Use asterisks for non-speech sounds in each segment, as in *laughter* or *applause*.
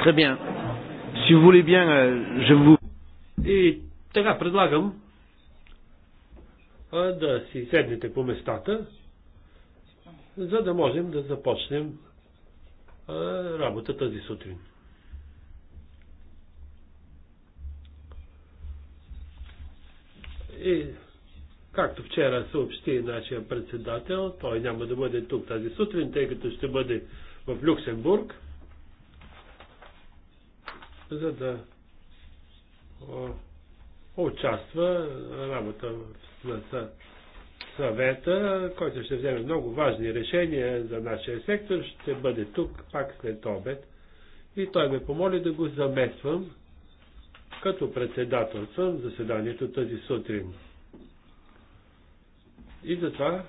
Très bien. Si vous voulez bien, euh, je vous... И така предлагам да си седнете по местата, за да можем да започнем работа тази сутрин. И както вчера съобщи нашия председател, той няма да бъде тук тази сутрин, тъй като ще бъде в Люксембург за да участва работа на съвета, който ще вземе много важни решения за нашия сектор, ще бъде тук пак след обед. И той ме помоли да го замествам като съм заседанието тази сутрин. И затова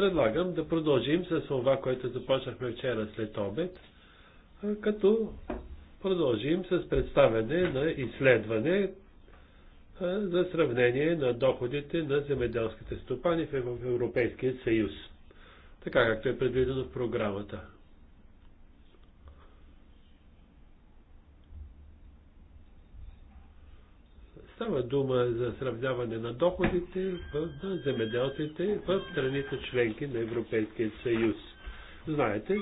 предлагам да продължим с това, което започнахме вчера след обед, като продължим с представяне на изследване за сравнение на доходите на земеделските стопани в Европейския съюз, така както е предвидено в програмата. Става дума за сравняване на доходите на земеделците в страните членки на Европейския съюз. Знаете,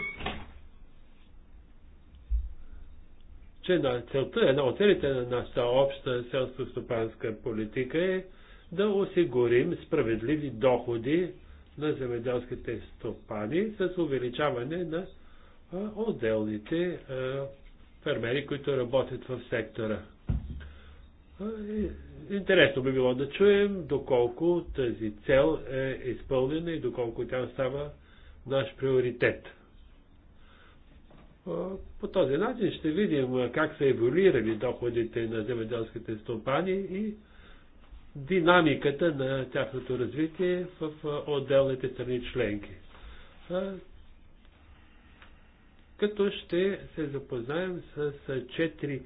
че на целта, една от целите на нашата обща селско-стопанска политика е да осигурим справедливи доходи на земеделските стопани с увеличаване на отделните фермери, които работят в сектора. Интересно би било да чуем доколко тази цел е изпълнена и доколко тя става наш приоритет. По този начин ще видим как са еволюирали доходите на земеделските стопани и динамиката на тяхното развитие в отделните страни членки. Като ще се запознаем с четири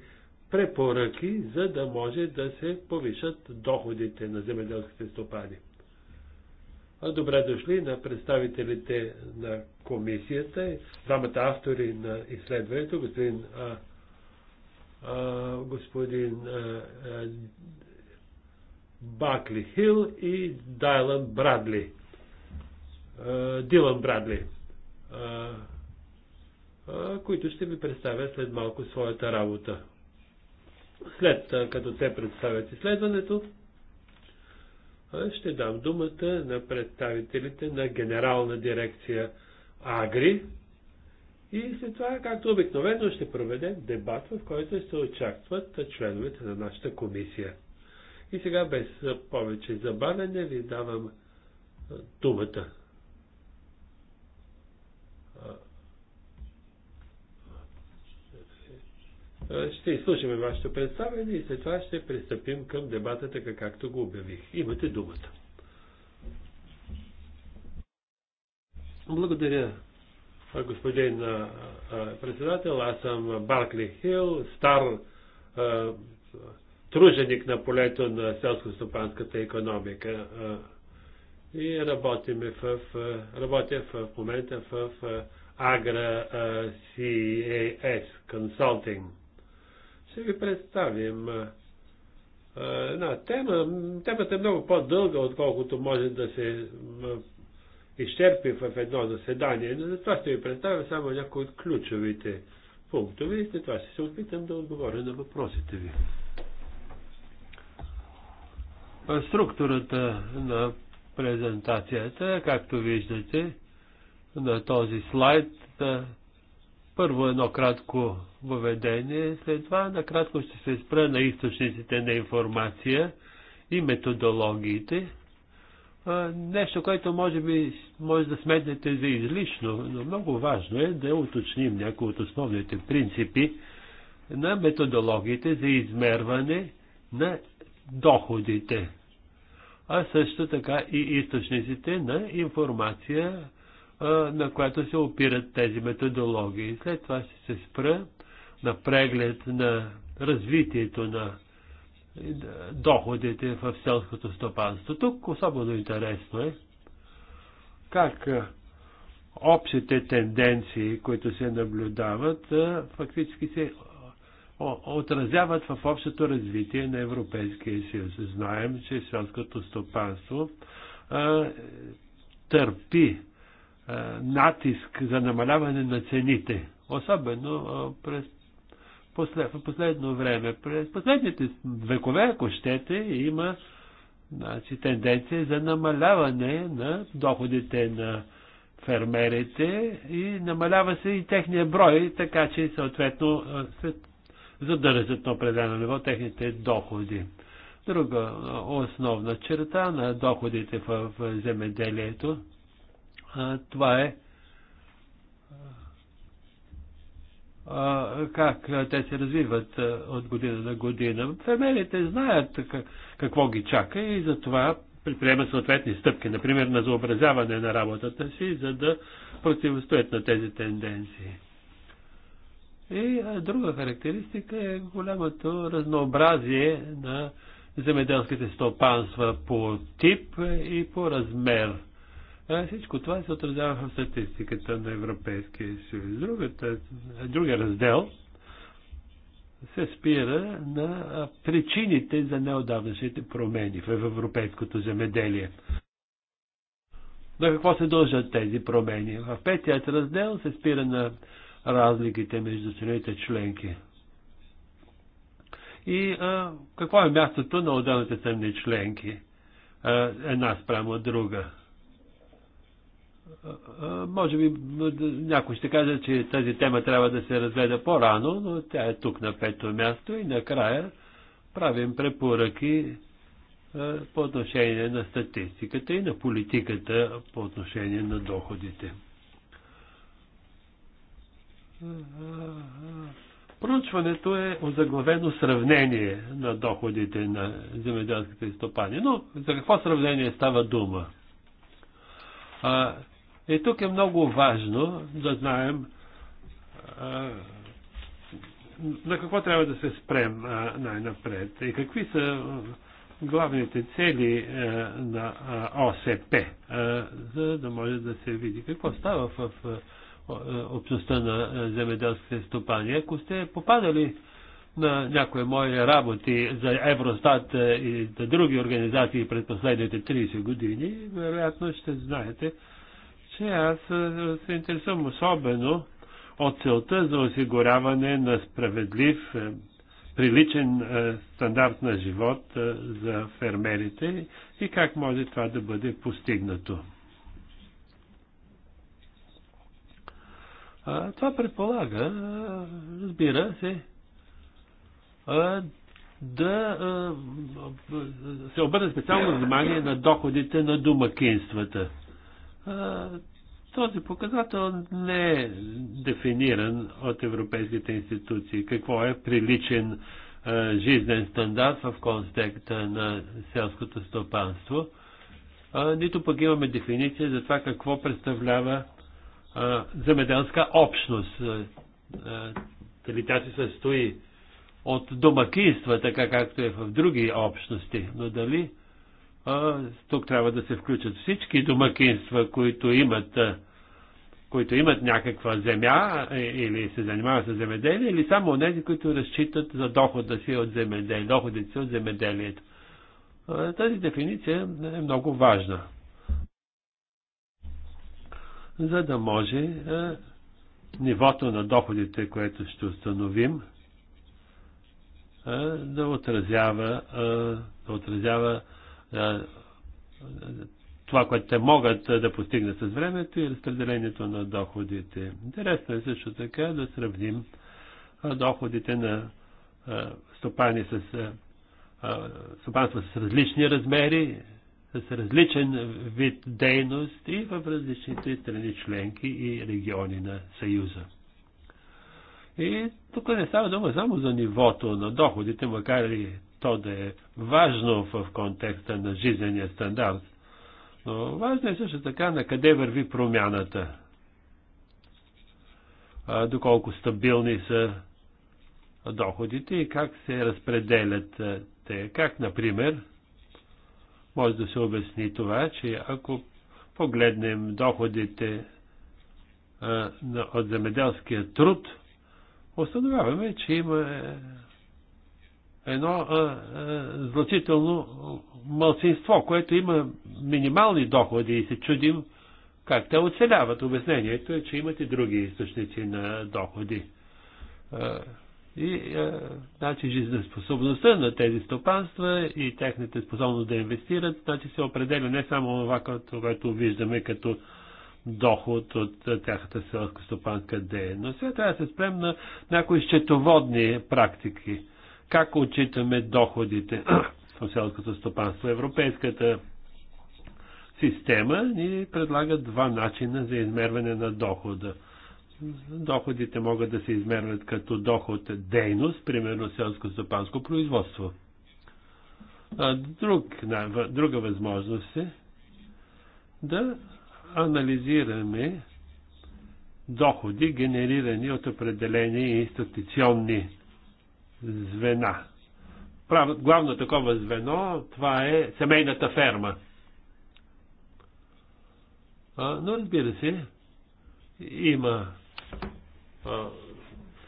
препоръки, за да може да се повишат доходите на земеделските стопани. Добре дошли на представителите на комисията, двамата автори на изследването, господин, а, а, господин а, а, Бакли Хил и Дайлан Брадли. А, Дилан Брадли. А, които ще ви представят след малко своята работа. След като те представят изследването, ще дам думата на представителите на Генерална дирекция Агри. И след това, както обикновено, ще проведем дебат, в който ще очакват членовете на нашата комисия. И сега, без повече забавяне, ви давам думата. Е, ще изслушаме вашето представяне и след това ще пристъпим към дебата така както го обявих. Имате думата. Благодаря, господин председател. Аз съм Баркли Хил, стар труженик на полето на селско-стопанската економика. И работим в, работя в момента в Агра CAS Consulting ще ви представим една тема. Темата е много по-дълга, отколкото може да се изчерпи в едно заседание, но за това ще ви представя само някои от ключовите пунктове и след това ще се опитам да отговоря на въпросите ви. Структурата на презентацията, както виждате на този слайд, първо едно кратко въведение, след това накратко ще се спра на източниците на информация и методологиите. Нещо, което може би може да сметнете за излишно, но много важно е да уточним някои от основните принципи на методологиите за измерване на доходите, а също така и източниците на информация на която се опират тези методологии. След това ще се спра на преглед на развитието на доходите в селското стопанство. Тук особено интересно е как общите тенденции, които се наблюдават, фактически се отразяват в общото развитие на Европейския съюз. Знаем, че селското стопанство търпи натиск за намаляване на цените, особено през послед, в последно време. През последните векове, ако щете, има значи, тенденция за намаляване на доходите на фермерите и намалява се и техния брой, така че съответно се задържат на определено ниво техните доходи. Друга основна черта на доходите в земеделието това е как те се развиват от година на година. Фемелите знаят какво ги чака и затова предприемат съответни стъпки, например на заобразяване на работата си, за да противостоят на тези тенденции. И друга характеристика е голямото разнообразие на земеделските стопанства по тип и по размер – всичко това се отразява в статистиката на Европейския съюз. другия раздел се спира на причините за неодавнашните промени в европейското земеделие. На какво се дължат тези промени? В петият раздел се спира на разликите между страните членки. И а, какво е мястото на отделните страни членки? А, една спрямо друга може би някой ще каже, че тази тема трябва да се разгледа по-рано, но тя е тук на пето място и накрая правим препоръки по отношение на статистиката и на политиката по отношение на доходите. Проучването е озаглавено сравнение на доходите на земеделските стопани. Но за какво сравнение става дума? И тук е много важно да знаем а, на какво трябва да се спрем най-напред и какви са главните цели а, на ОСП, а, за да може да се види какво става в общността на земеделските стопани. Ако сте попадали на някои мои работи за Евростат и за други организации през последните 30 години, вероятно ще знаете, че аз се интересувам особено от целта за осигуряване на справедлив, е, приличен е, стандарт на живот е, за фермерите и как може това да бъде постигнато. Това предполага, разбира се, да се обърне специално внимание на доходите на домакинствата. Този показател не е дефиниран от европейските институции. Какво е приличен жизнен стандарт в контекста на селското стопанство? Нито пък имаме дефиниция за това какво представлява земеделска общност. Дали тя се състои от домакинства, така както е в други общности, но дали тук трябва да се включат всички домакинства, които имат, които имат някаква земя или се занимават с земеделие, или само тези, които разчитат за дохода си от земеделие, доходите си от земеделието. Тази дефиниция е много важна. За да може нивото на доходите, което ще установим, да отразява, да отразява това, което те могат да постигнат с времето и разпределението на доходите. Интересно е също така да сравним доходите на стопани с стопанства с различни размери, с различен вид дейност и в различните страни членки и региони на Съюза. И тук не става дума само за нивото на доходите, макар и то да е важно в контекста на жизнения стандарт. Но важно е също така на къде върви промяната. Доколко стабилни са доходите и как се разпределят те. Как, например, може да се обясни това, че ако погледнем доходите от земеделския труд, установяваме, че има е, едно а, а, значително мълцинство, което има минимални доходи и се чудим как те оцеляват. Обяснението е, че имат и други източници на доходи. А, и а, значи жизнеспособността на тези стопанства и техните способност да инвестират, значи се определя не само това, което, което виждаме като доход от тяхната селско-стопанска дейност. Сега трябва да се спрем на някои счетоводни практики как отчитаме доходите *clears throat* в селското стопанство. Европейската система ни предлага два начина за измерване на дохода. Доходите могат да се измерват като доход дейност, примерно селско-стопанско производство. Друг, друга възможност е да анализираме доходи, генерирани от определени институционни звена. Главно такова звено, това е семейната ферма. Но разбира се, има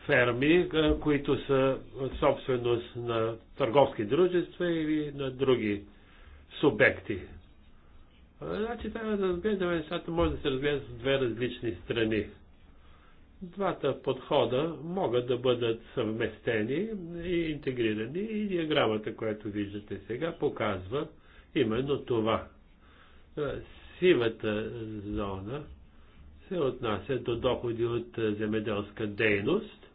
ферми, които са собственост на търговски дружества или на други субекти. Значи трябва да разглеждаме може да се разбира с две различни страни. Двата подхода могат да бъдат съвместени и интегрирани и диаграмата, която виждате сега, показва именно това. Сивата зона се отнася до доходи от земеделска дейност,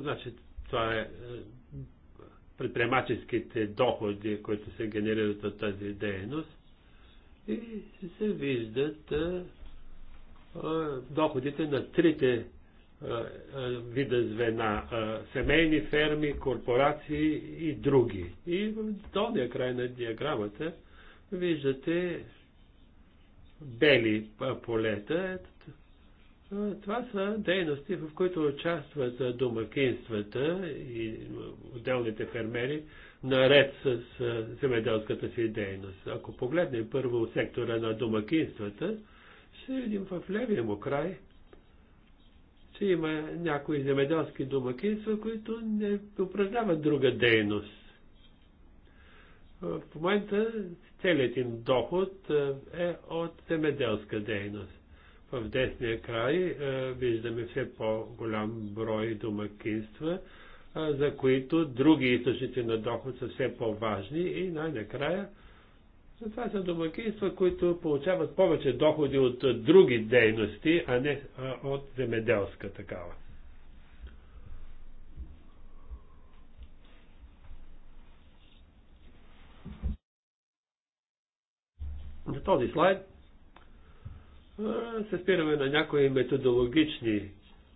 значи, това е предприемаческите доходи, които се генерират от тази дейност и се виждат а, а, доходите на трите а, вида звена семейни ферми, корпорации и други. И в долния край на диаграмата виждате бели полета. Това са дейности, в които участват домакинствата и отделните фермери, наред с земеделската си дейност. Ако погледнем първо сектора на домакинствата, ще видим в левия му край, че има някои земеделски домакинства, които не упражняват друга дейност. В момента целият им доход е от земеделска дейност. В десния край е, виждаме все по-голям брой домакинства, е, за които други източници на доход са все по-важни и най-накрая това са домакинства, които получават повече доходи от други дейности, а не от земеделска такава. На този слайд се спираме на някои методологични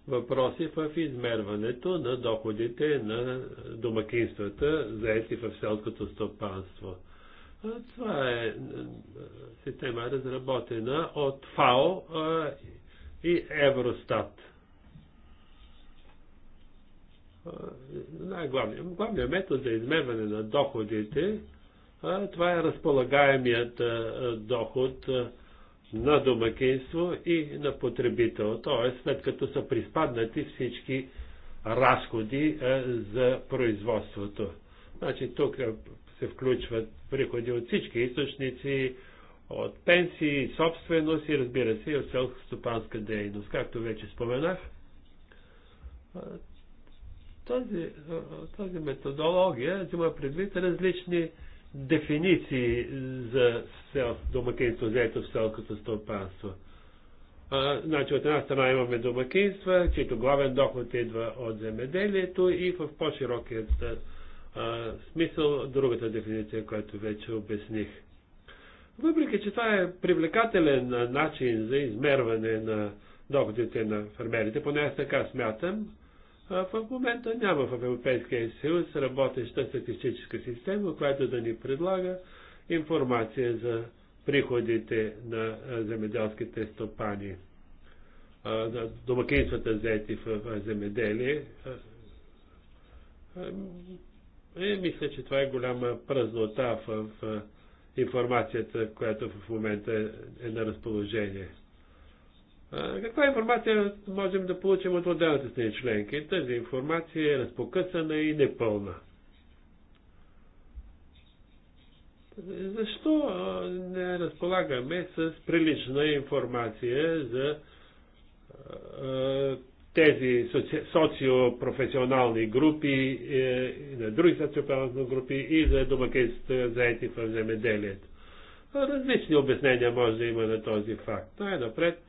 въпроси в измерването на доходите на домакинствата, заети в селското стопанство. Това е система е разработена от ФАО и Евростат. Най-главният главният метод за измерване на доходите, това е разполагаемият доход, на домакинство и на потребител, т.е. след като са приспаднати всички разходи е, за производството. Значи тук е, се включват приходи от всички източници, от пенсии, собственост и разбира се и от селско-стопанска дейност. Както вече споменах, е, тази, тази методология има предвид различни дефиниции за сел, домакинство, заето в селското стопанство. А, значи от една страна имаме домакинства, чието главен доход идва от земеделието и в по-широкият смисъл другата дефиниция, която вече обясних. Въпреки, че това е привлекателен начин за измерване на доходите на фермерите, поне аз така смятам, в момента няма в Европейския съюз работеща статистическа система, която да ни предлага информация за приходите на земеделските стопани, за домакинствата заети в земеделие. И е, мисля, че това е голяма празнота в информацията, която в момента е, е на разположение. Каква информация можем да получим от отделните страни членки? Тази информация е разпокъсана и непълна. Защо не разполагаме с прилична информация за тези социопрофесионални групи, е, на други социопрофесионални групи и за домакинствата заети в земеделието? Различни обяснения може да има на този факт. Най-напред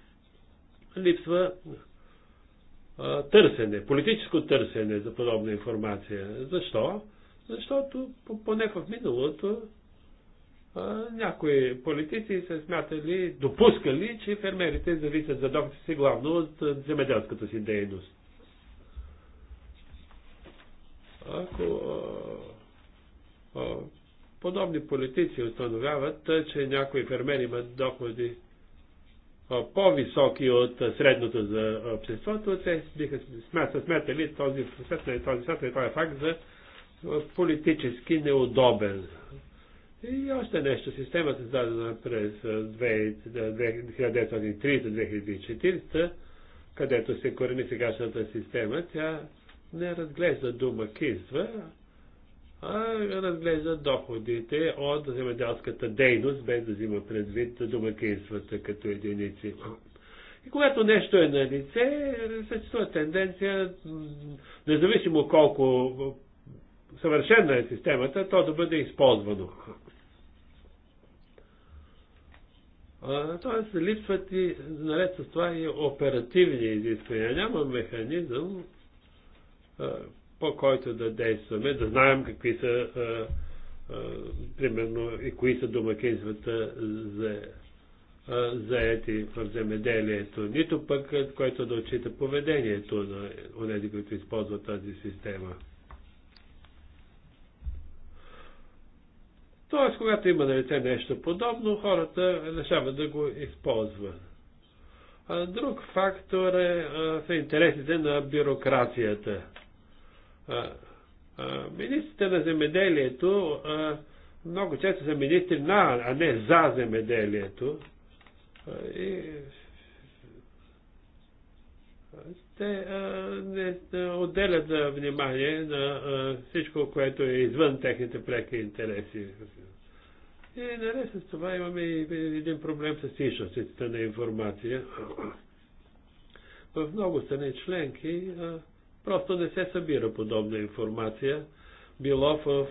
липсва търсене, политическо търсене за подобна информация. Защо? Защото поне в миналото някои политици се смятали, допускали, че фермерите зависят за доходите си главно от земеделската си дейност. Ако подобни политици установяват, че някои фермери имат доходи по-високи от средното за обществото, те биха смятали този, смятали този, смятали този факт за политически неудобен. И още нещо. Системата, създадена през 1930-2040, където се корени сегашната система, тя не разглежда кизва, разглежда доходите от земеделската дейност, без да взима предвид домакинствата като единици. И когато нещо е на лице, съществува тенденция, независимо колко съвършена е системата, то да бъде използвано. Тоест, липсват и наред с това и оперативни изисквания. Няма механизъм, по който да действаме, да знаем какви са, а, а, примерно, и кои са домакинствата за заети в земеделието, нито пък, който да отчита поведението на онези, които използват тази система. Тоест, когато има на лице нещо подобно, хората решават да го използват. Друг фактор е, са интересите на бюрокрацията. Министрите на земеделието много често са министри на, а не за земеделието. И те а, не, отделят внимание на а, всичко, което е извън техните преки интереси. И наред с това имаме и един проблем с източниците на информация. В много страни членки а, Просто не се събира подобна информация, било в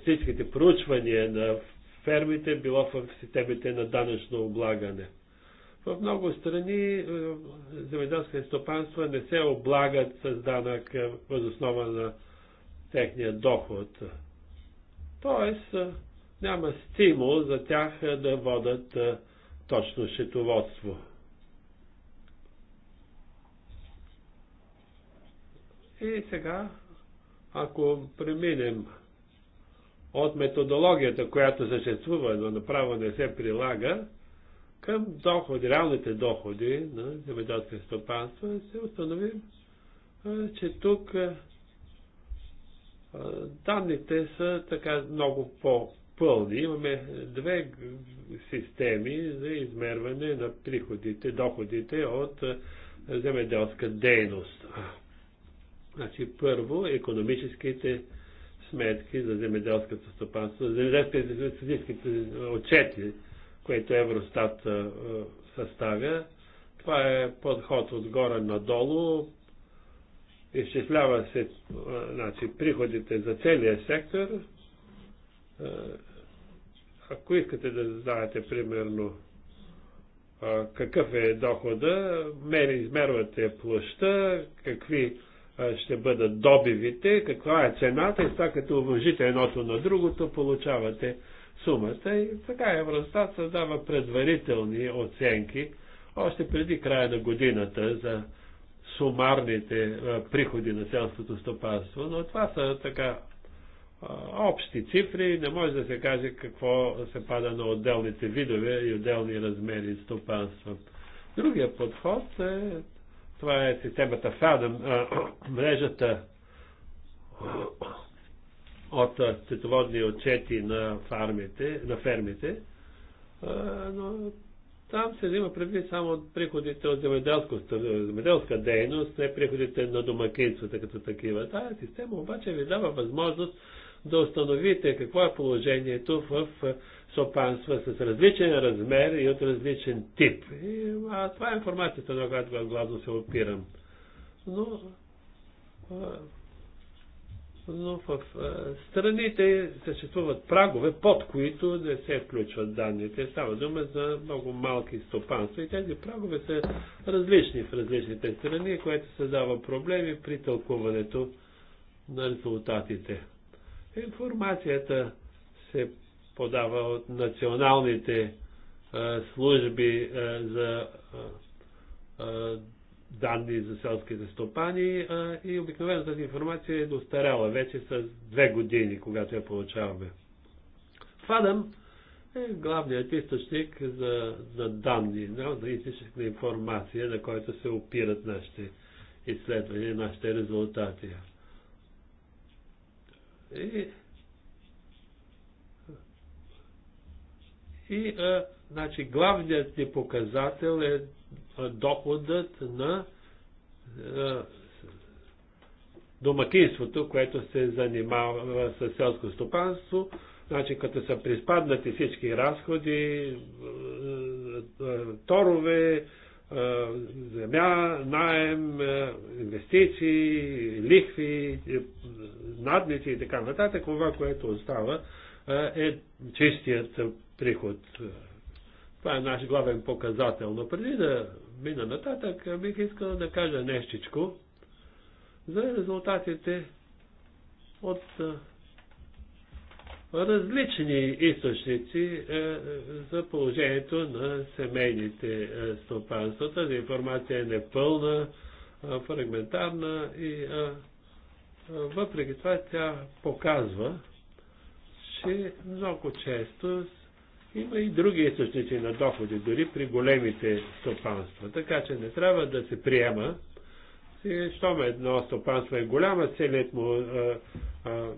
всичките е, проучвания на фермите, било в системите на данъчно облагане. В много страни е, земеделските стопанства не се облагат с данък е, възоснова на техния доход. Тоест, няма стимул за тях да водат точно счетоводство. И сега, ако преминем от методологията, която съществува, но направо не се прилага, към доходи, реалните доходи на земеделски стопанства, се установим, че тук данните са така много по-пълни. Имаме две системи за измерване на приходите, доходите от земеделска дейност. Значи първо, економическите сметки за земеделското стопанство, за земеделските статистическите отчети, които Евростат съставя. Това е подход отгоре надолу. Изчислява се значи, приходите за целия сектор. Ако искате да знаете примерно какъв е дохода, измервате площа, какви ще бъдат добивите, каква е цената и сега като умножите едното на другото, получавате сумата и така Евростат създава предварителни оценки още преди края на годината за сумарните приходи на селското стопанство, но това са така общи цифри, не може да се каже какво се пада на отделните видове и отделни размери стопанства. Другия подход е това е системата FADM, мрежата от счетоводни отчети на, фармите, на фермите, но там се взима предвид само приходите от земеделска дейност, не приходите на домакинствата като такива. Тая система обаче ви дава възможност да установите какво е положението в стопанства с различен размер и от различен тип. И, а това е информацията, на която главно се опирам. Но, а, но в а, страните съществуват прагове, под които не се включват данните. Става дума за много малки стопанства и тези прагове са различни в различните страни, което създава проблеми при тълкуването на резултатите. Информацията се подава от националните е, служби е, за е, данни за селските стопани и обикновено тази информация е достаряла вече с две години, когато я получаваме. Фадам е главният източник за, за данни, за източник на информация, на който се опират нашите изследвания, нашите резултати. И И а, значи, главният ни показател е доходът на а, домакинството, което се занимава с селско стопанство. Значи, като са приспаднати всички разходи, торове, земя, найем, инвестиции, лихви, надници и така нататък, това, което остава е чистият приход. Това е наш главен показател. Но преди да мина нататък, бих искал да кажа нещичко за резултатите от различни източници е, е, за положението на семейните е, стопанства. Тази информация е непълна, фрагментарна и въпреки това тя показва, че много често има и други източници на доходи, дори при големите стопанства. Така че не трябва да се приема, щом едно стопанство е голямо, целият му а, а,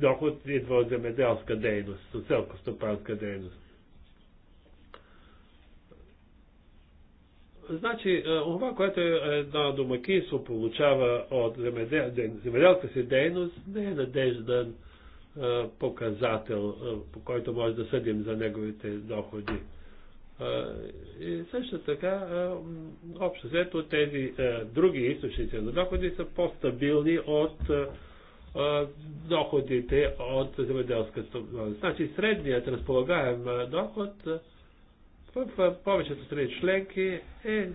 доход идва от земеделска дейност, от стопанска дейност. Значи, това, което е едно домакинство получава от земеделска си дейност, не е надежден показател, по който може да съдим за неговите доходи. И също така, общо взето, тези други източници на доходи са по-стабилни от доходите от земеделска стопност. Значи средният разполагаем доход в повечето страни членки е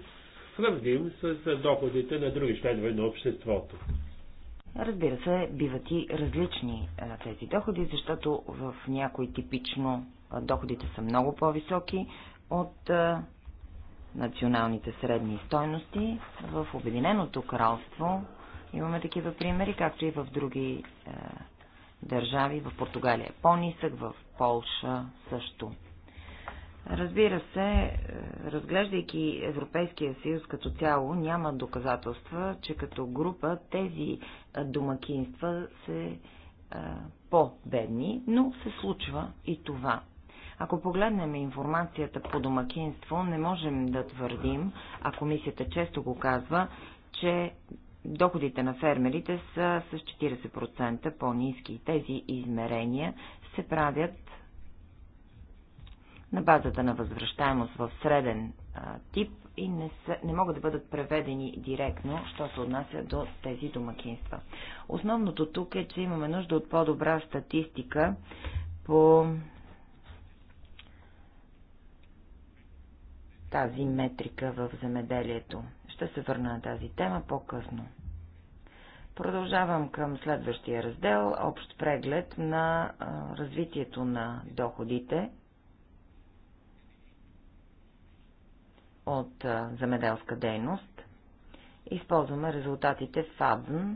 сравним с доходите на други членове на обществото. Разбира се, биват и различни е, тези доходи, защото в някои типично е, доходите са много по-високи от е, националните средни стойности. В Обединеното кралство имаме такива примери, както и в други държави. В Португалия е по-нисък, в Полша също. Разбира се, е, разглеждайки Европейския съюз като цяло, няма доказателства, че като група тези е, домакинства се е, по-бедни, но се случва и това. Ако погледнем информацията по домакинство, не можем да твърдим, а комисията често го казва, че доходите на фермерите са с 40% по-низки. Тези измерения се правят на базата на възвръщаемост в среден а, тип и не, са, не могат да бъдат преведени директно, що се отнася до тези домакинства. Основното тук е, че имаме нужда от по-добра статистика по тази метрика в земеделието. Ще се върна на тази тема по-късно. Продължавам към следващия раздел – общ преглед на развитието на доходите – от замеделска дейност. Използваме резултатите в ФАДН,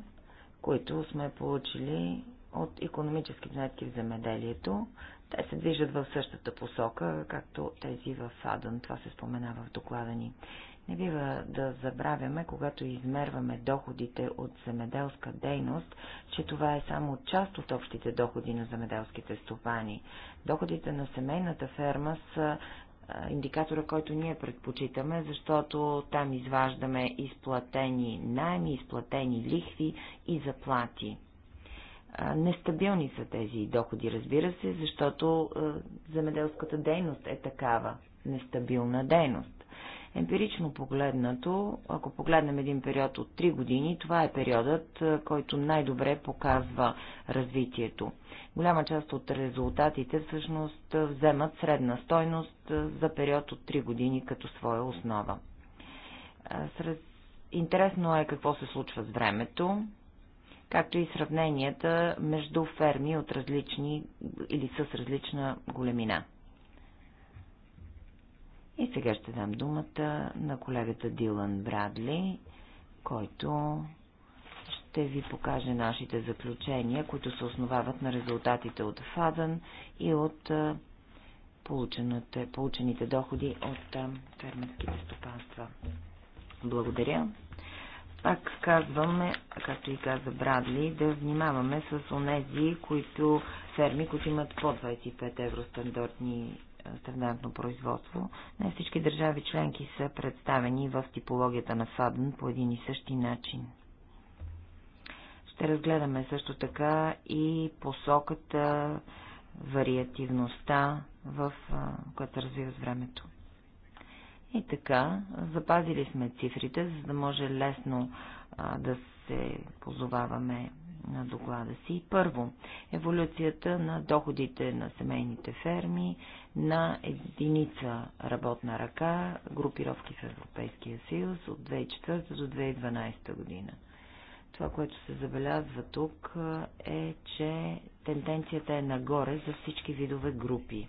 които сме получили от економически метки в земеделието. Те се движат в същата посока, както тези в ФАДН. Това се споменава в доклада ни. Не бива да забравяме, когато измерваме доходите от земеделска дейност, че това е само част от общите доходи на земеделските стопани. Доходите на семейната ферма са индикатора, който ние предпочитаме, защото там изваждаме изплатени найми, изплатени лихви и заплати. Нестабилни са тези доходи, разбира се, защото земеделската дейност е такава нестабилна дейност. Емпирично погледнато, ако погледнем един период от 3 години, това е периодът, който най-добре показва развитието. Голяма част от резултатите всъщност вземат средна стойност за период от 3 години като своя основа. Интересно е какво се случва с времето, както и сравненията между ферми от различни или с различна големина. И сега ще дам думата на колегата Дилан Брадли, който ще ви покаже нашите заключения, които се основават на резултатите от ФАДАН и от получените доходи от фермерските стопанства. Благодаря. Пак казваме, както и каза Брадли, да внимаваме с онези, които ферми, които имат по 25 евро стандартни стандартно производство. Не всички държави членки са представени в типологията на ФАДН по един и същи начин. Ще разгледаме също така и посоката, вариативността, в, която развива с времето. И така, запазили сме цифрите, за да може лесно а, да се позоваваме на доклада си. Първо, еволюцията на доходите на семейните ферми на единица работна ръка групировки в Европейския съюз от 2004 до 2012 година. Това, което се забелязва тук е, че тенденцията е нагоре за всички видове групи.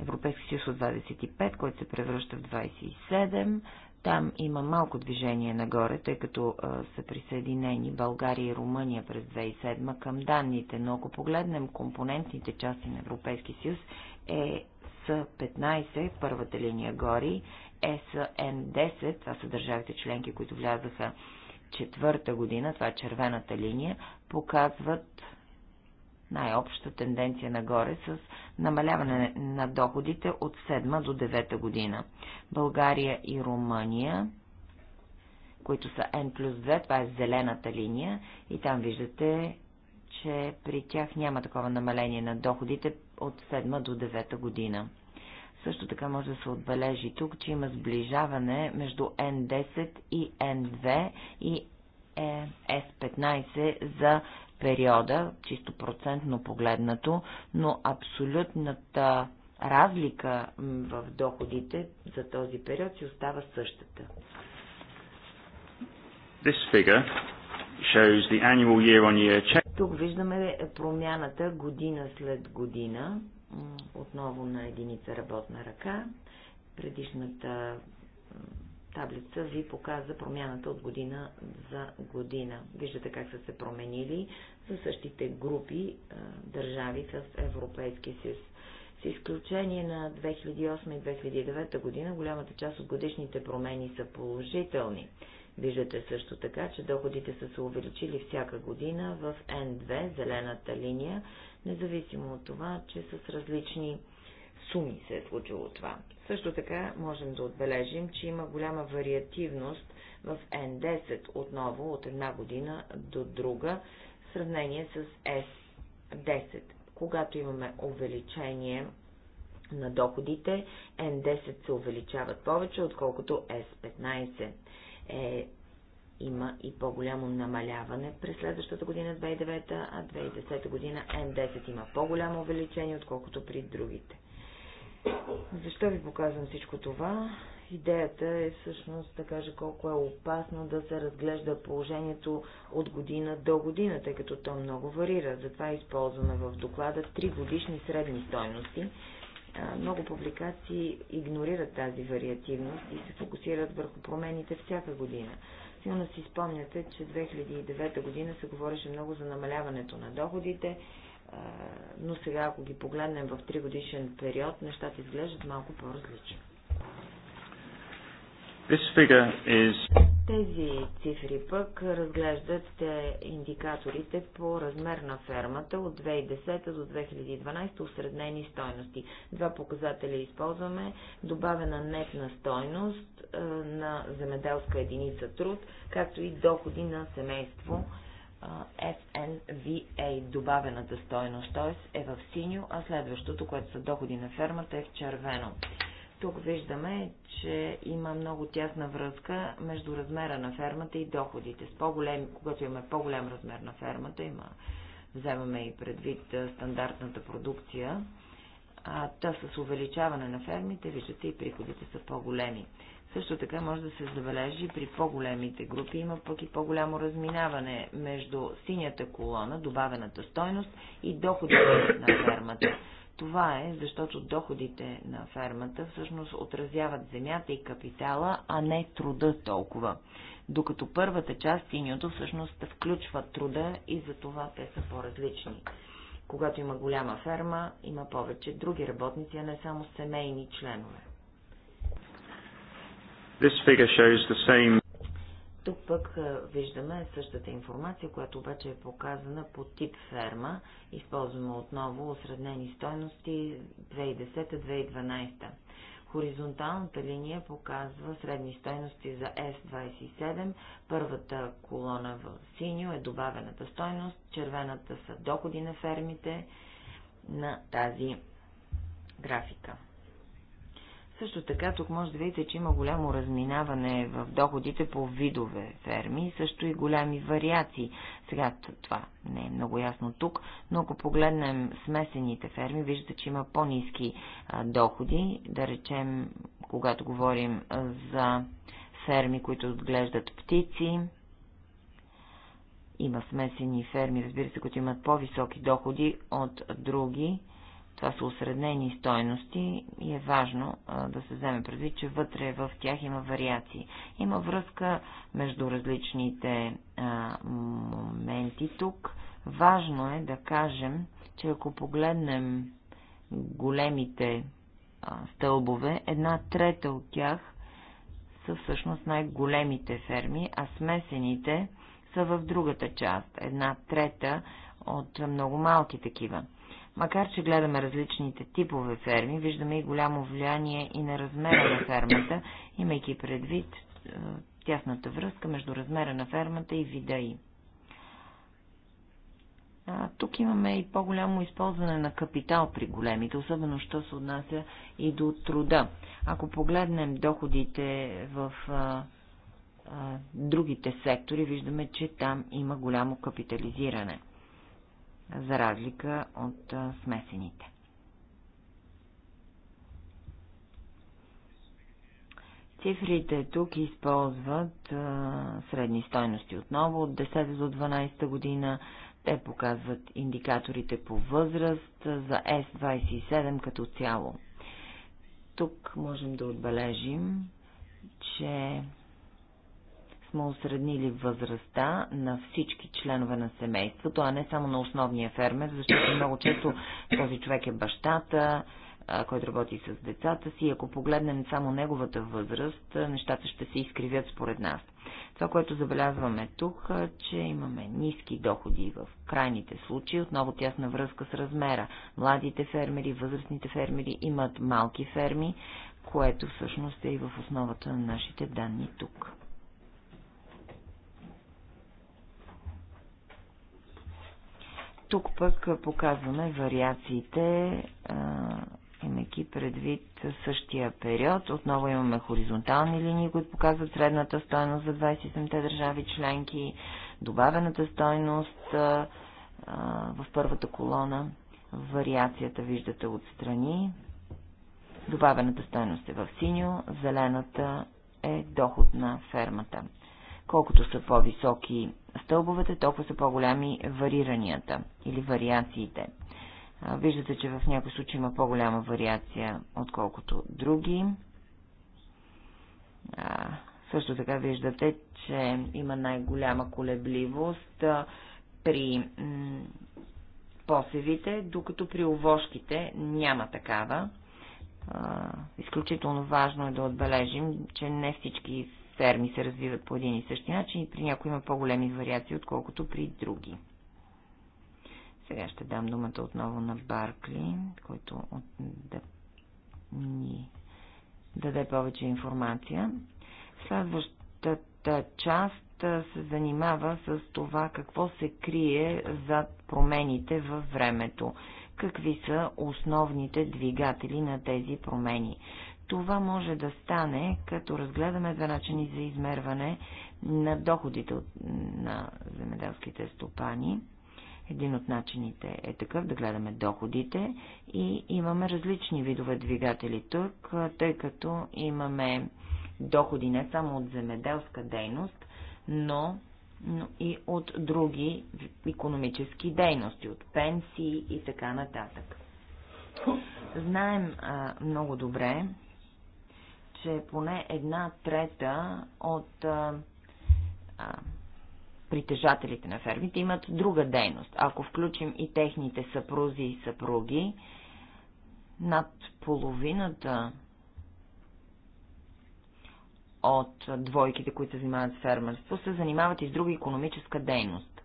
Европейски съюз от 25, който се превръща в 27, там има малко движение нагоре, тъй като а, са присъединени България и Румъния през 2007 към данните, но ако погледнем компонентните части на Европейски съюз, е с 15, първата линия гори, е, сн 10, това са държавите членки, които влязаха четвърта година, това е червената линия, показват най обща тенденция нагоре с намаляване на доходите от 7 до 9 година. България и Румъния, които са N плюс 2, това е зелената линия, и там виждате, че при тях няма такова намаление на доходите от 7 до 9 година. Също така може да се отбележи тук, че има сближаване между N10 и N2 и S15 е, за периода, чисто процентно погледнато, но абсолютната разлика в доходите за този период си остава същата. This figure shows the annual year-on-year change. Тук виждаме промяната година след година, отново на единица работна ръка. Предишната таблица ви показа промяната от година за година. Виждате как са се променили за същите групи а, държави в Европейския съюз. С изключение на 2008 и 2009 година, голямата част от годишните промени са положителни. Виждате също така, че доходите са се увеличили всяка година в N2, зелената линия, независимо от това, че с различни суми се е случило това. Също така можем да отбележим, че има голяма вариативност в N10 отново от една година до друга сравнение с S10. Когато имаме увеличение на доходите, N10 се увеличават повече, отколкото S15. Е, има и по-голямо намаляване през следващата година 2009, а 2010 година N10 има по-голямо увеличение, отколкото при другите. Защо ви показвам всичко това? идеята е всъщност да каже колко е опасно да се разглежда положението от година до година, тъй като то много варира. Затова използваме в доклада три годишни средни стойности. Много публикации игнорират тази вариативност и се фокусират върху промените всяка година. Силно си спомняте, че 2009 година се говореше много за намаляването на доходите, но сега, ако ги погледнем в 3 годишен период, нещата изглеждат малко по-различно. Is... Тези цифри пък разглеждат е, индикаторите по размер на фермата от 2010 до 2012 осреднени стойности. Два показателя използваме. Добавена нетна стойност е, на земеделска единица труд, както и доходи на семейство е, FNVA, добавената стойност, т.е. е в синьо, а следващото, което са доходи на фермата, е в червено. Тук виждаме, че има много тясна връзка между размера на фермата и доходите. С по-голем, когато имаме по-голям размер на фермата, има, вземаме и предвид стандартната продукция, а та с увеличаване на фермите, виждате, и приходите са по-големи. Също така може да се забележи при по-големите групи има пък и по-голямо разминаване между синята колона, добавената стойност и доходите на фермата. Това е, защото доходите на фермата всъщност отразяват земята и капитала, а не труда толкова. Докато първата част, синьото, всъщност включва труда и за това те са по-различни. Когато има голяма ферма, има повече други работници, а не само семейни членове. This figure shows the same тук пък виждаме същата информация, която обаче е показана по тип ферма. Използваме отново осреднени стойности 2010-2012. Хоризонталната линия показва средни стойности за S27. Първата колона в синьо е добавената стойност, червената са доходи на фермите на тази графика. Също така, тук може да видите, че има голямо разминаване в доходите по видове ферми, също и голями вариации. Сега това не е много ясно тук, но ако погледнем смесените ферми, виждате, че има по-низки доходи. Да речем, когато говорим за ферми, които отглеждат птици, има смесени ферми, разбира се, които имат по-високи доходи от други това са осреднени стойности и е важно а, да се вземе предвид, че вътре в тях има вариации. Има връзка между различните а, моменти тук. Важно е да кажем, че ако погледнем големите а, стълбове, една трета от тях са всъщност най-големите ферми, а смесените са в другата част, една трета от много малки такива. Макар, че гледаме различните типове ферми, виждаме и голямо влияние и на размера на фермата, имайки предвид е, тясната връзка между размера на фермата и вида й. А, тук имаме и по-голямо използване на капитал при големите, особено що се отнася и до труда. Ако погледнем доходите в а, а, другите сектори, виждаме, че там има голямо капитализиране за разлика от смесените. Цифрите тук използват а, средни стойности отново от 10 до 12 година. Те показват индикаторите по възраст за S27 като цяло. Тук можем да отбележим, че сме осреднили възрастта на всички членове на семейството, а не само на основния фермер, защото много често този човек е бащата, който работи с децата си. Ако погледнем само неговата възраст, нещата ще се изкривят според нас. Това, което забелязваме тук, че имаме ниски доходи в крайните случаи, отново тясна връзка с размера. Младите фермери, възрастните фермери имат малки ферми, което всъщност е и в основата на нашите данни тук. Тук пък показваме вариациите, имайки предвид същия период. Отново имаме хоризонтални линии, които показват средната стойност за 27-те държави членки, добавената стойност в първата колона. Вариацията виждате отстрани. Добавената стойност е в синьо, зелената е доход на фермата. Колкото са по-високи стълбовете, толкова са по-голями вариранията или вариациите. Виждате, че в някои случаи има по-голяма вариация, отколкото други. също така виждате, че има най-голяма колебливост при посевите, докато при овощите няма такава. изключително важно е да отбележим, че не всички ферми се развиват по един и същи начин и при някои има по-големи вариации, отколкото при други. Сега ще дам думата отново на Баркли, който от... да ни даде повече информация. Следващата част се занимава с това какво се крие зад промените във времето. Какви са основните двигатели на тези промени? Това може да стане, като разгледаме два начини за измерване на доходите от, на земеделските стопани. Един от начините е такъв да гледаме доходите и имаме различни видове двигатели тук, тъй като имаме доходи не само от земеделска дейност, но, но и от други економически дейности, от пенсии и така нататък. Знаем а, много добре, че поне една трета от а, а, притежателите на фермите имат друга дейност. Ако включим и техните съпрузи и съпруги, над половината от двойките, които се занимават с фермерство, се занимават и с друга економическа дейност.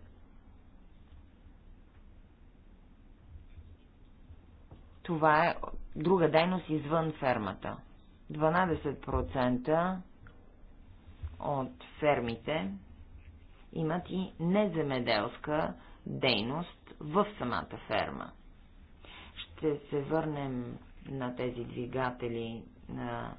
Това е друга дейност извън фермата. 12% от фермите имат и неземеделска дейност в самата ферма. Ще се върнем на тези двигатели на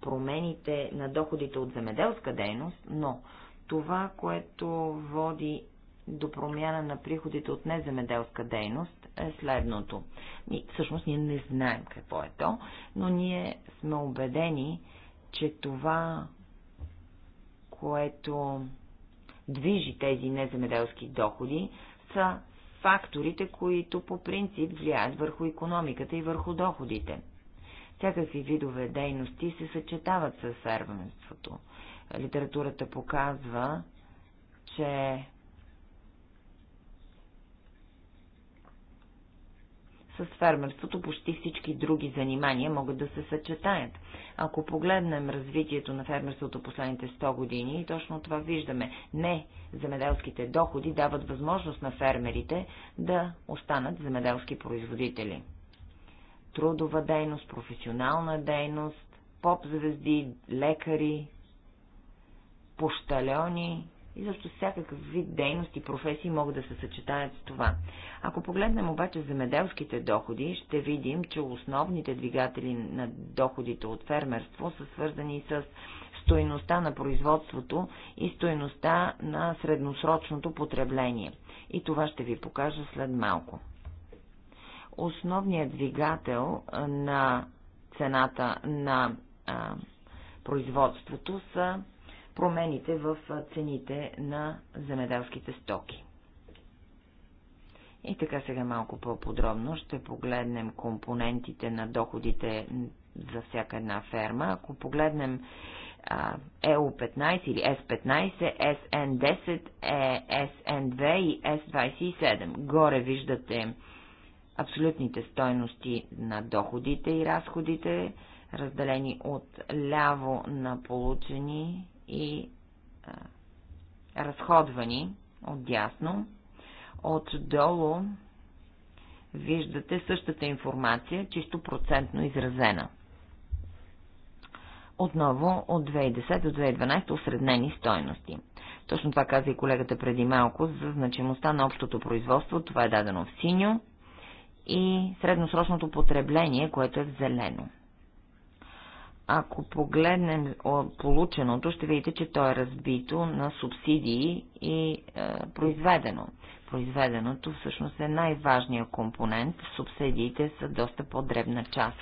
промените на доходите от земеделска дейност, но това, което води до промяна на приходите от неземеделска дейност е следното. Ни, всъщност ние не знаем какво е то, но ние сме убедени, че това, което движи тези неземеделски доходи, са факторите, които по принцип влияят върху економиката и върху доходите. Всякакви видове дейности се съчетават с сервенството. Литературата показва, че с фермерството почти всички други занимания могат да се съчетаят. Ако погледнем развитието на фермерството последните 100 години, точно това виждаме. Не земеделските доходи дават възможност на фермерите да останат земеделски производители. Трудова дейност, професионална дейност, поп-звезди, лекари, пощалени, и защо всякакъв вид дейности и професии могат да се съчетаят с това. Ако погледнем обаче земеделските доходи, ще видим, че основните двигатели на доходите от фермерство са свързани с стоеността на производството и стоеността на средносрочното потребление. И това ще ви покажа след малко. Основният двигател на цената на а, производството са промените в цените на земеделските стоки. И така сега малко по-подробно ще погледнем компонентите на доходите за всяка една ферма. Ако погледнем EU15 е или S15, SN10, SN2 и S27, горе виждате абсолютните стойности на доходите и разходите, разделени от ляво на получени и а, разходвани отдясно. Отдолу виждате същата информация, чисто процентно изразена. Отново от 2010 до 2012 осреднени стойности. Точно това каза и колегата преди малко за значимостта на общото производство. Това е дадено в синьо и средносрочното потребление, което е в зелено. Ако погледнем полученото, ще видите, че то е разбито на субсидии и е, произведено. Произведеното всъщност е най-важният компонент, субсидиите са доста по-дребна част.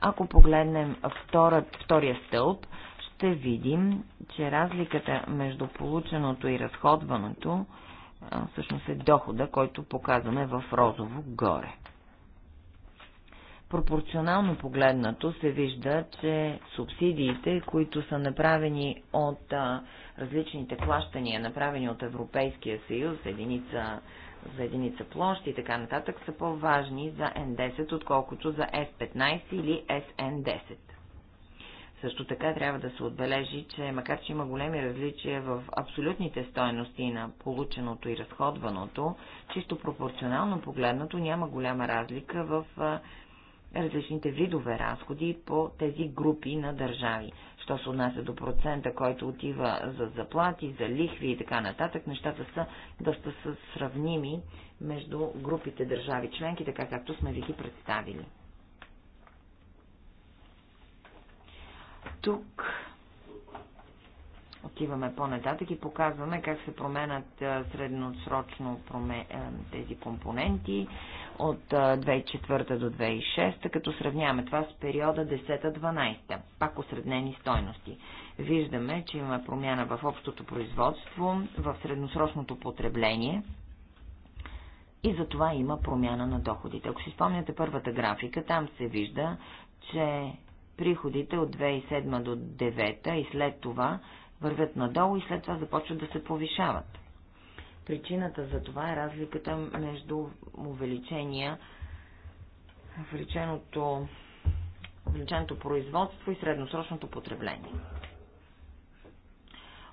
Ако погледнем втора, втория стълб, ще видим, че разликата между полученото и разходваното е, всъщност е дохода, който показваме в розово горе. Пропорционално погледнато се вижда, че субсидиите, които са направени от а, различните плащания, направени от Европейския съюз, единица за единица площ и така нататък, са по-важни за N10, отколкото за S15 или SN10. Също така трябва да се отбележи, че макар че има големи различия в абсолютните стойности на полученото и разходваното, чисто пропорционално погледнато няма голяма разлика в различните видове разходи по тези групи на държави. Що се отнася до процента, който отива за заплати, за лихви и така нататък, нещата са доста са сравними между групите държави членки, така както сме ви ги представили. Тук Отиваме по-нататък и показваме как се променят средносрочно тези компоненти от 2004 до 2006, като сравняваме това с периода 10-12, пак осреднени стойности. Виждаме, че има промяна в общото производство, в средносрочното потребление, и за това има промяна на доходите. Ако си спомняте първата графика, там се вижда, че приходите от 2007 до 2009 и след това вървят надолу и след това започват да се повишават. Причината за това е разликата между увеличения, увеличеното, увеличеното производство и средносрочното потребление.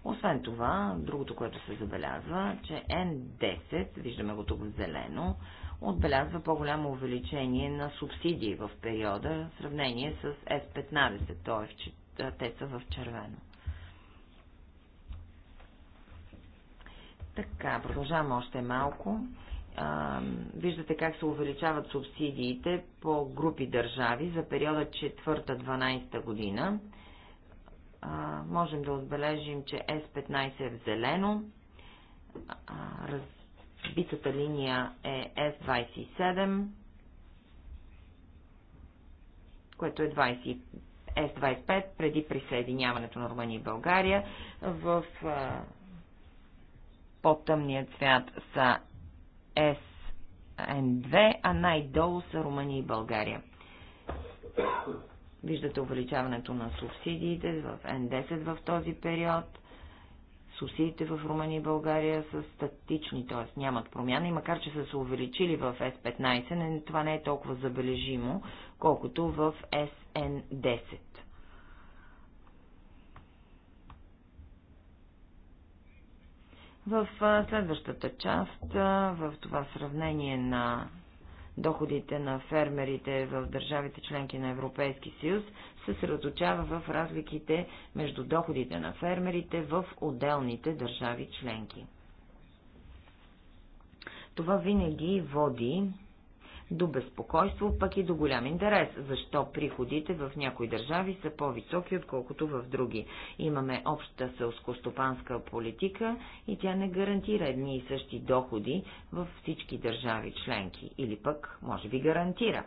Освен това, другото, което се забелязва, че N10, виждаме го тук в зелено, отбелязва по-голямо увеличение на субсидии в периода в сравнение с S15, т.е. те са в червено. Така, продължавам още малко. А, виждате как се увеличават субсидиите по групи държави за периода 4-12 година. А, можем да отбележим, че S15 е в зелено, а, разбитата линия е S27, което е 20, S25 преди присъединяването на Румъния и България. В а, по-тъмния цвят са СН2, а най-долу са Румъния и България. Виждате увеличаването на субсидиите в Н10 в този период. Субсидиите в Румъния и България са статични, т.е. нямат промяна и макар, че са се увеличили в С15, това не е толкова забележимо, колкото в СН10. В следващата част, в това сравнение на доходите на фермерите в държавите членки на Европейски съюз, се съсредоточава в разликите между доходите на фермерите в отделните държави членки. Това винаги води до безпокойство, пък и до голям интерес, защо приходите в някои държави са по-високи, отколкото в други. Имаме обща селскостопанска политика и тя не гарантира едни и същи доходи във всички държави членки, или пък, може би, гарантира.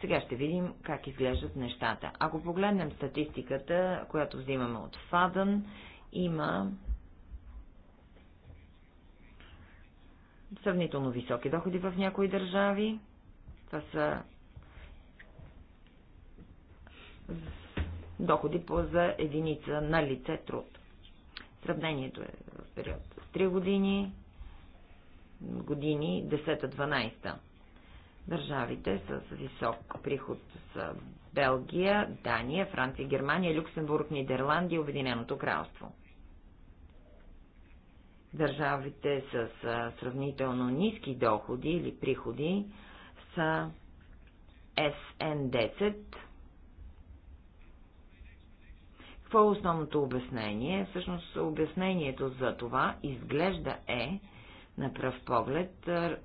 Сега ще видим как изглеждат нещата. Ако погледнем статистиката, която взимаме от Фадън, има сравнително високи доходи в някои държави, това са доходи по за единица на лице труд. Сравнението е в период с 3 години, години 10-12. Държавите с висок приход са Белгия, Дания, Франция, Германия, Люксембург, Нидерландия и Обединеното кралство. Държавите с сравнително ниски доходи или приходи sn 10 Какво е основното обяснение? Всъщност обяснението за това изглежда е, на пръв поглед, е, е,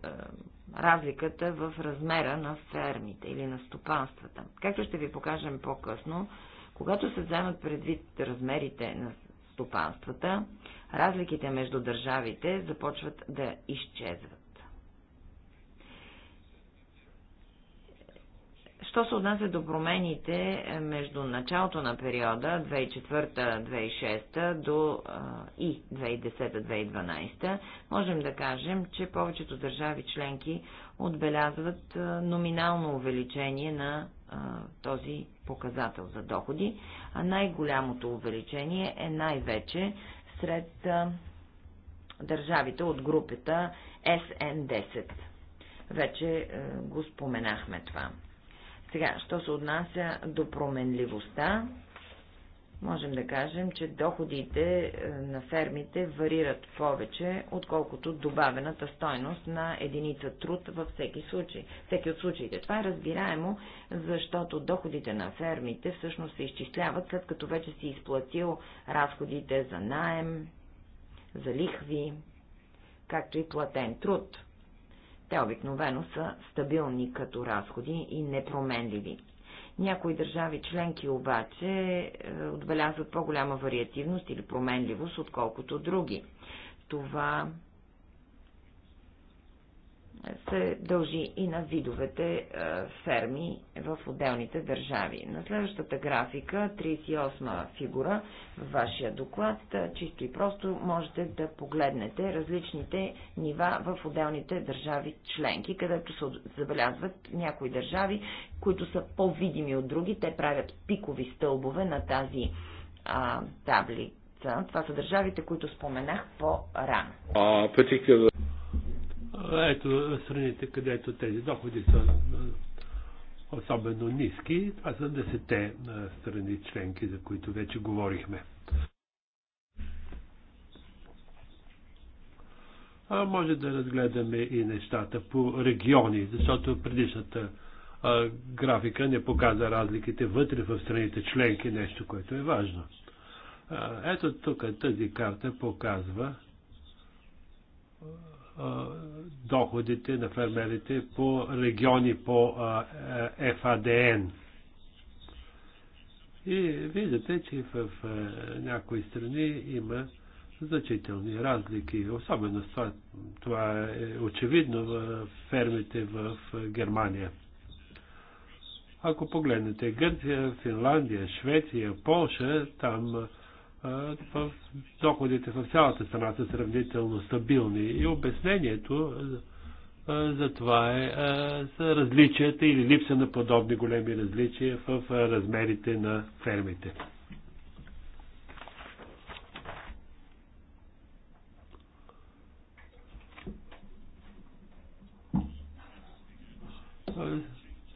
разликата в размера на фермите или на стопанствата. Както ще ви покажем по-късно, когато се вземат предвид размерите на стопанствата, разликите между държавите започват да изчезват. Що се отнася до промените е, между началото на периода 2004-2006 до и 2010-2012, можем да кажем, че повечето държави членки отбелязват номинално увеличение на този показател за доходи, а най-голямото увеличение е най-вече сред държавите от групата SN10. Вече е, го споменахме това. Сега, що се отнася до променливостта, можем да кажем, че доходите е, на фермите варират повече, отколкото добавената стойност на единица труд във всеки случай. Всеки от случаите. Това е разбираемо, защото доходите на фермите всъщност се изчисляват, след като вече си изплатил разходите за найем, за лихви, както и платен труд. Те обикновено са стабилни като разходи и непроменливи. Някои държави членки обаче е, отбелязват по-голяма вариативност или променливост, отколкото други. Това се дължи и на видовете е, ферми в отделните държави. На следващата графика, 38 фигура в вашия доклад, е, чисто и просто можете да погледнете различните нива в отделните държави членки, където се забелязват някои държави, които са по-видими от други. Те правят пикови стълбове на тази а, е, таблица. Това са държавите, които споменах по-рано. Ето страните, където тези доходи са е, особено ниски. Това са десете е, страни членки, за които вече говорихме. А може да разгледаме и нещата по региони, защото предишната а, е, графика не показа разликите вътре в страните членки, нещо, което е важно. А, ето тук тази карта показва доходите на фермерите по региони по е, ФАДН. И виждате, че в някои страни има значителни разлики. Особено това, това е очевидно в фермите в Германия. Ако погледнете Гърция, Финландия, Швеция, Полша, там в доходите в цялата страна са сравнително стабилни и обяснението за това е, са различията или липса на подобни големи различия в размерите на фермите.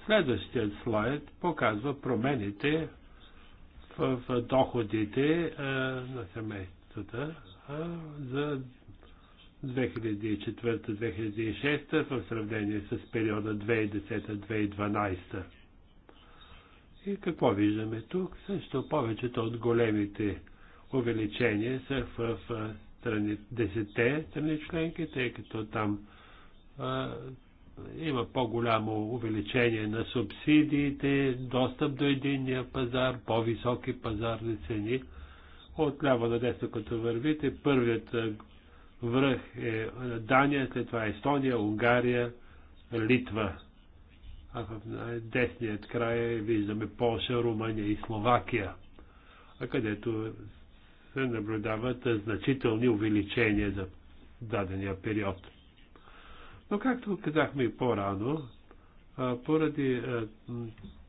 Следващият слайд показва промените в, в доходите а, е, на семействата а, е, за 2004-2006 в сравнение с периода 2010-2012. И какво виждаме тук? Също повечето от големите увеличения са в, в страни, 10-те страни членки, тъй като там а, е, има по-голямо увеличение на субсидиите, достъп до единния пазар, по-високи пазарни цени. От ляво на десно като вървите, първият връх е Дания, след това Естония, Унгария, Литва. А в десният край е, виждаме Полша, Румъния и Словакия, където се наблюдават значителни увеличения за дадения период. Но както казахме и по-рано, поради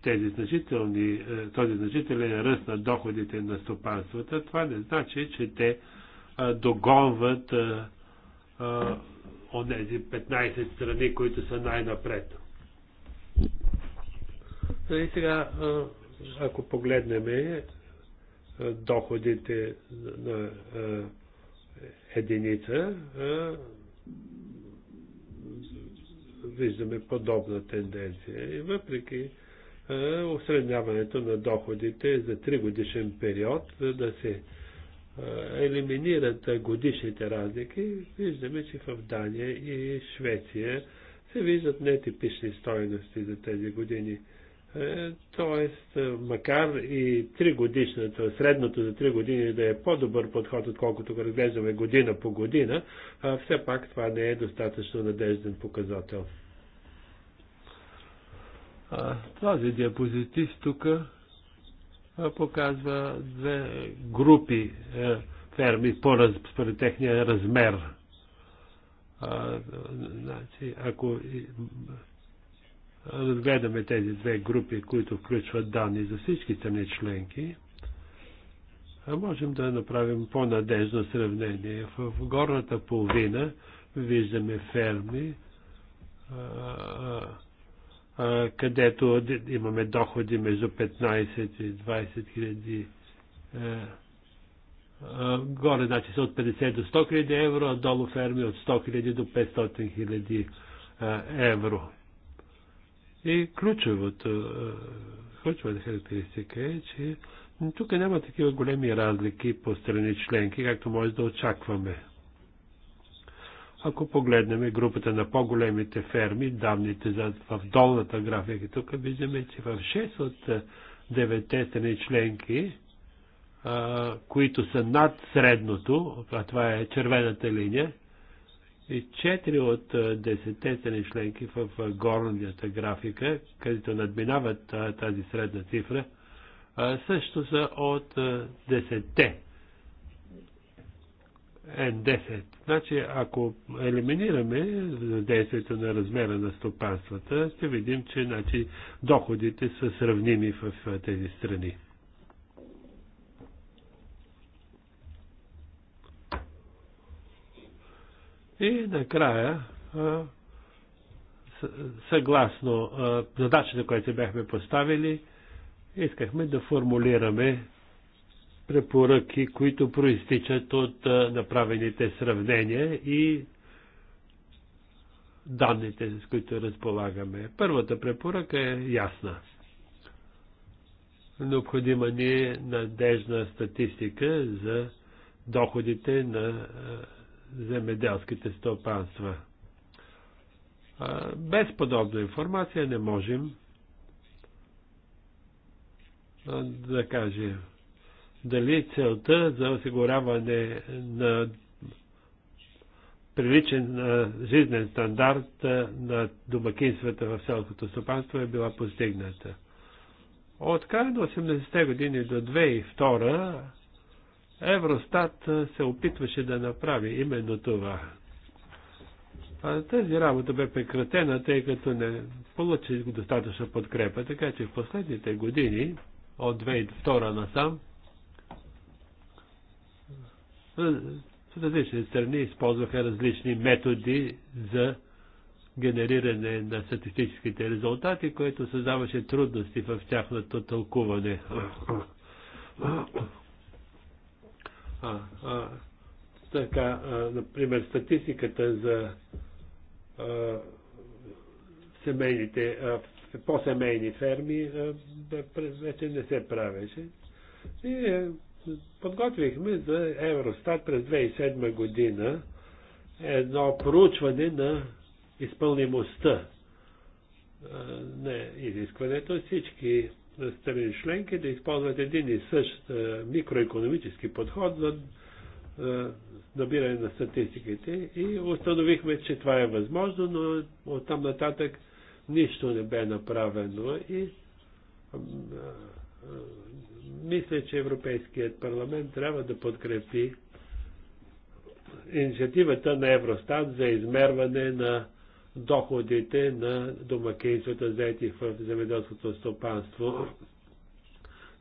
тези значителни, този значителен ръст на доходите на стопанствата, това не значи, че те догонват тези 15 страни, които са най-напред. И сега, ако погледнем доходите на единица, виждаме подобна тенденция. И въпреки осредняването на доходите за 3 годишен период, за да се елиминират годишните разлики, виждаме, че в Дания и Швеция се виждат нетипични стоености за тези години. Тоест, макар и 3 годишната, средното за 3 години да е по-добър подход, отколкото го разглеждаме година по година, все пак това не е достатъчно надежден показател. А, този диапозитив тук показва две групи е, ферми по раз, според техния размер. А, значи, ако разгледаме тези две групи, които включват данни за всички страни членки, а можем да направим по-надежно сравнение. В горната половина виждаме ферми, а, където имаме доходи между 15 и 20 хиляди е, горе, значи са от 50 до 100 хиляди евро, а долу ферми от 100 хиляди до 500 хиляди е, евро. И ключовото, е, ключовата характеристика е, че тук няма такива големи разлики по страни членки, както може да очакваме. Ако погледнем групата на по-големите ферми, данните за, в долната графика, тук виждаме, че в 6 от 9 е, страни членки, а, е, които са над средното, а това е червената линия, и 4 от 10 е, страни членки в горната графика, където надминават тази средна цифра, също са от 10 N10. Е значи, ако елиминираме действието на размера на стопанствата, ще видим, че значи, доходите са сравними в тези страни. И накрая, съгласно задачата, която бяхме поставили, искахме да формулираме препоръки, които проистичат от направените сравнения и данните, с които разполагаме. Първата препоръка е ясна. Необходима ни е надежна статистика за доходите на земеделските стопанства. Без подобна информация не можем да кажем дали целта за осигуряване на приличен жизнен стандарт на домакинствата в селското стопанство е била постигната. От края на 80-те години до 2002 Евростат се опитваше да направи именно това. А тази работа бе прекратена, тъй като не получи достатъчно подкрепа, така че в последните години, от 2002 насам, различни страни използваха различни методи за генериране на статистическите резултати, което създаваше трудности в тяхното тълкуване. А, а, така, а, например, статистиката за а, семейните, а, по-семейни ферми а, вече не се правеше. И е, подготвихме за Евростат през 2007 година едно проучване на изпълнимостта на изискването е всички страни членки да използват един и същ микроекономически подход за набиране на статистиките и установихме, че това е възможно, но от там нататък нищо не бе направено и мисля, че Европейският парламент трябва да подкрепи инициативата на Евростат за измерване на доходите на домакинствата, заети в земеделското стопанство.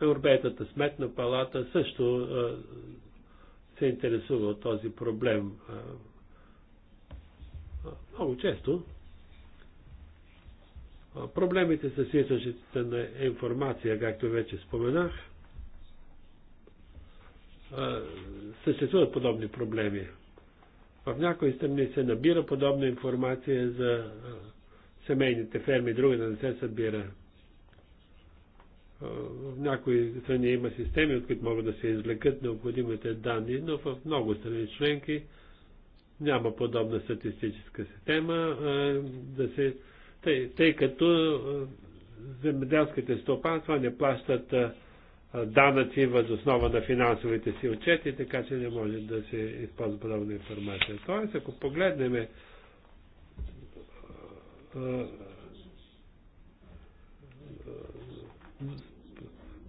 Европейската сметна палата също се интересува от този проблем. Много често проблемите с източниците на информация, както вече споменах, съществуват подобни проблеми. В някои страни се набира подобна информация за семейните ферми, други да не се събира. В някои страни има системи, от които могат да се извлекат необходимите данни, но в много страни членки няма подобна статистическа система, да се, тъй, тъй като земеделските стопанства не плащат данъци въз основа на финансовите си отчети, така че не може да се използва подобна информация. Тоест, ако погледнем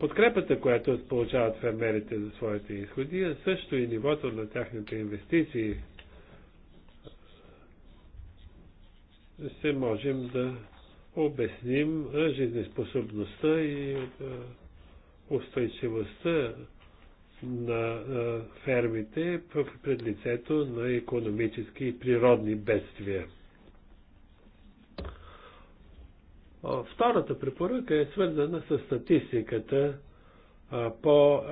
подкрепата, която получават фермерите за своите изходи, а също и нивото на тяхните инвестиции, се можем да обясним жизнеспособността и устойчивостта на фермите пред лицето на економически и природни бедствия. Втората препоръка е свързана с статистиката по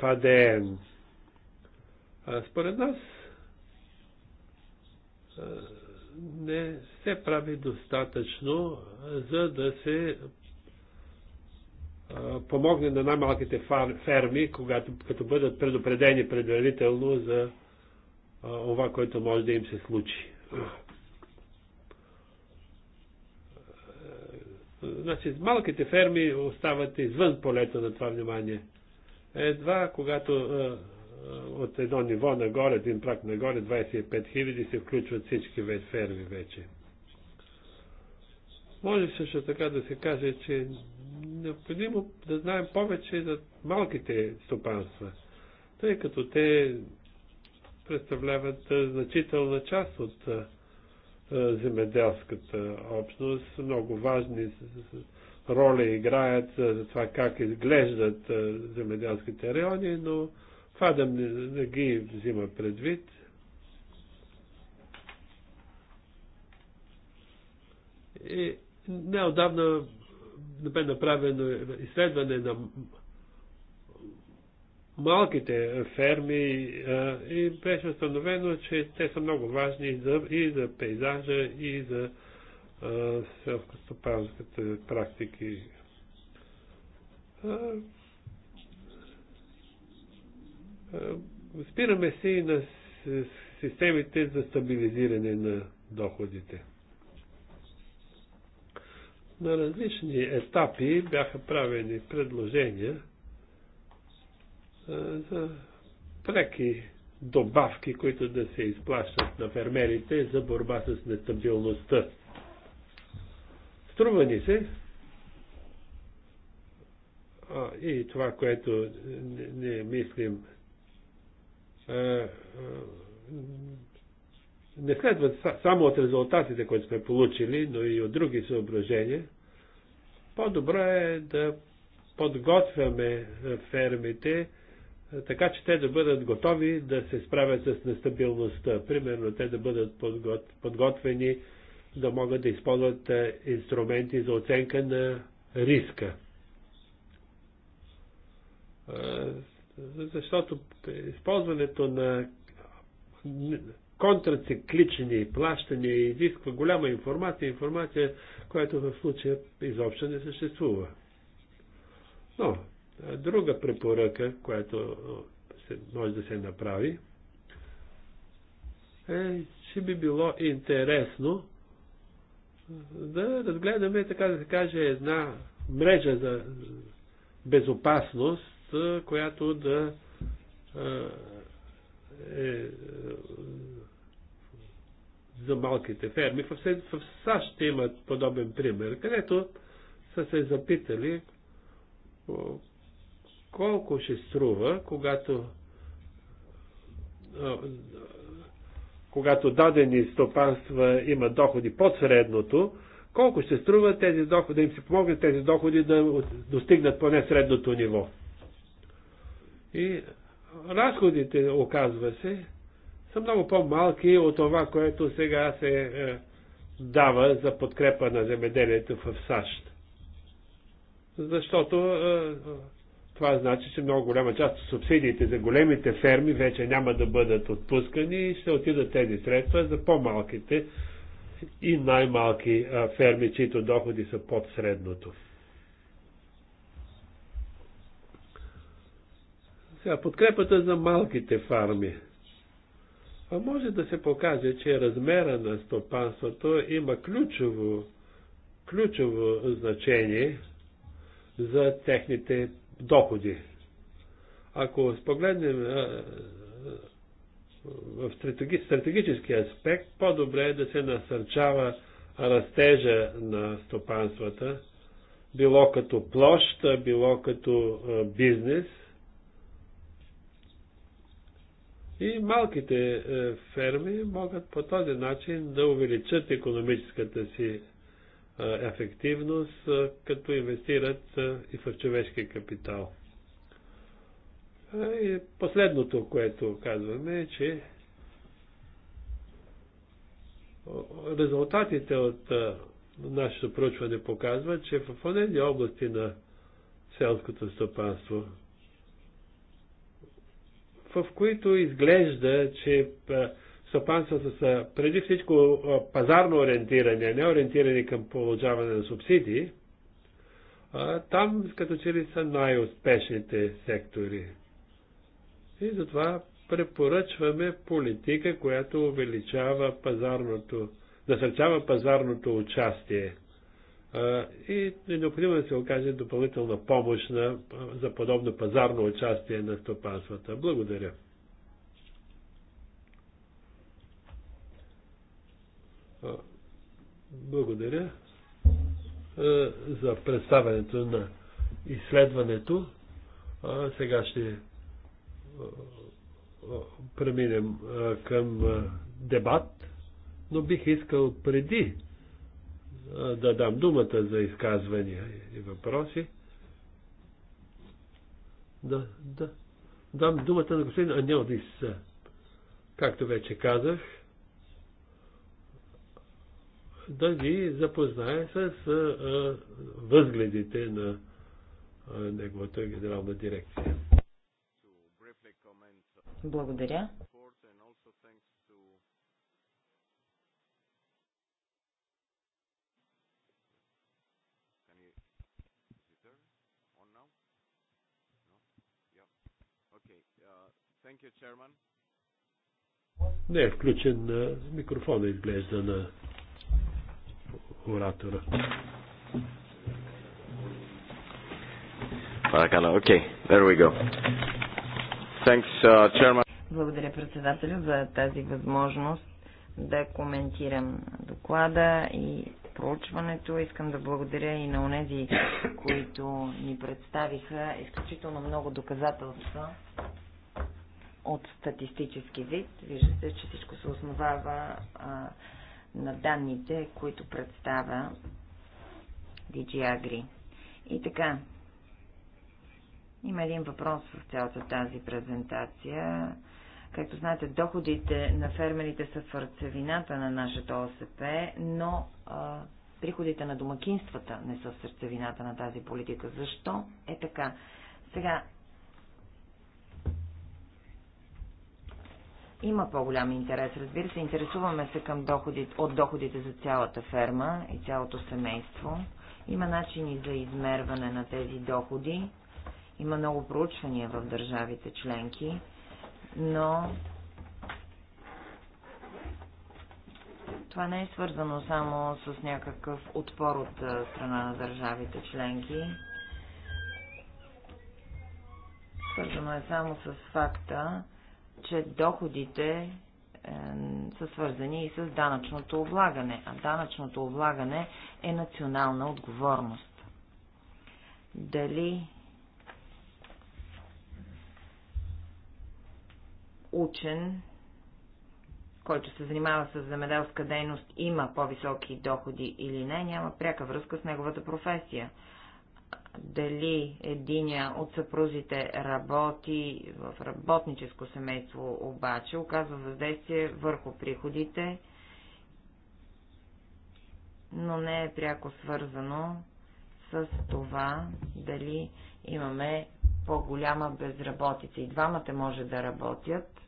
ФАДН. Според нас не се прави достатъчно, за да се помогне на най-малките ферми, когато, като бъдат предупредени предварително за това, което може да им се случи. Значи, малките ферми остават извън полета на това внимание. Едва когато от едно ниво нагоре, един прак нагоре, 25 000 се включват всички ферми вече. Може също така да се каже, че е необходимо да знаем повече за малките стопанства, тъй като те представляват значителна част от земеделската общност, много важни роли играят за това как изглеждат земеделските райони, но това да не ги взима предвид. И Неодавна бе направено е изследване на малките ферми и беше установено, че те са много важни и за, и за пейзажа, и за селско-стопанските практики. Спираме се и на системите за стабилизиране на доходите. На различни етапи бяха правени предложения за преки добавки, които да се изплащат на фермерите за борба с нестабилността. Струва ни се, а, и това, което ние мислим, а, а, не следват само от резултатите, които сме получили, но и от други съображения, по добро е да подготвяме е, фермите, е, така че те да бъдат готови да се справят с нестабилността. Примерно те да бъдат подготвени да могат да използват е, инструменти за оценка на риска. Защото използването на контрациклични плащания изисква голяма информация, информация, която в случая изобщо не съществува. Но, друга препоръка, която се, може да се направи, е, че би било интересно да разгледаме, така да се каже, една мрежа за безопасност, която да е за малките ферми. В САЩ имат подобен пример, където са се запитали колко ще струва, когато когато дадени стопанства има доходи под средното, колко ще струва тези доходи, да им се помогнат тези доходи да достигнат поне средното ниво. И разходите, оказва се, са много по-малки от това, което сега се е, дава за подкрепа на земеделието в САЩ. Защото е, това значи, че много голяма част от субсидиите за големите ферми вече няма да бъдат отпускани и ще отидат тези средства за по-малките и най-малки е, ферми, чието доходи са под средното. Сега подкрепата за малките фарми – може да се покаже, че размера на стопанството има ключово, ключово значение за техните доходи. Ако спогледнем в стратегически аспект, по-добре е да се насърчава растежа на стопанствата, било като площа, било като бизнес – И малките е, ферми могат по този начин да увеличат економическата си е, ефективност, е, като инвестират и в човешки капитал. И последното, което казваме е, че резултатите от нашето проучване показват, че в тези области на селското стопанство, в които изглежда, че стопанствата са преди всичко пазарно ориентирани, а не ориентирани към получаване на субсидии, там като че ли са най-успешните сектори. И затова препоръчваме политика, която увеличава пазарното, насърчава пазарното участие и е необходимо да се окаже допълнителна помощ на, за подобно пазарно участие на стопанствата. Благодаря. Благодаря за представянето на изследването. Сега ще преминем към дебат, но бих искал преди да дам думата за изказвания и въпроси. Да, да. Дам думата на господин Анелдис. Както вече казах, да ви запознае с а, възгледите на а, неговата генерална дирекция. Благодаря. Не е включен микрофона, изглежда на оратора. окей, there we go. Thanks, uh, chairman. Благодаря председателю за тази възможност да коментирам доклада и проучването. Искам да благодаря и на онези, които ни представиха изключително много доказателства от статистически вид. Виждате, че всичко се основава а, на данните, които представя DigiAgri. И така, има един въпрос в цялата тази презентация. Както знаете, доходите на фермерите са в сърцевината на нашата ОСП, но а, приходите на домакинствата не са в сърцевината на тази политика. Защо е така? Сега, Има по-голям интерес, разбира се. Интересуваме се към доходите, от доходите за цялата ферма и цялото семейство. Има начини за измерване на тези доходи. Има много проучвания в държавите членки, но това не е свързано само с някакъв отпор от страна на държавите членки. Свързано е само с факта, че доходите е, са свързани и с данъчното облагане, а данъчното облагане е национална отговорност. Дали учен, който се занимава с земеделска дейност, има по-високи доходи или не, няма пряка връзка с неговата професия дали единия от съпрузите работи в работническо семейство, обаче оказва въздействие върху приходите, но не е пряко свързано с това дали имаме по-голяма безработица. И двамата може да работят.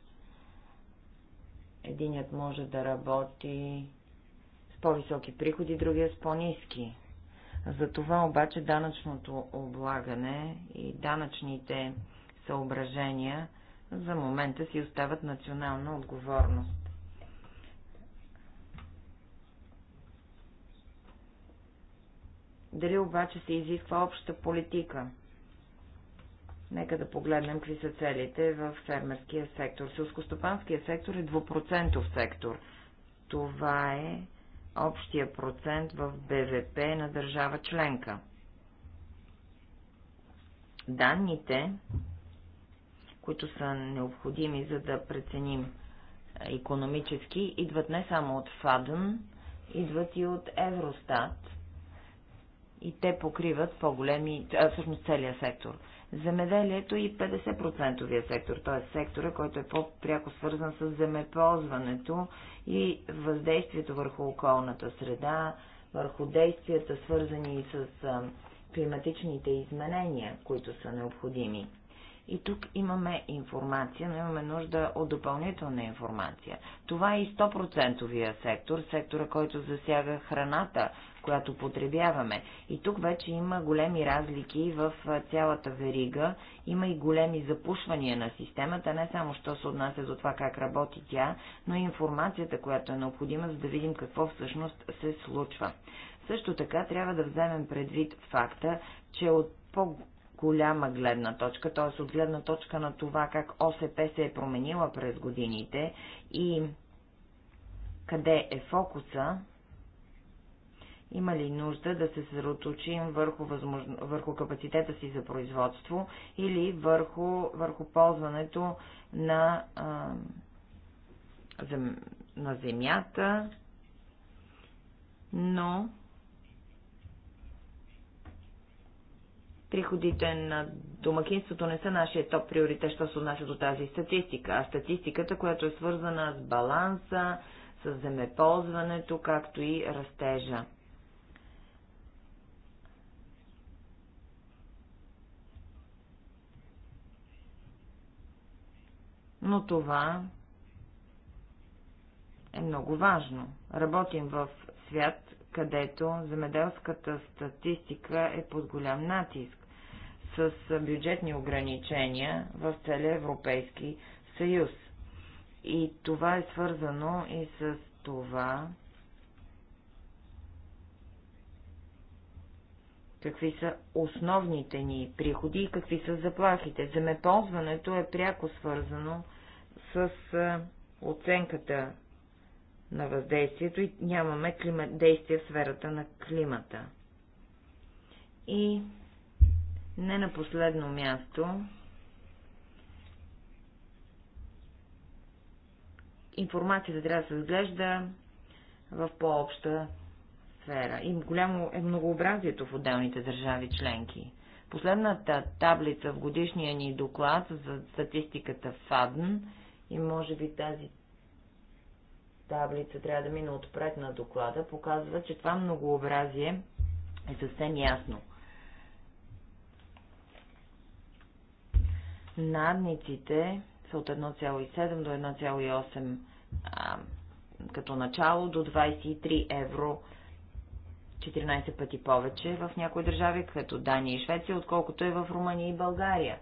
Единият може да работи с по-високи приходи, другия с по-низки за това обаче данъчното облагане и данъчните съображения за момента си остават национална отговорност. Дали обаче се изисква обща политика? Нека да погледнем какви са целите в фермерския сектор. Сълскостопанския сектор е двупроцентов сектор. Това е общия процент в БВП на държава членка. Данните, които са необходими за да преценим економически, идват не само от ФАДН, идват и от Евростат и те покриват по-големи, всъщност целия сектор земеделието и 50 сектор, т.е. сектора, който е по-пряко свързан с земеползването и въздействието върху околната среда, върху действията, свързани с климатичните изменения, които са необходими. И тук имаме информация, но имаме нужда от допълнителна информация. Това е и 100 сектор, сектора, който засяга храната, която потребяваме. И тук вече има големи разлики в цялата верига, има и големи запушвания на системата, не само що се отнася до това как работи тя, но и информацията, която е необходима, за да видим какво всъщност се случва. Също така трябва да вземем предвид факта, че от по голяма гледна точка, т.е. от гледна точка на това как ОСП се е променила през годините и къде е фокуса, има ли нужда да се съсредоточим върху, възможно, върху капацитета си за производство или върху, върху ползването на, а, зем, на земята, но приходите на домакинството не са нашия топ приоритет, що се отнася до тази статистика, а статистиката, която е свързана с баланса, с земеползването, както и растежа. но това е много важно. Работим в свят, където земеделската статистика е под голям натиск, с бюджетни ограничения в целия Европейски съюз. И това е свързано и с това, какви са основните ни приходи и какви са заплахите. Земеползването е пряко свързано с оценката на въздействието и нямаме клима... действия в сферата на климата. И не на последно място, информацията трябва да се изглежда в по-обща сфера. И голямо е многообразието в отделните държави членки. Последната таблица в годишния ни доклад за статистиката ФАДН и може би тази таблица трябва да мина отпред на доклада, показва, че това многообразие е съвсем ясно. Надниците са от 1,7 до 1,8 като начало до 23 евро 14 пъти повече в някои държави, като Дания и Швеция, отколкото е в Румъния и България.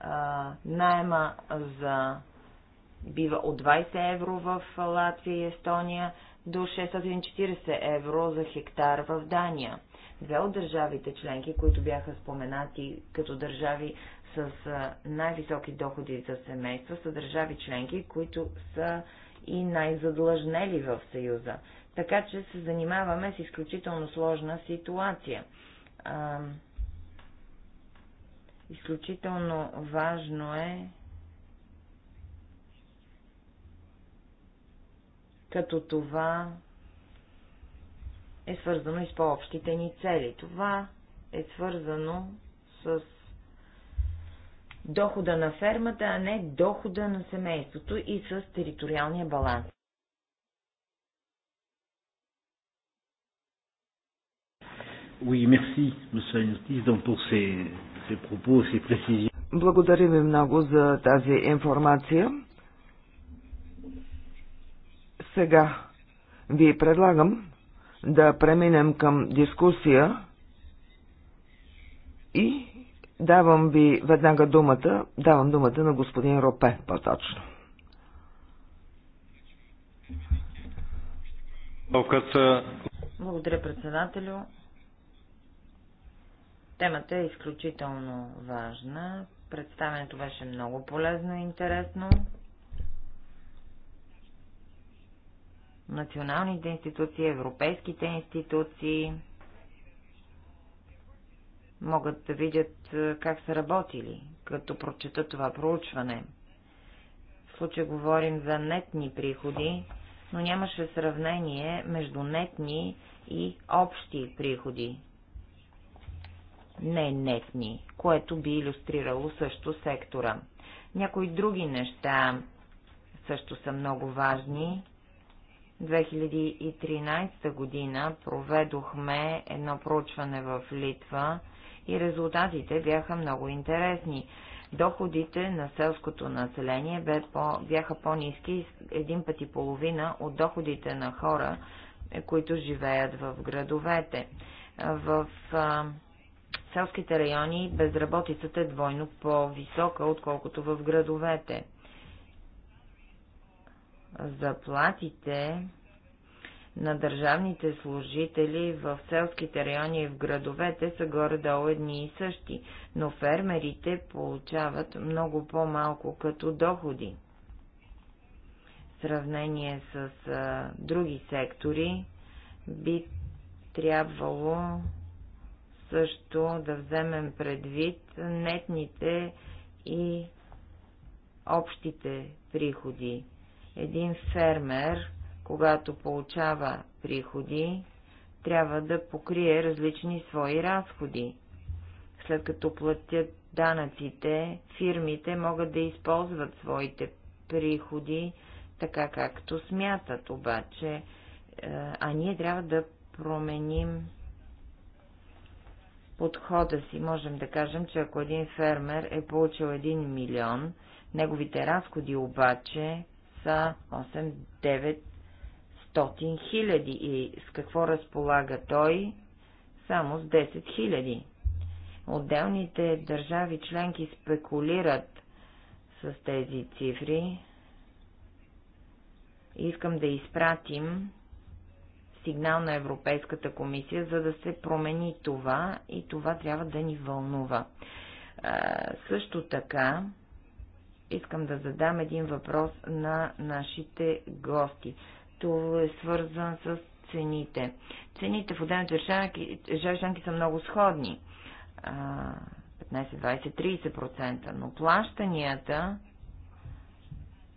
А, найема за бива от 20 евро в Латвия и Естония до 640 евро за хектар в Дания. Две от държавите членки, които бяха споменати като държави с най-високи доходи за семейства, са държави членки, които са и най-задлъжнели в Съюза. Така че се занимаваме с изключително сложна ситуация. изключително важно е като това е свързано и с по-общите ни цели. Това е свързано с дохода на фермата, а не дохода на семейството и с териториалния баланс. Oui, merci, pour ces, ces propos, ces Благодаря ви много за тази информация. Сега ви предлагам да преминем към дискусия и давам ви веднага думата, давам думата на господин Ропе по-точно. Благодаря, председателю. Темата е изключително важна. Представенето беше много полезно и интересно. националните институции, европейските институции могат да видят как са работили, като прочета това проучване. В случая говорим за нетни приходи, но нямаше сравнение между нетни и общи приходи. Не нетни, което би иллюстрирало също сектора. Някои други неща също са много важни. 2013 година проведохме едно проучване в Литва и резултатите бяха много интересни. Доходите на селското население бе по, бяха по-низки един път и половина от доходите на хора, е, които живеят в градовете. В а, селските райони безработицата е двойно по-висока, отколкото в градовете заплатите на държавните служители в селските райони и в градовете са горе-долу едни и същи, но фермерите получават много по-малко като доходи. В сравнение с а, други сектори би трябвало също да вземем предвид нетните и общите приходи един фермер, когато получава приходи, трябва да покрие различни свои разходи. След като платят данъците, фирмите могат да използват своите приходи така както смятат, обаче, е, а ние трябва да променим подхода си. Можем да кажем, че ако един фермер е получил 1 милион, неговите разходи обаче са 8-9 хиляди и с какво разполага той? Само с 10 хиляди. Отделните държави членки спекулират с тези цифри. Искам да изпратим сигнал на Европейската комисия, за да се промени това и това трябва да ни вълнува. А, също така искам да задам един въпрос на нашите гости. Това е свързан с цените. Цените в отделните жешанки са много сходни. 15, 20, 30%, но плащанията,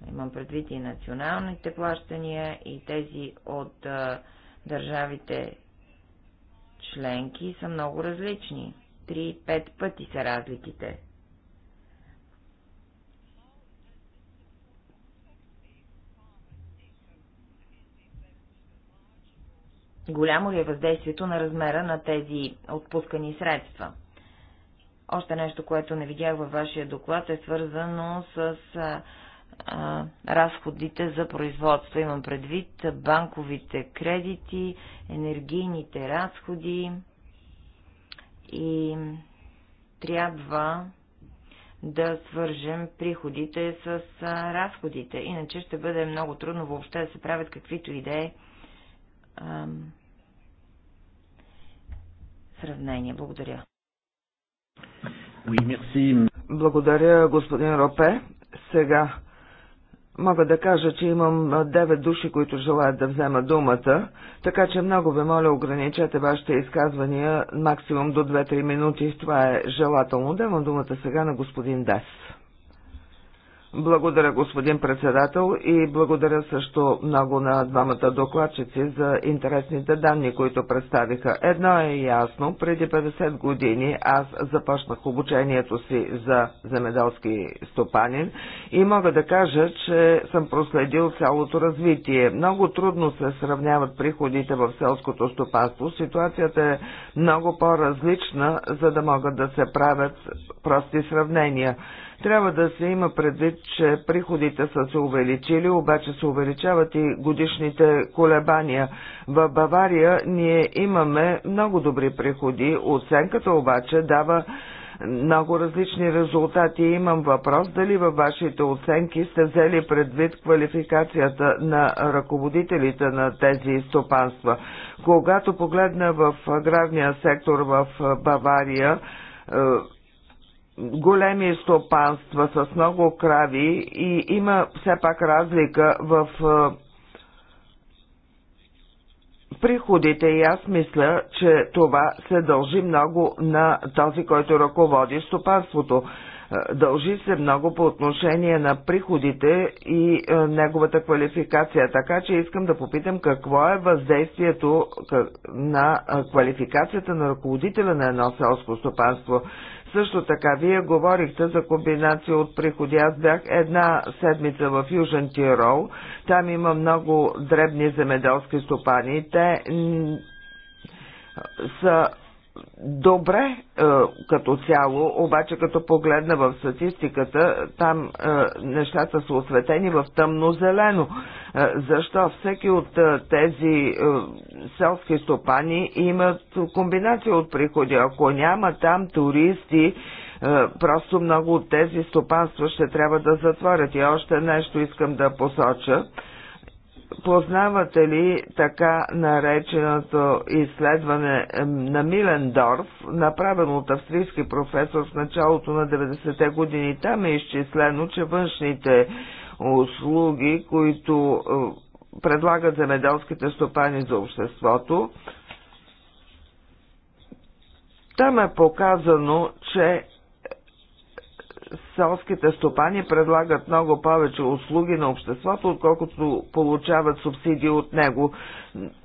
имам предвид и националните плащания и тези от държавите членки са много различни. 3-5 пъти са разликите. Голямо ли е въздействието на размера на тези отпускани средства? Още нещо, което не видях във вашия доклад, е свързано с а, а, разходите за производство. Имам предвид банковите кредити, енергийните разходи и трябва да свържем приходите с а, разходите. Иначе ще бъде много трудно въобще да се правят каквито идеи е, сравнение. Благодаря. Благодаря, господин Ропе. Сега мога да кажа, че имам 9 души, които желаят да взема думата, така че много ви моля ограничете вашите изказвания максимум до 2-3 минути. Това е желателно. Давам думата сега на господин Дес. Благодаря, господин председател, и благодаря също много на двамата докладчици за интересните данни, които представиха. Едно е ясно, преди 50 години аз започнах обучението си за земеделски стопанин и мога да кажа, че съм проследил цялото развитие. Много трудно се сравняват приходите в селското стопанство. Ситуацията е много по-различна, за да могат да се правят прости сравнения. Трябва да се има предвид, че приходите са се увеличили, обаче се увеличават и годишните колебания. В Бавария ние имаме много добри приходи, оценката обаче дава много различни резултати. Имам въпрос дали във вашите оценки сте взели предвид квалификацията на ръководителите на тези стопанства. Когато погледна в аграрния сектор в Бавария, големи стопанства с много крави и има все пак разлика в приходите и аз мисля, че това се дължи много на този, който ръководи стопанството. Дължи се много по отношение на приходите и неговата квалификация. Така че искам да попитам какво е въздействието на квалификацията на ръководителя на едно селско стопанство. Също така, вие говорихте за комбинация от приходи. Аз бях една седмица в Южен Тирол. Там има много дребни земеделски стопани. Те са добре е, като цяло, обаче като погледна в статистиката, там е, нещата са осветени в тъмно-зелено. Е, защо? Всеки от е, тези е, селски стопани имат комбинация от приходи. Ако няма там туристи, е, просто много от тези стопанства ще трябва да затворят. И още нещо искам да посоча. Е, Познавате ли така нареченото изследване на Милендорф, направено от австрийски професор в началото на 90-те години? Там е изчислено, че външните услуги, които е, предлагат земеделските стопани за обществото, там е показано, че селските стопани предлагат много повече услуги на обществото, отколкото получават субсидии от него.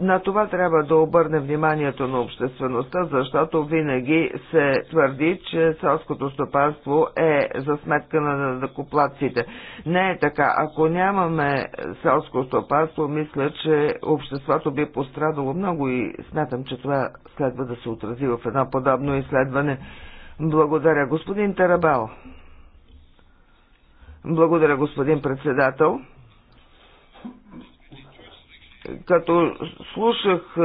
На това трябва да обърне вниманието на обществеността, защото винаги се твърди, че селското стопанство е за сметка на накоплаците. Не е така. Ако нямаме селско стопанство, мисля, че обществото би пострадало много и смятам, че това следва да се отрази в едно подобно изследване. Благодаря, господин Тарабал. Благодаря, господин председател. Като слушах е,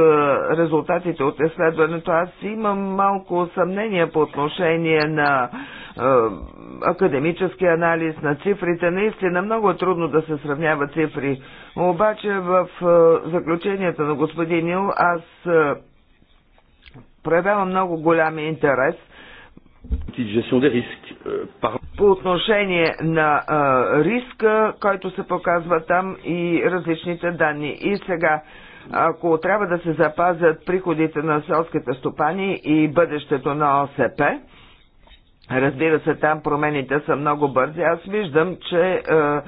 резултатите от изследването, аз имам малко съмнение по отношение на е, академически анализ на цифрите. Наистина много е трудно да се сравнява цифри. Обаче в е, заключенията на господин Нил аз проявявам много голям интерес – Euh, По отношение на а, риска, който се показва там и различните данни. И сега, ако трябва да се запазят приходите на селските стопани и бъдещето на ОСП, разбира се, там промените са много бързи. Аз виждам, че а, а,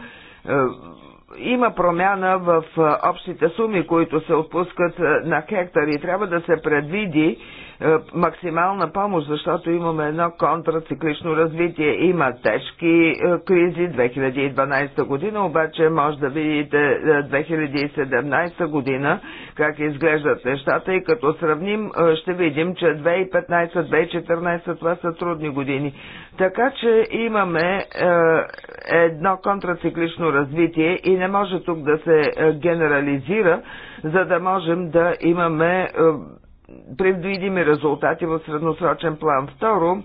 има промяна в общите суми, които се отпускат на хектари. трябва да се предвиди е, максимална помощ, защото имаме едно контрациклично развитие. Има тежки е, кризи 2012 година, обаче може да видите 2017 е, година как изглеждат нещата и като сравним ще видим, че 2015-2014 това са трудни години. Така че имаме едно контрациклично развитие и не може тук да се генерализира, за да можем да имаме предвидими резултати в средносрочен план. Второ,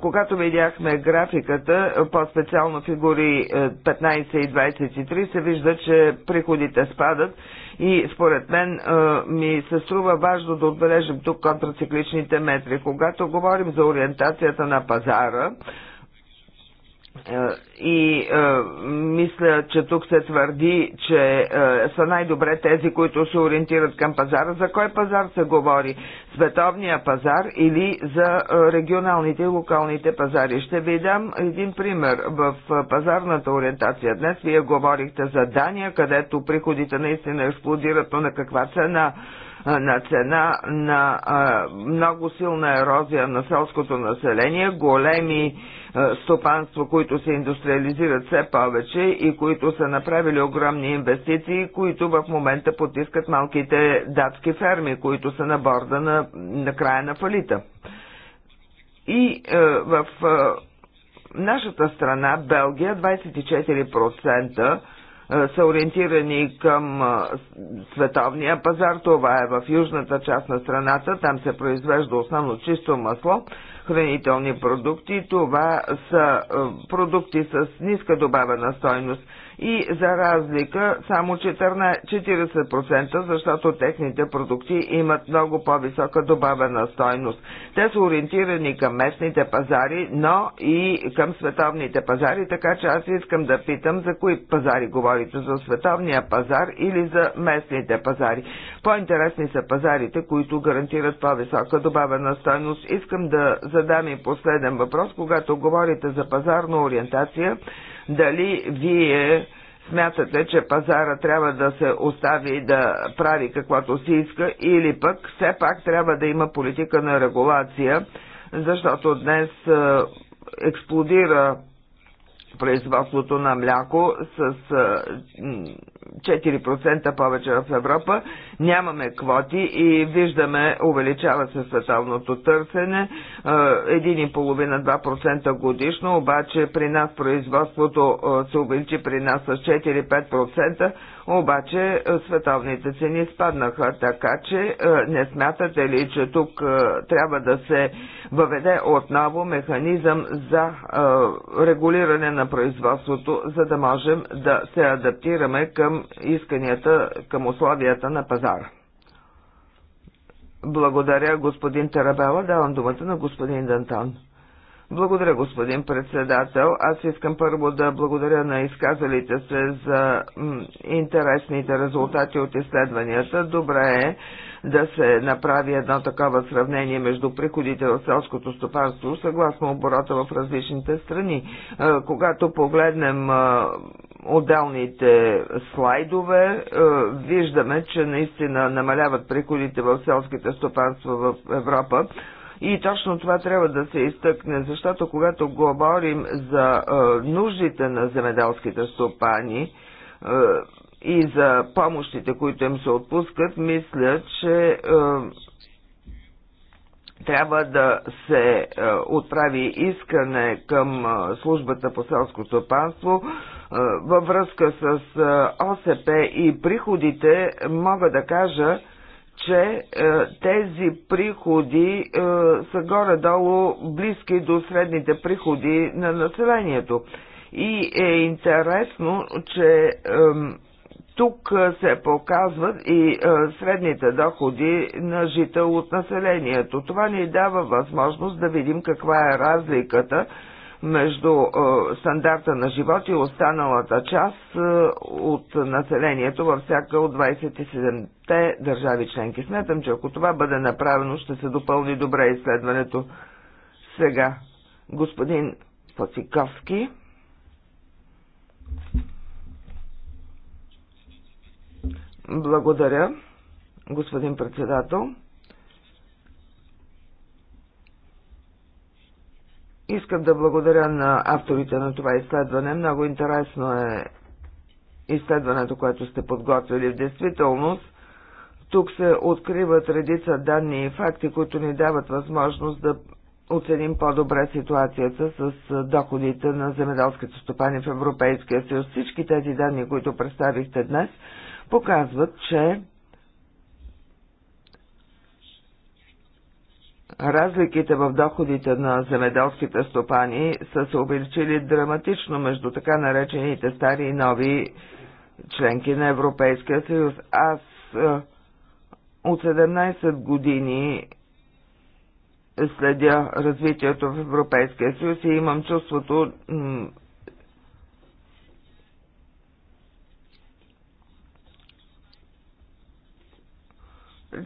когато видяхме графиката, по-специално фигури 15 е, и 23, се вижда, че приходите спадат и според мен е, ми се струва важно да отбележим тук контрацикличните метри. Когато говорим за ориентацията на пазара, е, и е, мисля, че тук се твърди, че е, са най-добре тези, които се ориентират към пазара. За кой пазар се говори? Световния пазар или за е, регионалните и локалните пазари? Ще ви дам един пример. В е, пазарната ориентация днес вие говорихте за Дания, където приходите наистина експлодират, но на каква цена? на цена на много силна ерозия на селското население, големи стопанства, които се индустриализират все повече и които са направили огромни инвестиции, които в момента потискат малките датски ферми, които са на борда на, на края на фалита. И е, в е, нашата страна, Белгия, 24% са ориентирани към световния пазар. Това е в южната част на страната. Там се произвежда основно чисто масло, хранителни продукти. Това са продукти с ниска добавена стойност и за разлика само 40%, защото техните продукти имат много по-висока добавена стойност. Те са ориентирани към местните пазари, но и към световните пазари, така че аз искам да питам за кои пазари говорите, за световния пазар или за местните пазари. По-интересни са пазарите, които гарантират по-висока добавена стойност. Искам да задам и последен въпрос, когато говорите за пазарна ориентация, дали вие смятате, че пазара трябва да се остави да прави каквото си иска или пък все пак трябва да има политика на регулация, защото днес е, експлодира производството на мляко с 4% повече в Европа. Нямаме квоти и виждаме, увеличава се световното търсене 1,5-2% годишно, обаче при нас производството се увеличи при нас с 4-5%, обаче е, световните цени спаднаха, така че е, не смятате ли, че тук е, трябва да се въведе отново механизъм за регулиране на производството, за да можем да се адаптираме към исканията, към условията на пазара? Благодаря, господин Тарабела. Давам думата на господин Дантан. Благодаря, господин председател. Аз искам първо да благодаря на изказалите се за интересните резултати от изследванията. Добре е да се направи едно такова сравнение между приходите в селското стопанство съгласно оборота в различните страни. Когато погледнем отделните слайдове, виждаме, че наистина намаляват приходите в селските стопанства в Европа и точно това трябва да се изтъкне, защото когато говорим за е, нуждите на земеделските стопани е, и за помощите, които им се отпускат, мисля, че е, трябва да се е, отправи искане към е, службата по селско стопанство е, във връзка с ОСП и приходите, мога да кажа, че е, тези приходи е, са горе-долу близки до средните приходи на населението. И е интересно, че е, тук се показват и е, средните доходи на жител от населението. Това ни дава възможност да видим каква е разликата между е, стандарта на живот и останалата част е, от населението във всяка от 27-те държави членки. Смятам, че ако това бъде направено, ще се допълни добре изследването. Сега, господин Фациковски. Благодаря, господин председател. Искам да благодаря на авторите на това изследване. Много интересно е изследването, което сте подготвили. В действителност, тук се откриват редица данни и факти, които ни дават възможност да оценим по-добре ситуацията с доходите на земеделските стопани в Европейския съюз. Всички тези данни, които представихте днес, показват, че Разликите в доходите на земеделските стопани са се увеличили драматично между така наречените стари и нови членки на Европейския съюз. Аз е, от 17 години следя развитието в Европейския съюз и имам чувството,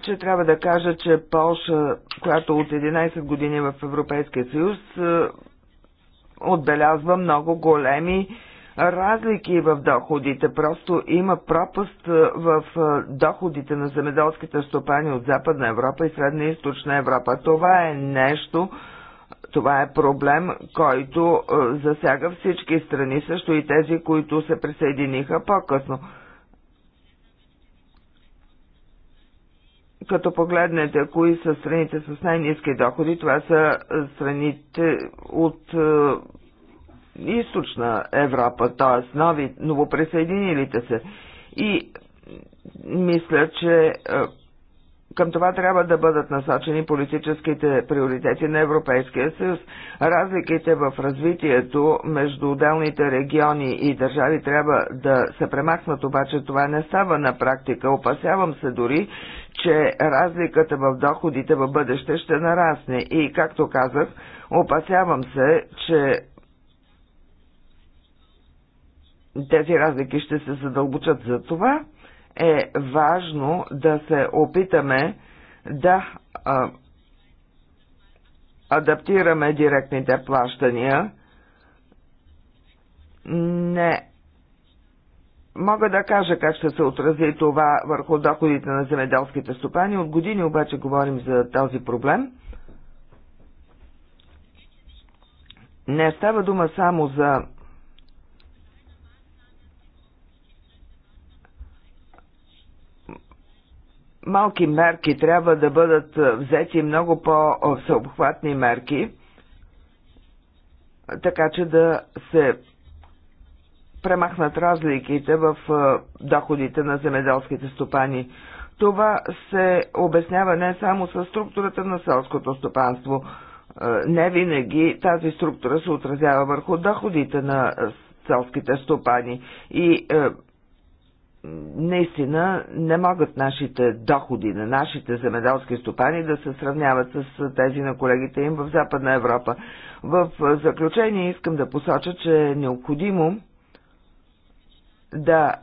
че трябва да кажа, че Полша, която от 11 години е в Европейския съюз, е, отбелязва много големи разлики в доходите. Просто има пропаст е, в доходите на земеделските стопани от Западна Европа и Средна и Източна Европа. Това е нещо, това е проблем, който засяга всички страни, също и тези, които се присъединиха по-късно. като погледнете кои са страните с най-низки доходи, това са страните от е, източна Европа, т.е. нови, новоприсъединилите се. И мисля, че е, към това трябва да бъдат насочени политическите приоритети на Европейския съюз. Разликите в развитието между отделните региони и държави трябва да се премахнат, обаче това не става на практика. Опасявам се дори, че разликата в доходите в бъдеще ще нарасне. И, както казах, опасявам се, че тези разлики ще се задълбочат за това е важно да се опитаме да а, адаптираме директните плащания. Не мога да кажа как ще се отрази това върху доходите на земеделските стопани. От години обаче говорим за този проблем. Не става дума само за малки мерки, трябва да бъдат взети много по съобхватни мерки, така че да се премахнат разликите в доходите на земеделските стопани. Това се обяснява не само с структурата на селското стопанство. Не винаги тази структура се отразява върху доходите на селските стопани и наистина не могат нашите доходи на нашите земеделски стопани да се сравняват с тези на колегите им в Западна Европа. В заключение искам да посоча, че е необходимо да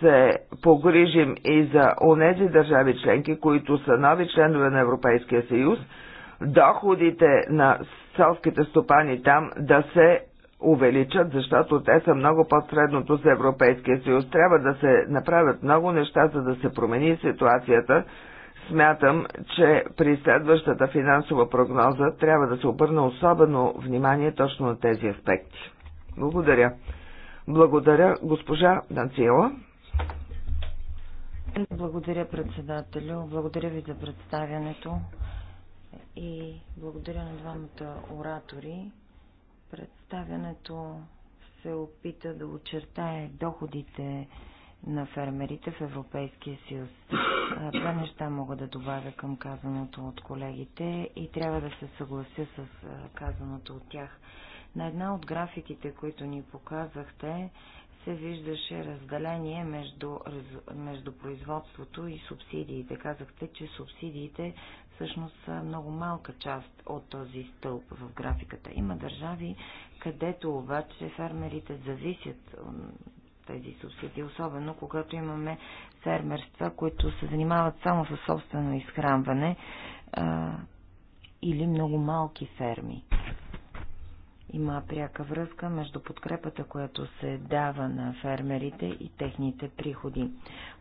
се погрижим и за онези държави членки, които са нови членове на Европейския съюз, доходите на селските стопани там да се увеличат, защото те са много под средното за Европейския съюз. Трябва да се направят много неща, за да се промени ситуацията. Смятам, че при следващата финансова прогноза трябва да се обърна особено внимание точно на тези аспекти. Благодаря. Благодаря, госпожа Данциела. Благодаря, председателю. Благодаря ви за представянето и благодаря на двамата оратори. Пред Представянето се опита да очертае доходите на фермерите в Европейския съюз. Две неща мога да добавя към казаното от колегите и трябва да се съглася с казаното от тях. На една от графиките, които ни показахте, се виждаше разделение между, между производството и субсидиите. Казахте, че субсидиите всъщност са много малка част от този стълб в графиката. Има държави, където обаче фермерите зависят от тези субсидии, особено когато имаме фермерства, които се занимават само със собствено изхранване а, или много малки ферми. Има пряка връзка между подкрепата, която се дава на фермерите и техните приходи.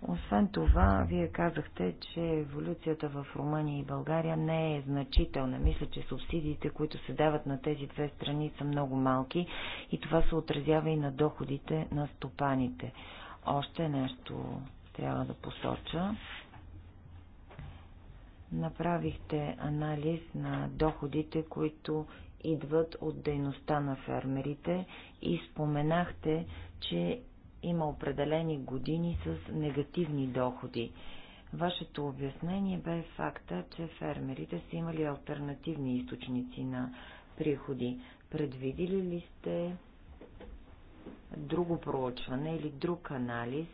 Освен това, вие казахте, че еволюцията в Румъния и България не е значителна. Мисля, че субсидиите, които се дават на тези две страни, са много малки и това се отразява и на доходите на стопаните. Още нещо трябва да посоча направихте анализ на доходите, които идват от дейността на фермерите и споменахте, че има определени години с негативни доходи. Вашето обяснение бе факта, че фермерите са имали альтернативни източници на приходи. Предвидили ли сте друго проучване или друг анализ,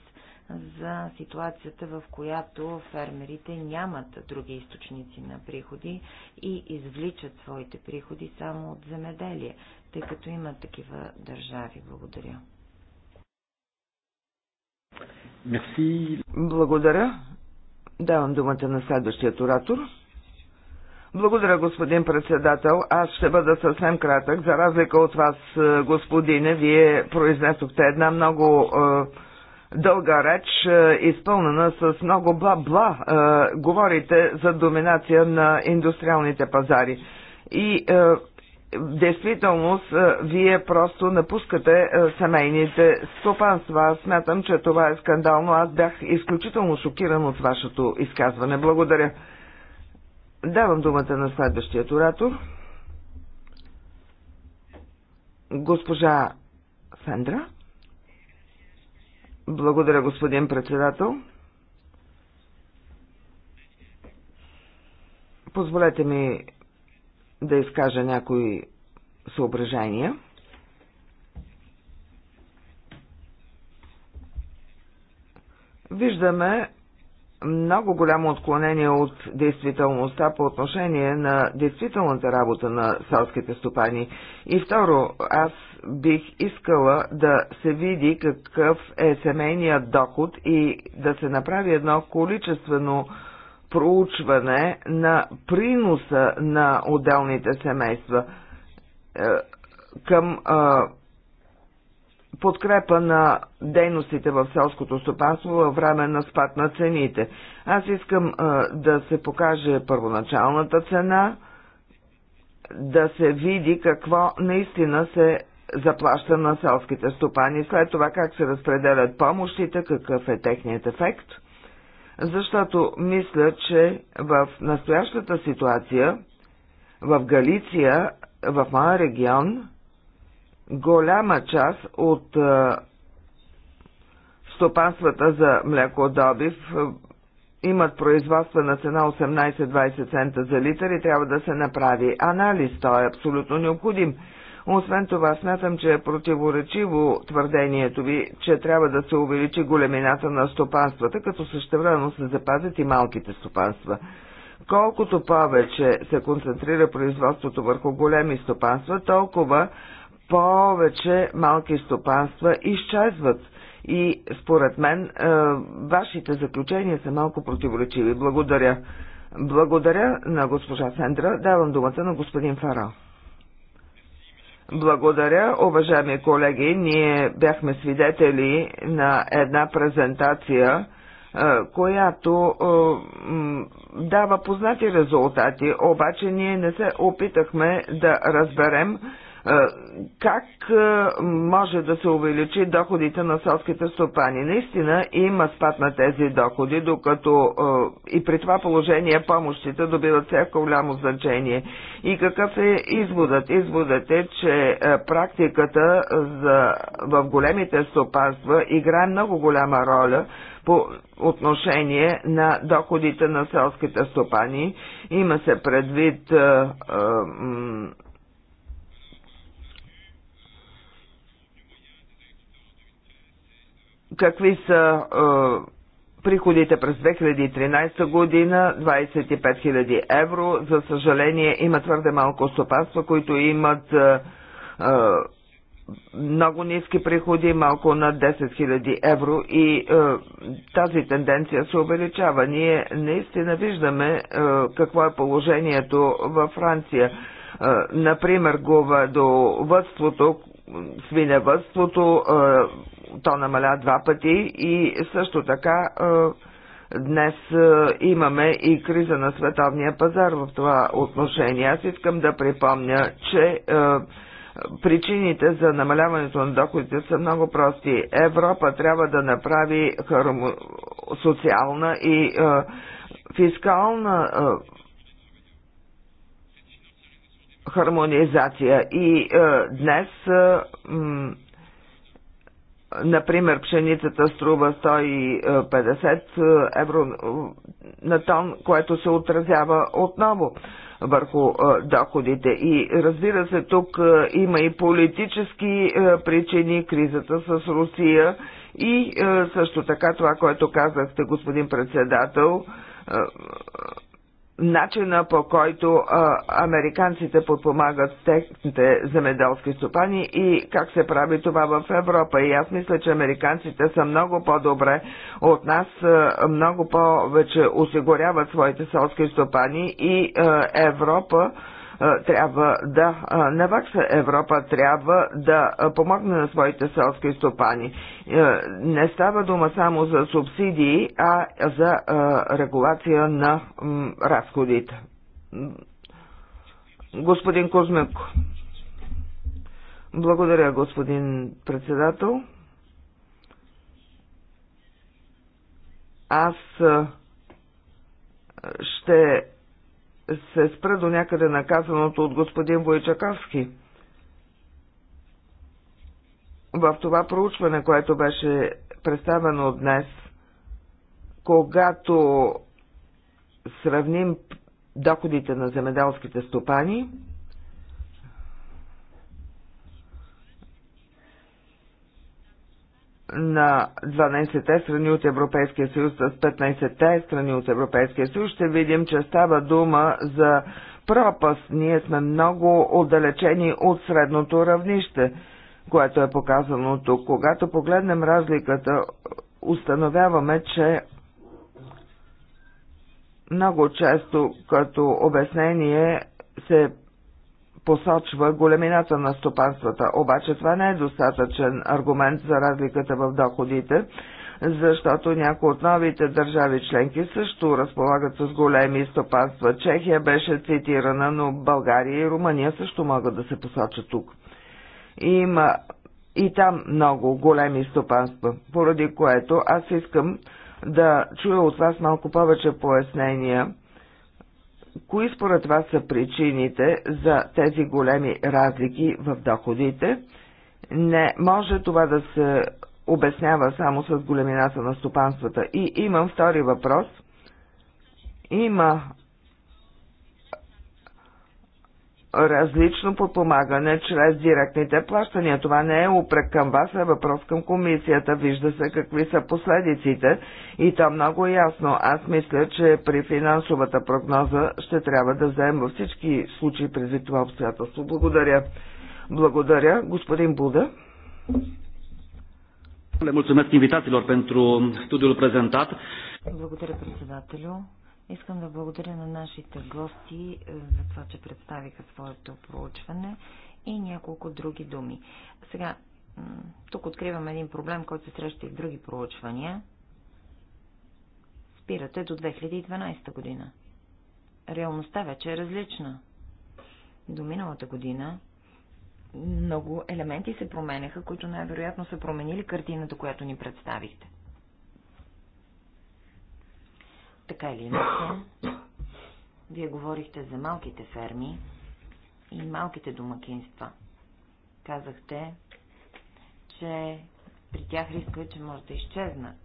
за ситуацията, в която фермерите нямат други източници на приходи и извличат своите приходи само от земеделие, тъй като има такива държави. Благодаря. Merci. Благодаря. Давам думата на следващия оратор. Благодаря, господин председател. Аз ще бъда съвсем кратък. За разлика от вас, е, господине, вие произнесохте една много е, дълга реч, е, изпълнена с много бла-бла. Е, говорите за доминация на индустриалните пазари. И е, действителност вие просто напускате семейните стопанства. Аз смятам, че това е скандално. Аз бях изключително шокиран от вашето изказване. Благодаря. Давам думата на следващия оратор. Госпожа Сандра. Благодаря, господин председател. Позволете ми да изкажа някои съображения. Виждаме много голямо отклонение от действителността по отношение на действителната работа на селските стопани. И второ, аз бих искала да се види какъв е семейният доход и да се направи едно количествено проучване на приноса на отделните семейства е, към е, подкрепа на дейностите в селското стопанство във време на спад на цените. Аз искам а, да се покаже първоначалната цена, да се види какво наистина се заплаща на селските стопани, след това как се разпределят помощите, какъв е техният ефект, защото мисля, че в настоящата ситуация в Галиция, в моя регион, голяма част от е, стопанствата за млекодобив е, имат на цена 18-20 цента за литър и трябва да се направи анализ. Той е абсолютно необходим. Освен това, смятам, че е противоречиво твърдението ви, че трябва да се увеличи големината на стопанствата, като същевременно се запазят и малките стопанства. Колкото повече се концентрира производството върху големи стопанства, толкова повече малки стопанства изчезват. И според мен е, вашите заключения са малко противоречиви. Благодаря. Благодаря на госпожа Сендра. Давам думата на господин Фара. Благодаря, уважаеми колеги. Ние бяхме свидетели на една презентация, е, която е, дава познати резултати, обаче ние не се опитахме да разберем е, как е, може да се увеличи доходите на селските стопани. Наистина има спад на тези доходи, докато е, и при това положение помощите добиват всяко голямо значение. И какъв е изводът? Изводът е, че практиката за, в големите стопанства играе много голяма роля по отношение на доходите на селските стопани. Има се предвид какви са приходите през 2013 година 25 000 евро. За съжаление има твърде малко стопанства, които имат е, много ниски приходи, малко над 10 000 евро и е, тази тенденция се увеличава. Ние наистина виждаме е, какво е положението във Франция. Е, например, говедовътството, свиневътството, е, то намаля два пъти и също така е, днес е, имаме и криза на световния пазар в това отношение. Аз искам да припомня, че е, причините за намаляването на доходите са много прости. Европа трябва да направи хармо... социална и фискална хармонизация. И е, днес е, Например, пшеницата струва 150 евро на тон, което се отразява отново върху доходите. И разбира се, тук има и политически причини, кризата с Русия и също така това, което казахте, господин председател, начина по който а, американците подпомагат техните земеделски стопани и как се прави това в Европа. И аз мисля, че американците са много по-добре от нас, а, много повече осигуряват своите селски стопани и а, Европа е, трябва да е, навакса Европа, трябва да е, помогне на своите селски стопани. Не става дума само за субсидии, а за регулация на разходите. Господин Кузменко, Благодаря, господин председател. Аз ще се спра до някъде наказаното от господин Войчаковски. В това проучване, което беше представено днес, когато сравним доходите на земеделските стопани, на 12-те страни от Европейския съюз с 15-те страни от Европейския съюз, ще видим, че става дума за пропаст. Ние сме много отдалечени от средното равнище, което е показано тук. Когато погледнем разликата, установяваме, че много често като обяснение се посочва големината на стопанствата. Обаче това не е достатъчен аргумент за разликата в доходите, защото някои от новите държави членки също разполагат с големи стопанства. Чехия беше цитирана, но България и Румъния също могат да се посочат тук. Има и там много големи стопанства, поради което аз искам да чуя от вас малко повече пояснения – Кои според вас са причините за тези големи разлики в доходите? Не може това да се обяснява само с големината на стопанствата. И имам втори въпрос. Има различно подпомагане чрез директните плащания. Това не е упрек към вас, а е въпрос към комисията. Вижда се какви са последиците и то много е ясно. Аз мисля, че при финансовата прогноза ще трябва да вземем във всички случаи предвид това обстоятелство. Благодаря. Благодаря, господин Буда. Благодаря, председателю. Искам да благодаря на нашите гости е, за това, че представиха своето проучване и няколко други думи. Сега, тук откривам един проблем, който се среща и в други проучвания. Спирате до 2012 година. Реалността вече е различна. До миналата година много елементи се променяха, които най-вероятно са променили картината, която ни представихте. Така или иначе, вие говорихте за малките ферми и малките домакинства. Казахте, че при тях риска е, че може да изчезнат.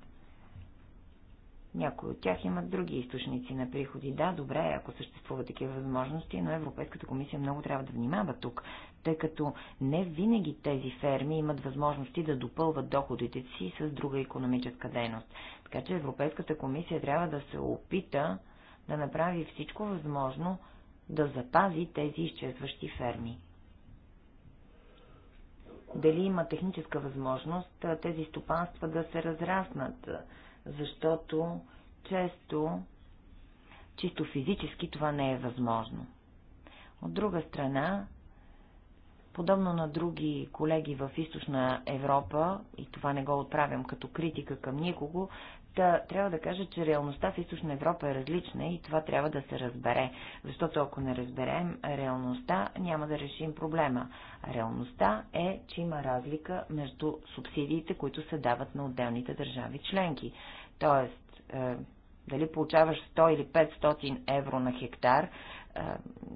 Някои от тях имат други източници на приходи. Да, добре, ако съществуват такива възможности, но Европейската комисия много трябва да внимава тук, тъй като не винаги тези ферми имат възможности да допълват доходите си с друга економическа дейност. Така че Европейската комисия трябва да се опита да направи всичко възможно да запази тези изчезващи ферми. Дали има техническа възможност тези стопанства да се разраснат, защото често чисто физически това не е възможно. От друга страна, подобно на други колеги в източна Европа, и това не го отправям като критика към никого, Та, трябва да кажа, че реалността в Източна Европа е различна и това трябва да се разбере, защото ако не разберем реалността, няма да решим проблема. Реалността е, че има разлика между субсидиите, които се дават на отделните държави членки. Тоест, е, дали получаваш 100 или 500 евро на хектар, е,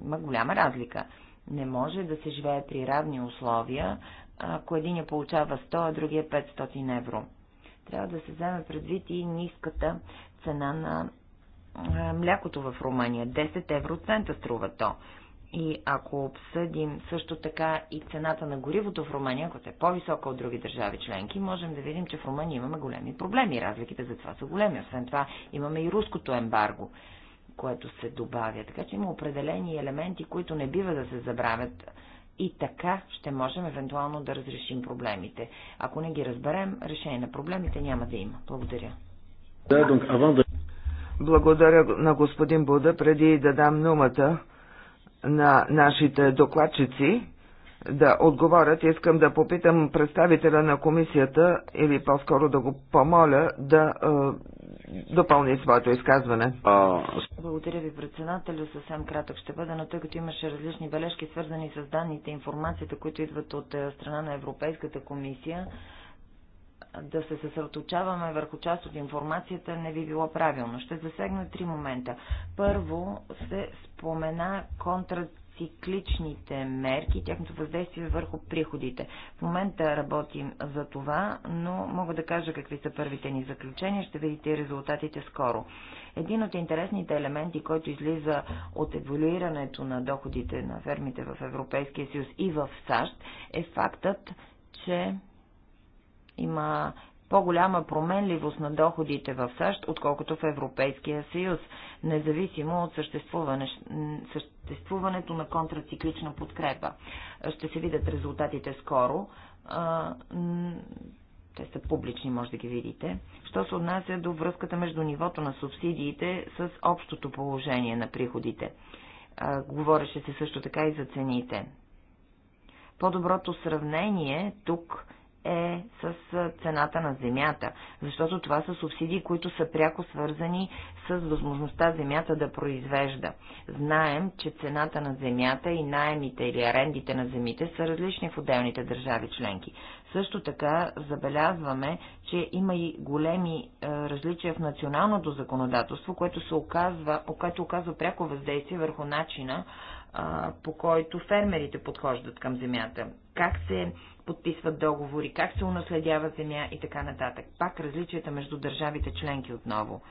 има голяма разлика. Не може да се живее при равни условия, ако един я получава 100, а другия 500 евро. Трябва да се вземе предвид и ниската цена на млякото в Румъния. 10 евроцента струва то. И ако обсъдим също така и цената на горивото в Румъния, която е по-висока от други държави членки, можем да видим, че в Румъния имаме големи проблеми. Разликите за това са големи. Освен това имаме и руското ембарго, което се добавя. Така че има определени елементи, които не бива да се забравят и така ще можем евентуално да разрешим проблемите. Ако не ги разберем, решение на проблемите няма да има. Благодаря. Благодаря на господин Буда. Преди да дам думата на нашите докладчици, да отговорят. Искам да попитам представителя на комисията или по-скоро да го помоля да е, допълни своето изказване. Благодаря ви, председателю. Съвсем кратък ще бъда, но тъй като имаше различни бележки, свързани с данните, информацията, които идват от е, страна на Европейската комисия, да се съсредоточаваме върху част от информацията не би било правилно. Ще засегна три момента. Първо се спомена контрат цикличните мерки, тяхното въздействие върху приходите. В момента работим за това, но мога да кажа какви са първите ни заключения, ще видите резултатите скоро. Един от интересните елементи, който излиза от еволюирането на доходите на фермите в Европейския съюз и в САЩ, е фактът, че има по-голяма променливост на доходите в САЩ, отколкото в Европейския съюз, независимо от съществуване, съществуването на контрациклична подкрепа. Ще се видят резултатите скоро. Те са публични, може да ги видите. Що се отнася до връзката между нивото на субсидиите с общото положение на приходите. Говореше се също така и за цените. По-доброто сравнение тук е с цената на земята, защото това са субсидии, които са пряко свързани с възможността земята да произвежда. Знаем, че цената на земята и найемите или арендите на земите са различни в отделните държави членки. Също така забелязваме, че има и големи е, различия в националното законодателство, което, се оказва, което оказва пряко въздействие върху начина, по който фермерите подхождат към земята. Как се подписват договори, как се унаследява земя и така нататък. Пак различията между държавите членки отново.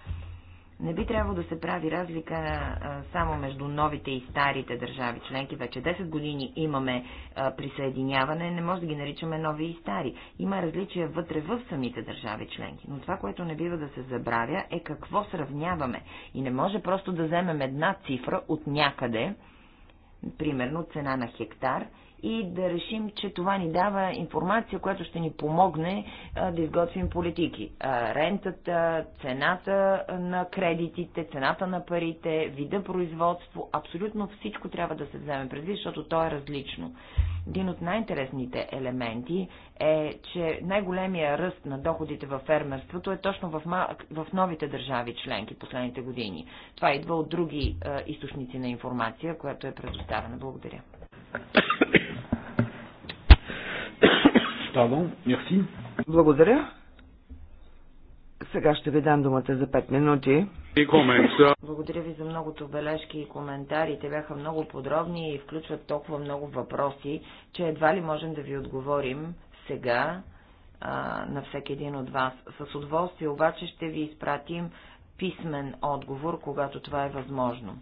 Не би трябвало да се прави разлика а, само между новите и старите държави членки. Вече 10 години имаме а, присъединяване, не може да ги наричаме нови и стари. Има различия вътре в самите държави членки. Но това, което не бива да се забравя, е какво сравняваме. И не може просто да вземем една цифра от някъде, примерно цена на хектар, и да решим, че това ни дава информация, която ще ни помогне да изготвим политики. рентата, цената на кредитите, цената на парите, вида производство, абсолютно всичко трябва да се вземе предвид, защото то е различно. Един от най-интересните елементи е, че най-големия ръст на доходите във фермерството е точно в, в новите държави членки последните години. Това идва от други източници на информация, която е предоставена. Благодаря. Pardon, merci. Благодаря. Сега ще ви дам думата за 5 минути. Благодаря ви за многото бележки и коментари. Те бяха много подробни и включват толкова много въпроси, че едва ли можем да ви отговорим сега а, на всеки един от вас. С удоволствие обаче ще ви изпратим писмен отговор, когато това е възможно.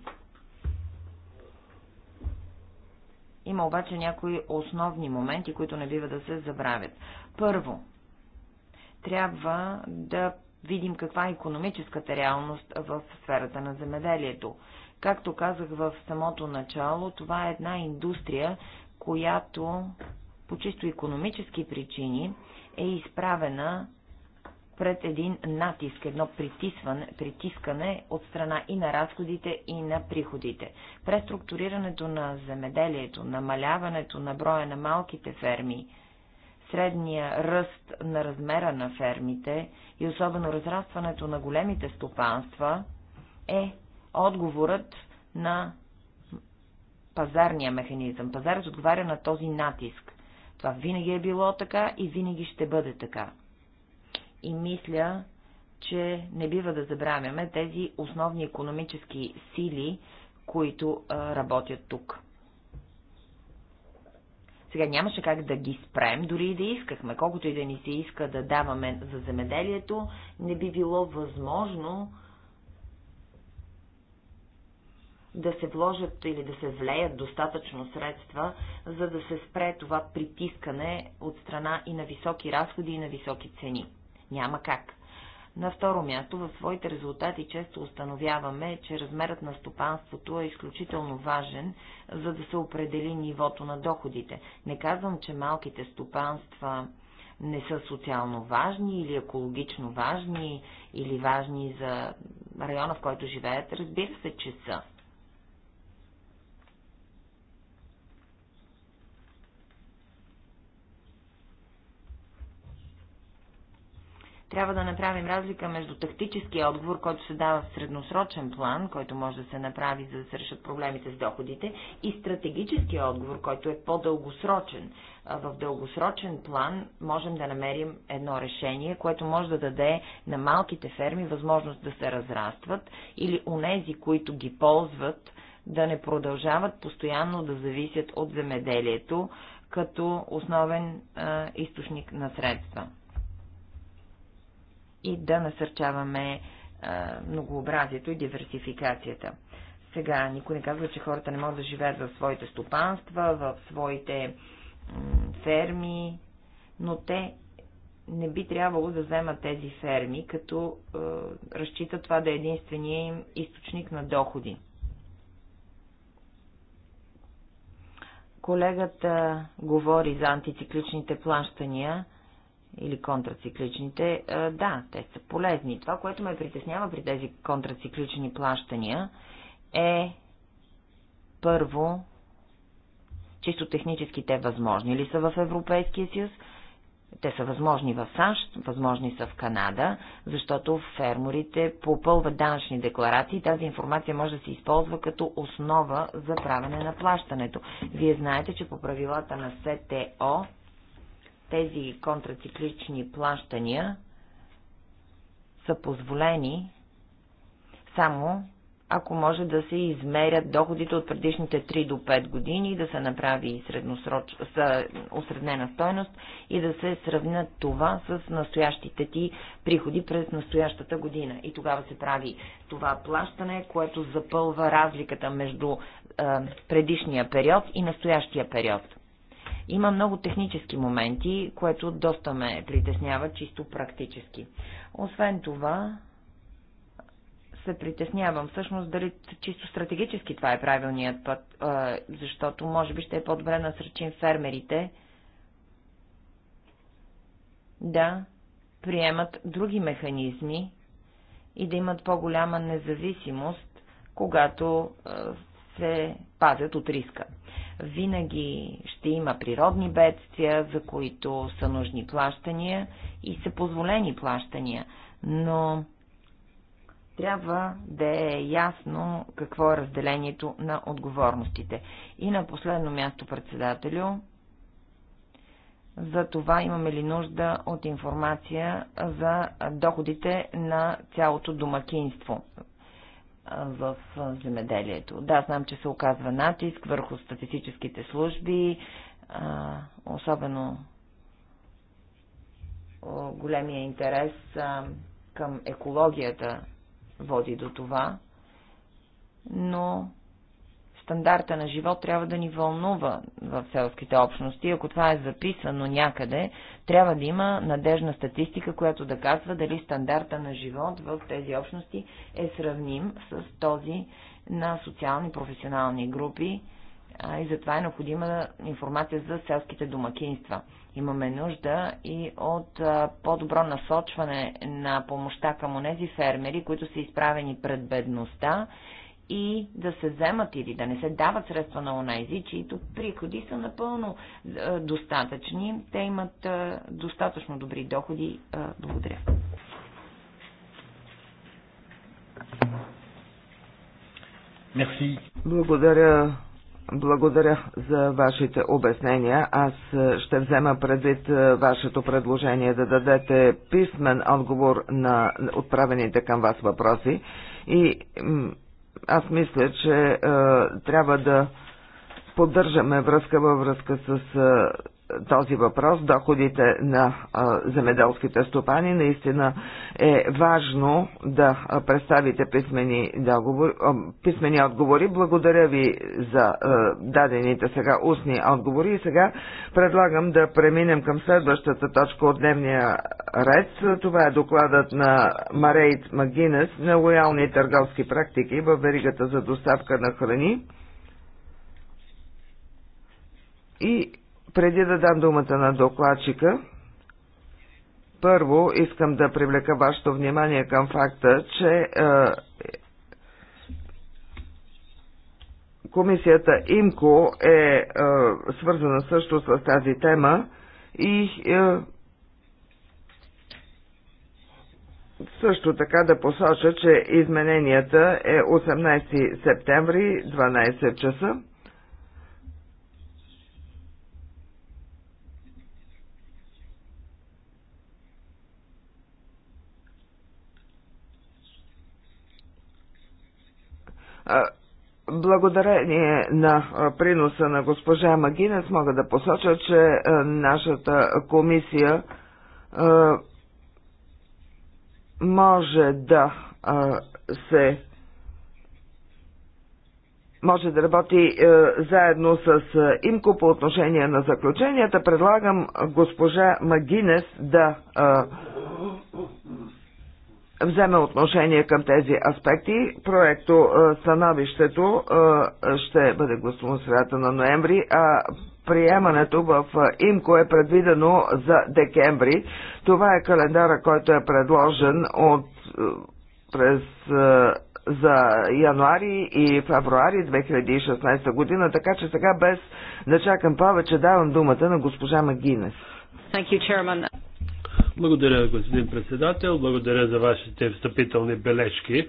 Има обаче някои основни моменти, които не бива да се забравят. Първо, трябва да видим каква е економическата реалност в сферата на земеделието. Както казах в самото начало, това е една индустрия, която по чисто економически причини е изправена пред един натиск, едно притисване, притискане от страна и на разходите, и на приходите. Преструктурирането на земеделието, намаляването на броя на малките ферми, средния ръст на размера на фермите и особено разрастването на големите стопанства е отговорът на пазарния механизъм. Пазарът отговаря на този натиск. Това винаги е било така и винаги ще бъде така и мисля, че не бива да забравяме тези основни економически сили, които а, работят тук. Сега нямаше как да ги спрем, дори и да искахме. Колкото и да ни се иска да даваме за земеделието, не би било възможно да се вложат или да се влеят достатъчно средства, за да се спре това притискане от страна и на високи разходи, и на високи цени. Няма как. На второ място, в своите резултати често установяваме, че размерът на стопанството е изключително важен, за да се определи нивото на доходите. Не казвам, че малките стопанства не са социално важни или екологично важни или важни за района, в който живеят. Разбира се, че са. Трябва да направим разлика между тактическия отговор, който се дава в средносрочен план, който може да се направи, за да се решат проблемите с доходите, и стратегическия отговор, който е по-дългосрочен. В дългосрочен план можем да намерим едно решение, което може да даде на малките ферми възможност да се разрастват или унези, които ги ползват, да не продължават постоянно да зависят от земеделието като основен а, източник на средства и да насърчаваме е, многообразието и диверсификацията. Сега никой не казва, че хората не могат да живеят в своите стопанства, в своите ферми, но те не би трябвало да вземат тези ферми, като е, разчитат това да е единствения им източник на доходи. Колегата говори за антицикличните плащания или контрацикличните, да, те са полезни. Това, което ме притеснява при тези контрациклични плащания е първо, чисто технически те възможни ли са в Европейския съюз, те са възможни в САЩ, възможни са в Канада, защото фермерите попълват данъчни декларации. Тази информация може да се използва като основа за правене на плащането. Вие знаете, че по правилата на СТО тези контрациклични плащания са позволени само ако може да се измерят доходите от предишните 3 до 5 години, да се направи средносроч... осреднена стойност и да се сравнят това с настоящите ти приходи през настоящата година. И тогава се прави това плащане, което запълва разликата между е, предишния период и настоящия период. Има много технически моменти, което доста ме притеснява чисто практически. Освен това, се притеснявам всъщност дали чисто стратегически това е правилният път, защото може би ще е по-добре насръчим фермерите да приемат други механизми и да имат по-голяма независимост, когато се пазят от риска. Винаги ще има природни бедствия, за които са нужни плащания и са позволени плащания, но трябва да е ясно какво е разделението на отговорностите. И на последно място, председателю, за това имаме ли нужда от информация за доходите на цялото домакинство в земеделието. Да, знам, че се оказва натиск върху статистическите служби, особено големия интерес към екологията води до това, но стандарта на живот трябва да ни вълнува в селските общности. Ако това е записано някъде, трябва да има надежна статистика, която да казва дали стандарта на живот в тези общности е сравним с този на социални професионални групи и затова е необходима информация за селските домакинства. Имаме нужда и от по-добро насочване на помощта към онези фермери, които са изправени пред бедността и да се вземат или да не се дават средства на онези, чието приходи са напълно е, достатъчни. Те имат е, достатъчно добри доходи. Е, благодаря. Мерси. Благодаря. Благодаря за вашите обяснения. Аз ще взема предвид вашето предложение да дадете писмен отговор на отправените към вас въпроси и аз мисля, че е, трябва да поддържаме връзка във връзка с е, този въпрос, доходите на земеделските стопани, наистина е важно да представите писмени, договор, писмени отговори. Благодаря ви за дадените сега устни отговори и сега предлагам да преминем към следващата точка от дневния ред. Това е докладът на Марейт Магинес на лоялни търговски практики във веригата за доставка на храни. И преди да дам думата на докладчика, първо искам да привлека вашето внимание към факта, че е, комисията ИМКО е, е свързана също с тази тема и е, също така да посоча, че измененията е 18 септември, 12 часа. Благодарение на приноса на госпожа Магинес мога да посоча, че нашата комисия може да се може да работи заедно с Имко по отношение на заключенията. Предлагам госпожа Магинес да вземе отношение към тези аспекти. Проекто е, становището е, ще бъде гласувано средата на ноември, а приемането в е, ИМКО е предвидено за декември. Това е календара, който е предложен от през за януари и февруари 2016 година, така че сега без да чакам повече давам думата на госпожа Магинес. Благодаря, господин председател. Благодаря за вашите встъпителни бележки.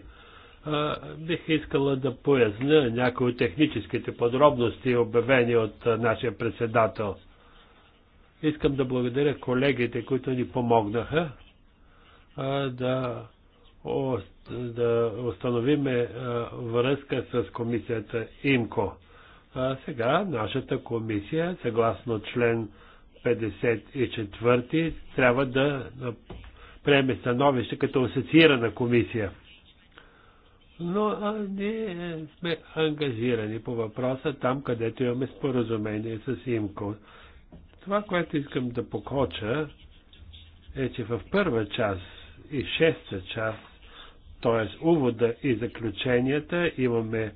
А, бих искала да поясня някои от техническите подробности, обявени от нашия председател. Искам да благодаря колегите, които ни помогнаха а, да, о, да установиме а, връзка с комисията ИМКО. А сега нашата комисия, съгласно член 54 трябва да приеме становище като асоциирана комисия. Но а, ние сме ангажирани по въпроса там, където имаме споразумение с ИМКО. Това, което искам да покоча, е, че в първа част и шеста част, т.е. увода и заключенията, имаме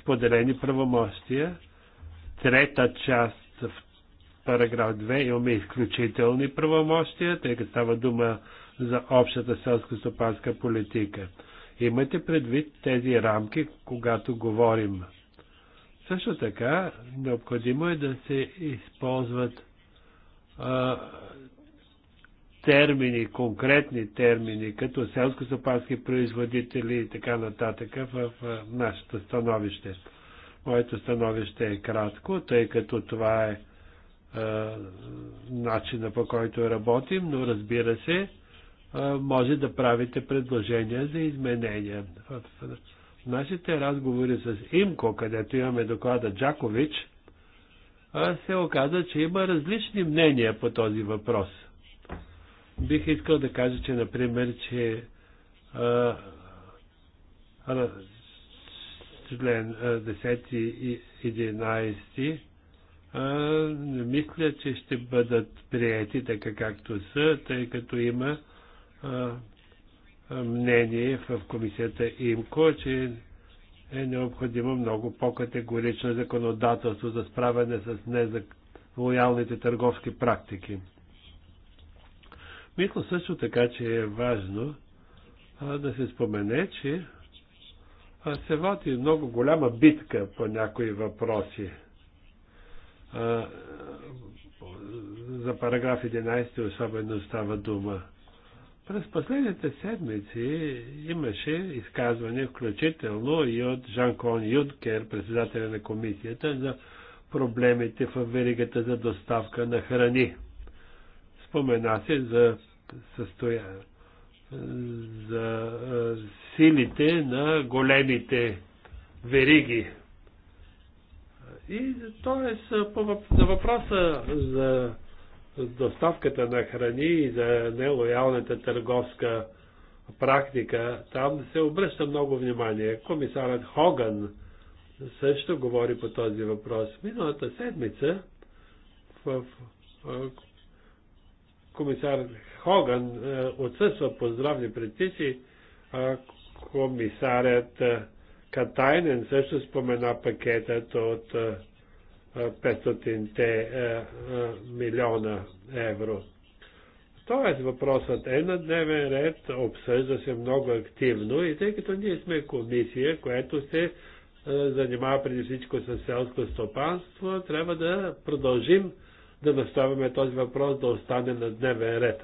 споделени правомощия. Трета част, в параграф 2 имаме изключителни правомощия, тъй като става дума за общата селско-стопанска политика. Имате предвид тези рамки, когато говорим. Също така, необходимо е да се използват а, термини, конкретни термини, като селско-стопански производители и така нататък в, в нашето становище. Моето становище е кратко, тъй като това е начина по който работим, но разбира се, може да правите предложения за изменения. В нашите разговори с ИМКО, където имаме доклада Джакович, се оказа, че има различни мнения по този въпрос. Бих искал да кажа, че, например, че член 10 и 11 не мисля, че ще бъдат прияти така както са, тъй като има мнение в комисията ИМКО, че е необходимо много по-категорично законодателство за справяне с нелоялните търговски практики. Мисля също така, че е важно а, да се спомене, че се води много голяма битка по някои въпроси за параграф 11 особено става дума. През последните седмици имаше изказване, включително и от Жан-Клон Юнкер, председателя на комисията, за проблемите в веригата за доставка на храни. Спомена се за, състоя... за силите на големите вериги и т.е. за въпроса за доставката на храни и за нелоялната търговска практика, там се обръща много внимание. Комисарът Хоган също говори по този въпрос. Миналата седмица в комисар Хоган отсъства по здравни предписи, комисарят Катайнен също спомена пакетът от 500-те милиона евро. Тоест въпросът е на дневен ред, обсъжда се много активно и тъй като ние сме комисия, която се занимава преди всичко с селско стопанство, трябва да продължим да наставяме този въпрос да остане на дневен ред.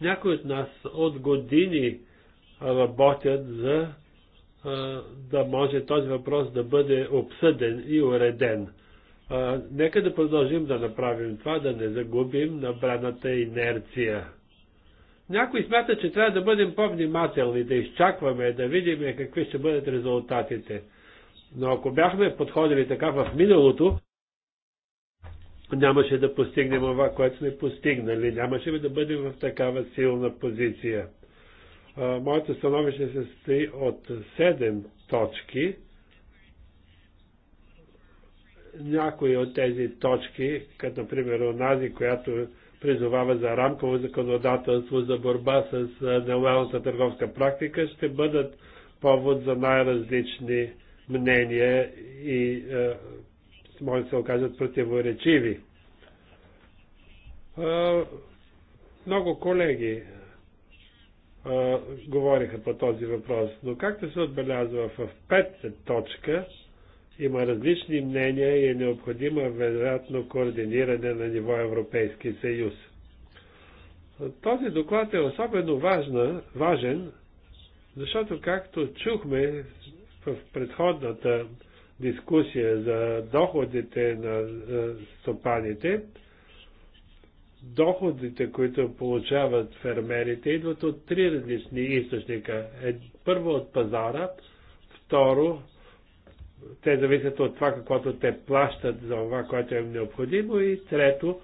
Някои от нас от години работят за да може този въпрос да бъде обсъден и уреден. Нека да продължим да направим това, да не загубим набраната инерция. Някой смята, че трябва да бъдем по-внимателни, да изчакваме, да видим какви ще бъдат резултатите. Но ако бяхме подходили така в миналото, нямаше да постигнем това, което сме постигнали, нямаше да бъдем в такава силна позиция. Моето становище се състои от 7 точки. Някои от тези точки, като например онази, която призовава за рамково законодателство за борба с нелоялната търговска практика, ще бъдат повод за най-различни мнения и е, може да се окажат противоречиви. Е, много колеги а, говориха по този въпрос. Но както се отбелязва в пет точка, има различни мнения и е необходимо вероятно координиране на ниво Европейски съюз. Този доклад е особено важна, важен, защото както чухме в предходната дискусия за доходите на стопаните, доходите, които получават фермерите, идват от три различни източника. Е, първо от пазара, второ, те зависят от това, каквото те плащат за това, което е необходимо и трето,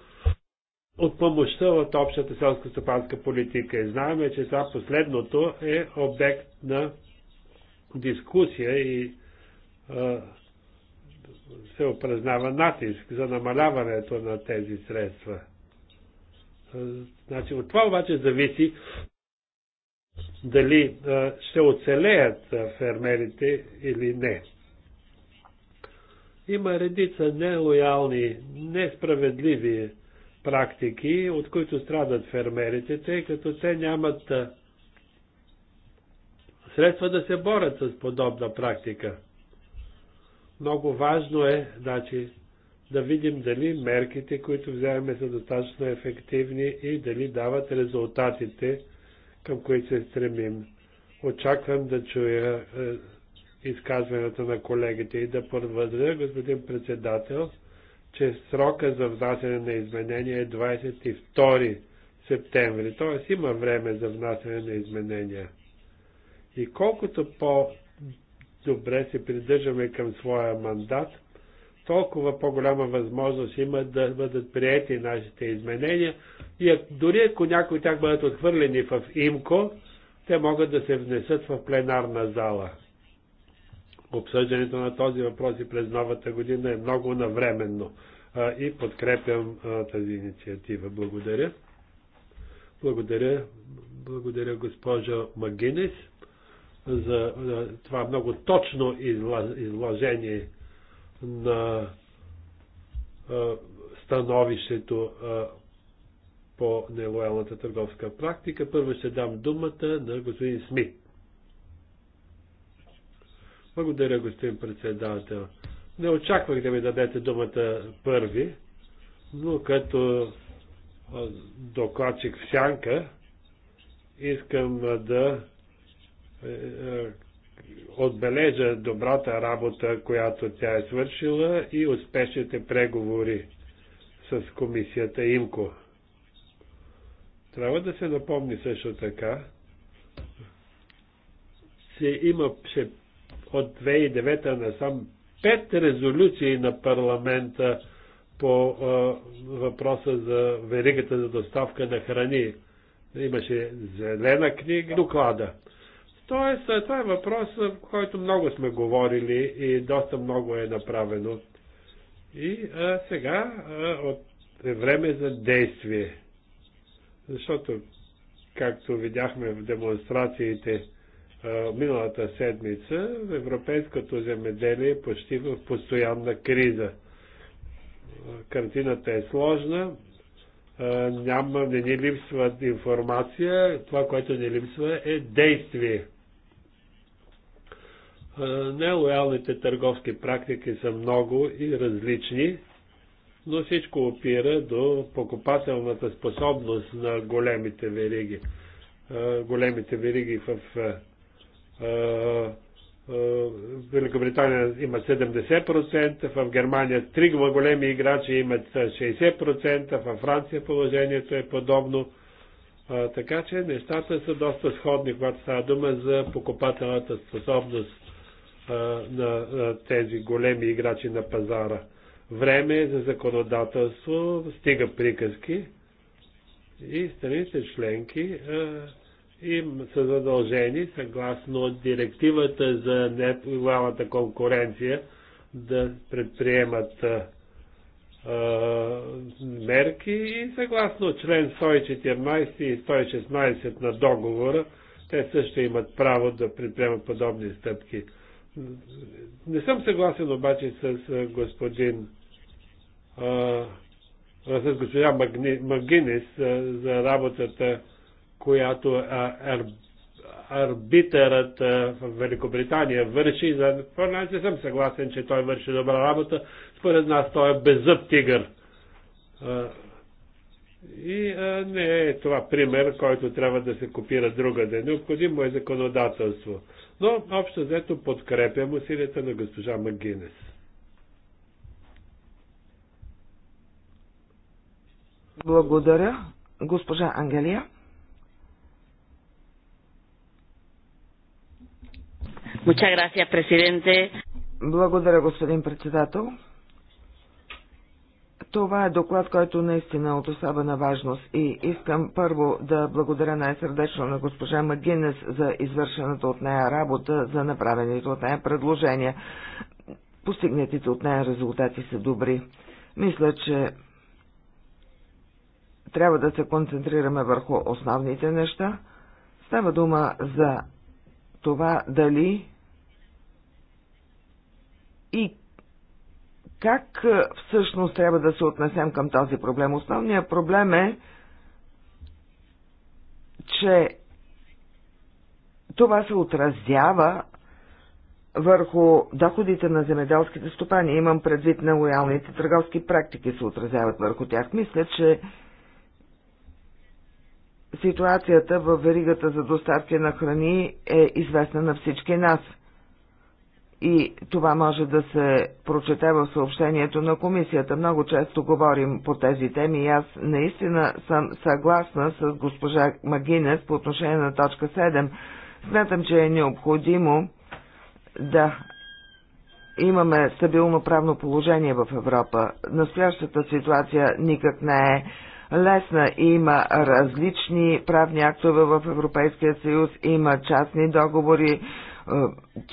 от помощта от общата селско-стопанска политика. И знаем, че това последното е обект на дискусия и а, се упражнява натиск за намаляването на тези средства. Значи от това обаче зависи дали ще оцелеят фермерите или не. Има редица нелоялни, несправедливи практики, от които страдат фермерите, тъй като те нямат средства да се борят с подобна практика. Много важно е, значи, да видим дали мерките, които вземаме са достатъчно ефективни и дали дават резултатите, към които се стремим. Очаквам да чуя е, изказването на колегите и да подвъзда, господин председател, че срока за внасяне на изменения е 22 септември, т.е. има време за внасяне на изменения. И колкото по-добре се придържаме към своя мандат, толкова по-голяма възможност има да бъдат приети нашите изменения и дори ако някои от тях бъдат отхвърлени в ИМКО, те могат да се внесат в пленарна зала. Обсъждането на този въпрос и през новата година е много навременно и подкрепям тази инициатива. Благодаря. Благодаря, благодаря госпожа Магинес за това много точно изложение на становището по нелоялната търговска практика. Първо ще дам думата на господин Смит. Благодаря, господин председател. Не очаквах да ми дадете думата първи, но като докладчик в сянка искам да е, е, отбележа добрата работа, която тя е свършила и успешните преговори с комисията ИМКО. Трябва да се напомни също така, че имаше от 2009 насам пет резолюции на парламента по а, въпроса за веригата за доставка на храни. Имаше зелена книга, доклада. Тоест, това е въпрос, в който много сме говорили и доста много е направено. И а, сега а, от, е време за действие. Защото, както видяхме в демонстрациите а, миналата седмица, европейското земеделие е почти в постоянна криза. Картината е сложна, няма, не ни липсва информация, това, което ни липсва е действие. Е, нелоялните търговски практики са много и различни, но всичко опира до покупателната способност на големите вериги. Е, големите вериги в е, Великобритания имат 70%, в Германия три големи играчи имат 60%, във Франция положението е подобно. така че нещата са доста сходни, когато става дума за покупателната способност на тези големи играчи на пазара. Време е за законодателство, стига приказки и страните членки им са задължени, съгласно директивата за нелоялната конкуренция, да предприемат мерки и съгласно член 114 и 116 на договора, те също имат право да предприемат подобни стъпки. Не съм съгласен обаче с господин а, с госпожа Магинес за работата, която а, ар, арбитърът а, в Великобритания върши. За нас не съм съгласен, че той върши добра работа. Според нас той е беззъб тигър. А, и а, не е това пример, който трябва да се копира другаде. Необходимо е законодателство. Но общо взето подкрепям усилията на госпожа Магинес. Благодаря. Госпожа Ангелия. Благодаря, господин председател. Това е доклад, който наистина е от особена важност и искам първо да благодаря най-сърдечно на госпожа Магинес за извършената от нея работа, за направените от нея предложения. Постигнатите от нея резултати са добри. Мисля, че трябва да се концентрираме върху основните неща. Става дума за това дали и как е, всъщност трябва да се отнесем към този проблем? Основният проблем е, че това се отразява върху доходите на земеделските стопани. Имам предвид на лоялните търговски практики се отразяват върху тях. Мисля, че ситуацията в веригата за доставки на храни е известна на всички нас – и това може да се прочете в съобщението на комисията. Много често говорим по тези теми и аз наистина съм съгласна с госпожа Магинес по отношение на точка 7. Смятам, че е необходимо да имаме стабилно правно положение в Европа. Настоящата ситуация никак не е лесна. Има различни правни актове в Европейския съюз, има частни договори,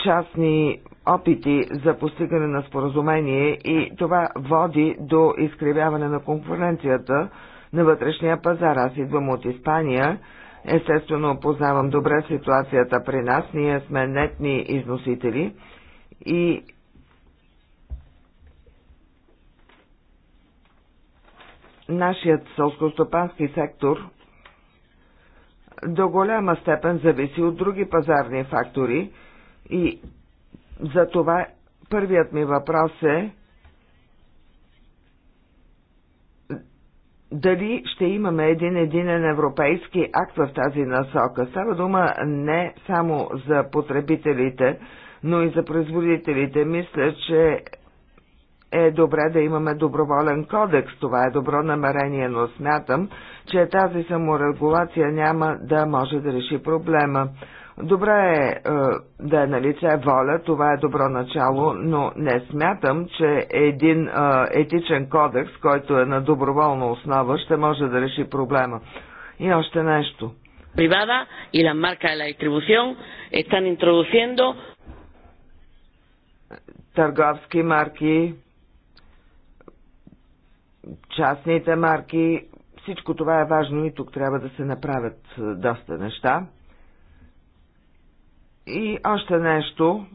частни опити за постигане на споразумение и това води до изкривяване на конкуренцията на вътрешния пазар. Аз идвам от Испания. Естествено, познавам добре ситуацията при нас. Ние сме нетни износители и нашият сълскостопански сектор до голяма степен зависи от други пазарни фактори и за това първият ми въпрос е дали ще имаме един единен европейски акт в тази насока. Става дума не само за потребителите, но и за производителите. Мисля, че е добре да имаме доброволен кодекс. Това е добро намерение, но смятам, че тази саморегулация няма да може да реши проблема. Добре е, е, да е на лице воля, това е добро начало, но не смятам, че един е, етичен кодекс, който е на доброволна основа, ще може да реши проблема. И още нещо. Privada и la marca de la distribución están introduciendo търговски марки, частните марки, всичко това е важно и тук трябва да се направят е, доста неща. И още нещо.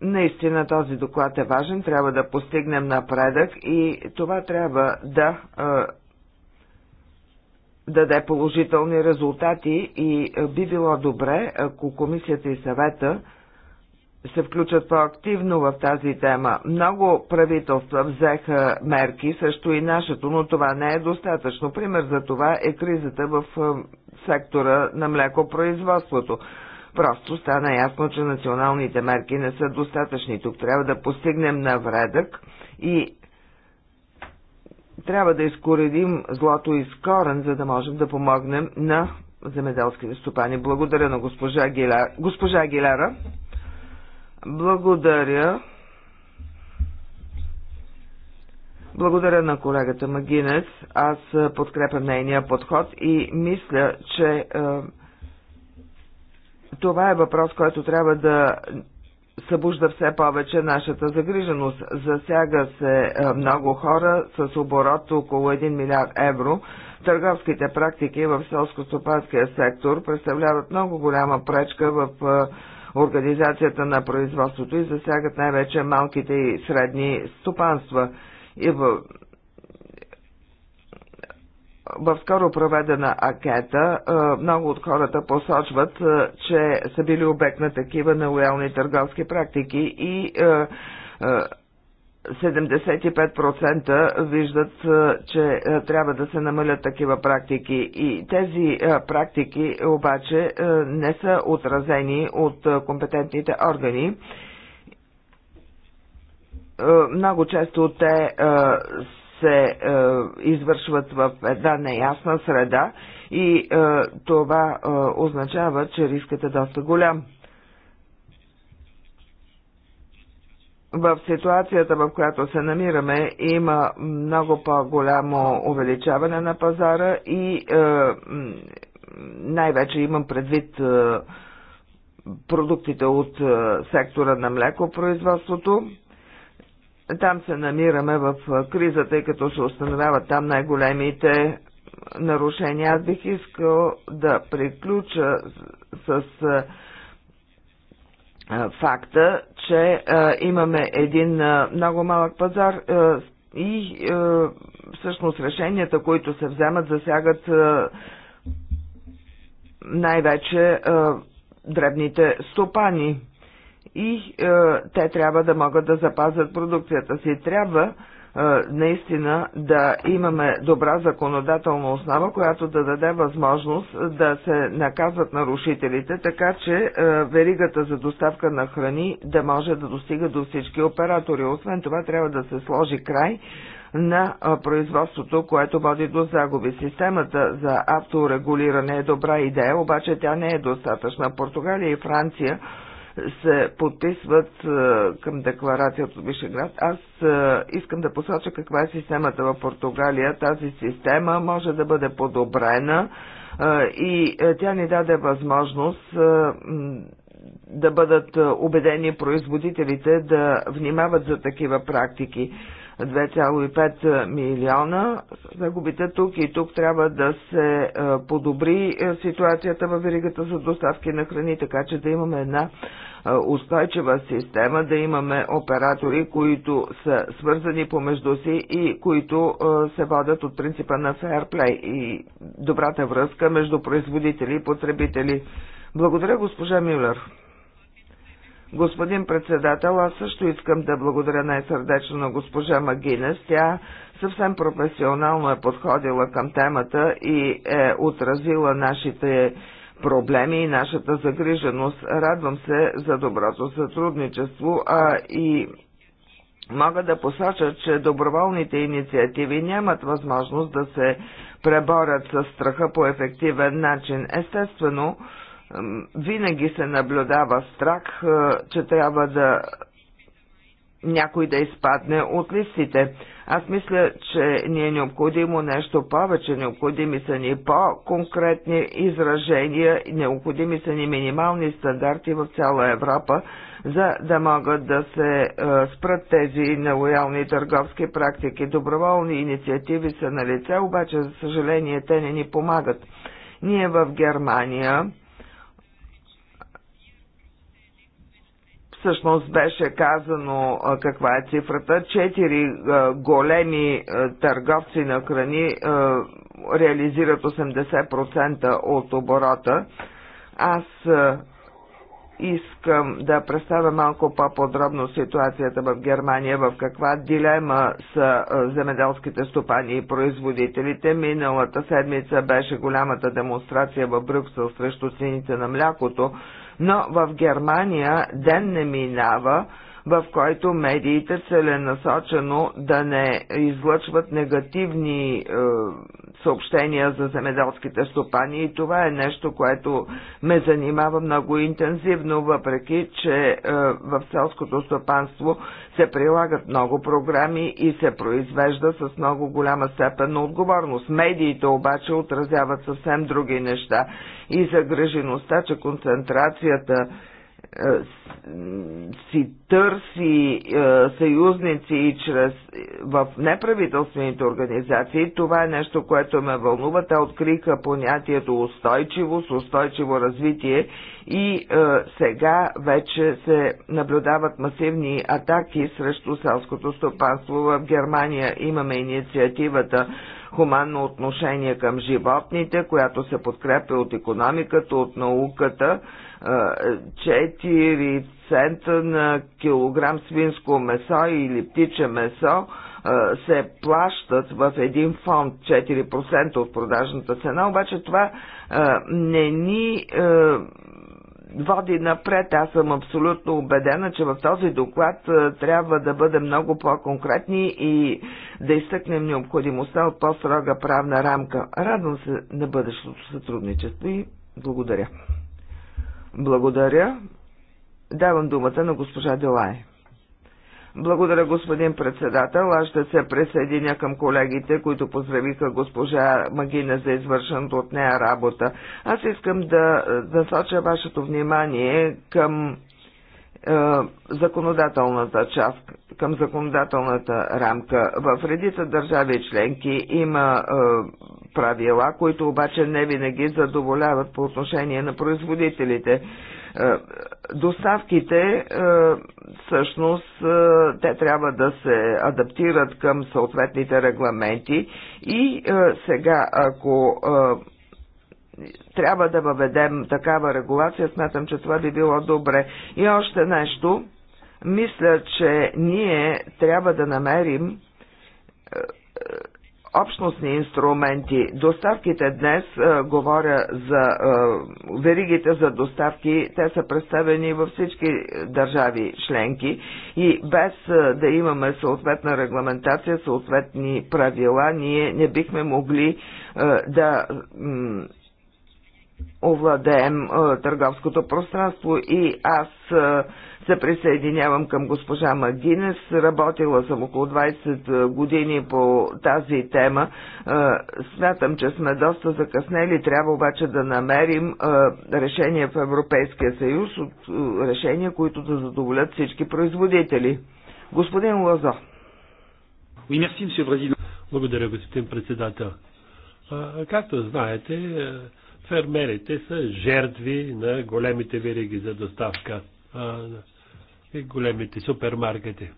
Наистина този доклад е важен, трябва да постигнем напредък и това трябва да даде положителни резултати и би било добре, ако комисията и съвета се включат по-активно в тази тема. Много правителства взеха мерки, също и нашето, но това не е достатъчно. Пример за това е кризата в сектора на млекопроизводството. Просто стана ясно, че националните мерки не са достатъчни. Тук трябва да постигнем навредък и трябва да изкоредим злото из корен, за да можем да помогнем на земеделските стопани. Благодаря на госпожа Гиляра. Госпожа Гиляра, благодаря. Благодаря на колегата Магинес. Аз подкрепям нейния подход и мисля, че е, това е въпрос, който трябва да събужда все повече нашата загриженост. Засяга се много хора с оборот около 1 милиард евро. Търговските практики в селско-стопанския сектор представляват много голяма пречка в организацията на производството и засягат най-вече малките и средни стопанства и в в скоро проведена акета много от хората посочват, че са били обект на такива нелоялни търговски практики и 75% виждат, че трябва да се намалят такива практики. И тези практики обаче не са отразени от компетентните органи е, много често те е, се е, извършват в една неясна среда и това означава, че рискът е доста голям. в ситуацията, в която се намираме, има много по-голямо увеличаване на пазара и е, най-вече имам предвид е, продуктите от е, сектора на млекопроизводството. Там се намираме в криза, тъй като се установяват там най-големите нарушения. Аз бих искал да приключа с, с факта, че а, имаме един а, много малък пазар а, и а, всъщност решенията, които се вземат, засягат най-вече дребните стопани и е, те трябва да могат да запазят продукцията си. Трябва е, наистина да имаме добра законодателна основа, която да даде възможност е, да се наказват нарушителите, така че е, веригата за доставка на храни да може да достига до всички оператори. Освен това трябва да се сложи край на е, производството, което води до загуби. Системата за авторегулиране е добра идея, обаче тя не е достатъчна. Португалия и Франция се подписват е, към декларацията от Вишеград. Аз е, искам да посоча каква е системата в Португалия. Тази система може да бъде подобрена е, и тя ни даде възможност да бъдат убедени производителите да внимават за такива практики. 2,5 милиона. Загубите тук и тук трябва да се подобри ситуацията във веригата за доставки на храни, така че да имаме една устойчива система, да имаме оператори, които са свързани помежду си и които се водят от принципа на фейерплей и добрата връзка между производители и потребители. Благодаря, госпожа Мюллер. Господин председател, аз също искам да благодаря най-сърдечно на госпожа Магинес. Тя съвсем професионално е подходила към темата и е отразила нашите проблеми и нашата загриженост. Радвам се за доброто сътрудничество, а и Мога да посоча, че доброволните инициативи нямат възможност да се преборят с страха по ефективен начин. Естествено, винаги се наблюдава страх, е, че трябва да някой да изпадне от листите. Аз мисля, че ни е необходимо нещо повече, необходими са ни по-конкретни изражения, необходими са ни минимални стандарти в цяла Европа, за да могат да се е, спрат тези нелоялни търговски практики. Доброволни инициативи са на лице, обаче, за съжаление, те не ни помагат. Ние в Германия Всъщност беше казано каква е цифрата. Четири големи търговци на храни реализират 80% от оборота. Аз искам да представя малко по-подробно ситуацията в Германия, в каква дилема са земеделските стопани и производителите. Миналата седмица беше голямата демонстрация в Брюксел срещу цените на млякото но в Германия ден не минава, в който медиите целенасочено да не излъчват негативни е, съобщения за земеделските стопани и това е нещо, което ме занимава много интензивно, въпреки че е, в селското стопанство се прилагат много програми и се произвежда с много голяма степен на отговорност. Медиите обаче отразяват съвсем други неща и загрежеността, че концентрацията е, си търси е, съюзници и чрез е, в неправителствените организации, това е нещо, което ме вълнува. Те откриха понятието устойчивост, устойчиво развитие и е, сега вече се наблюдават масивни атаки срещу селското стопанство. В Германия имаме инициативата хуманно отношение към животните, която се подкрепя от економиката, от науката 4 цента на килограм свинско месо или птиче месо се плащат в един фонд 4% от продажната цена, обаче това не ни води напред. Аз съм абсолютно убедена, че в този доклад трябва да бъдем много по-конкретни и да изтъкнем необходимостта от по-строга правна рамка. Радвам се на бъдещото сътрудничество и благодаря. Благодаря. Давам думата на госпожа Делай. Благодаря, господин председател. Аз ще се присъединя към колегите, които поздравиха госпожа Магина за извършената от нея работа. Аз искам да насоча да вашето внимание към е, законодателната част, към законодателната рамка. В редица държави членки има е, правила, които обаче не винаги задоволяват по отношение на производителите. Е, доставките, е, всъщност, е, те трябва да се адаптират към съответните регламенти и сега, ако трябва да въведем такава регулация, смятам, че това би било добре. И още нещо, мисля, че ние трябва да намерим общностни инструменти. Доставките днес, а, е, говоря за а, е, веригите за доставки, те са представени във всички държави членки и без а, е, да имаме съответна регламентация, съответни правила, ние не бихме могли а, да овладеем търговското пространство и аз А, се присъединявам към госпожа Магинес. Работила съм около 20 е, години по тази тема. Е, смятам, че сме доста закъснели. Трябва обаче да намерим е, решение в Европейския съюз, от решения, които да задоволят всички производители. Господин Лазо. Благодаря, господин председател. Както знаете, фермерите са жертви на големите вериги за доставка и големите супермаркети.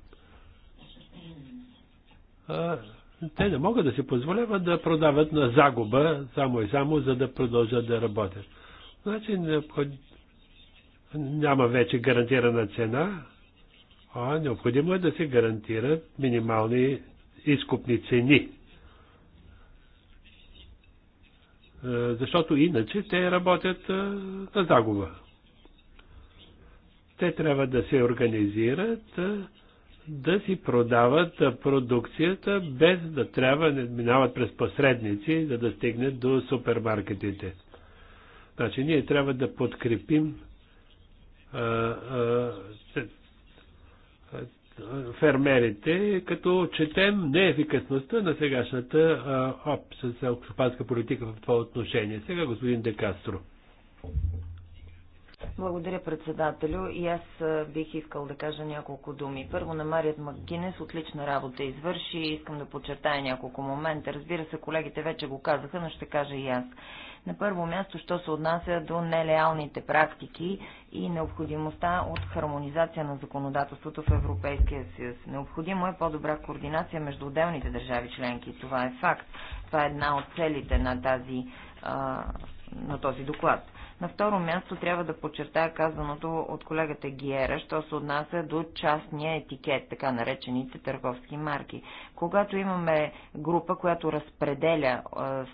А, те не могат да си позволяват да продават на загуба, само и само, за да продължат да работят. Значи няма вече гарантирана цена, а необходимо е да се гарантират минимални изкупни цени. Защото иначе те работят на загуба те трябва да се организират, да си продават продукцията, без да трябва да минават през посредници, за да стигнат до супермаркетите. Значи ние трябва да подкрепим а, а, фермерите, като четем неефикасността на сегашната обща политика в това отношение. Сега господин Декастро. Благодаря, председателю. И аз бих искал да кажа няколко думи. Първо на Марият Макгинес отлична работа извърши. Искам да подчертая няколко момента. Разбира се, колегите вече го казаха, но ще кажа и аз. На първо място, що се отнася до нелеалните практики и необходимостта от хармонизация на законодателството в Европейския съюз. Необходимо е по-добра координация между отделните държави членки. Това е факт. Това е една от целите на, тази, на този доклад. На второ място трябва да подчертая казаното от колегата Гиера, що се отнася до частния етикет, така наречените търговски марки. Когато имаме група, която разпределя е,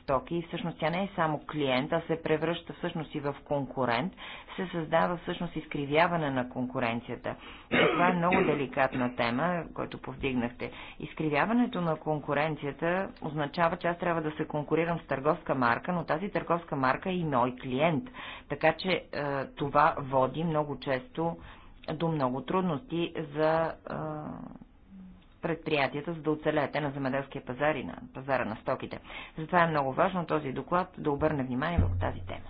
стоки, всъщност тя не е само клиент, а се превръща всъщност и в конкурент, се създава всъщност изкривяване на конкуренцията. И е, това е много деликатна тема, който повдигнахте. Изкривяването на конкуренцията означава, че аз трябва да се конкурирам с търговска марка, но тази търговска марка е и мой клиент. Така че е, това води много често до много трудности за е, предприятията, за да оцелеете на земеделския пазар и на пазара на стоките. Затова е много важно този доклад да обърне внимание в тази тема.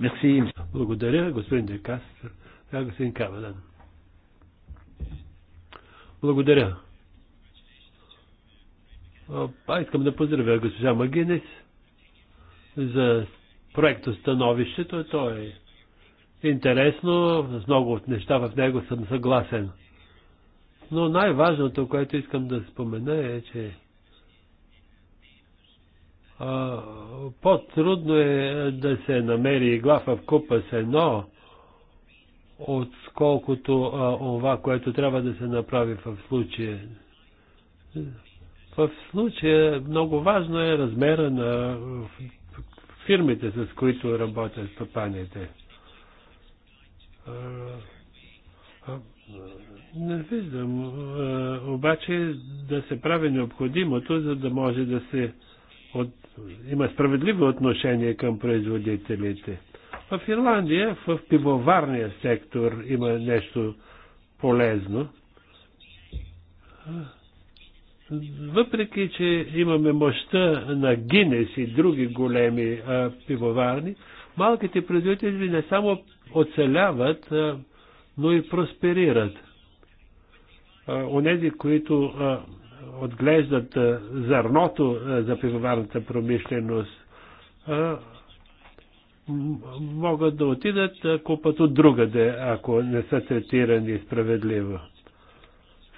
Мерси. Благодаря, господин Декастер. Благодаря, господин Кавадан. Благодаря. А, искам да поздравя госпожа Магинес за проекто становището. То е интересно, с много от неща в него съм съгласен. Но най-важното, което искам да спомена е, че по-трудно е да се намери глава в купа с едно, отколкото а, това, което трябва да се направи в случая. В случая много важно е размера на фирмите, с които работят стопаните. Не виждам обаче да се прави необходимото, за да може да се от... има справедливо отношение към производителите. В Ирландия, в пивоварния сектор има нещо полезно. Въпреки, че имаме мощта на Гинес и други големи а, пивоварни, малките производители не само оцеляват, а, но и просперират. А, онези, които а, отглеждат а, зърното а, за пивоварната промишленост, а, могат да отидат, купат от другаде, ако не са третирани справедливо.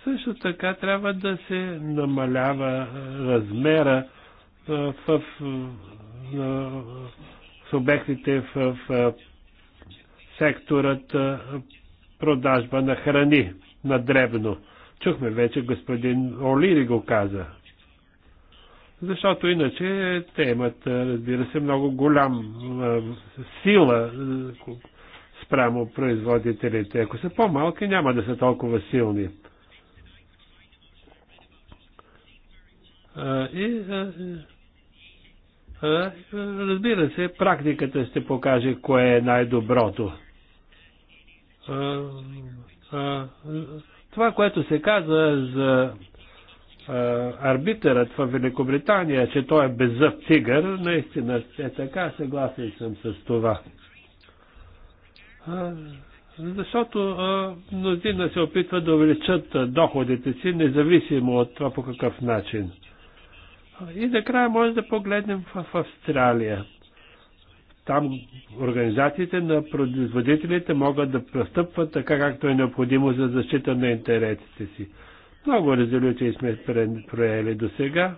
Също така трябва да се намалява размера в, в, в субектите в, в секторът продажба на храни на дребно. Чухме вече господин Олири го каза. Защото иначе те имат, разбира се, много голям сила спрямо производителите. Ако са по-малки, няма да са толкова силни. И разбира се, практиката ще покаже кое е най-доброто. Това, което се каза за арбитърът в Великобритания, че той е беззъв тигър, наистина е така, съгласен съм с това. Защото мнозина се опитва да увеличат доходите си, независимо от това по какъв начин. И накрая може да погледнем в Австралия. Там организациите на производителите могат да престъпват така, както е необходимо за защита на интересите си. Много резолюции сме проели до сега.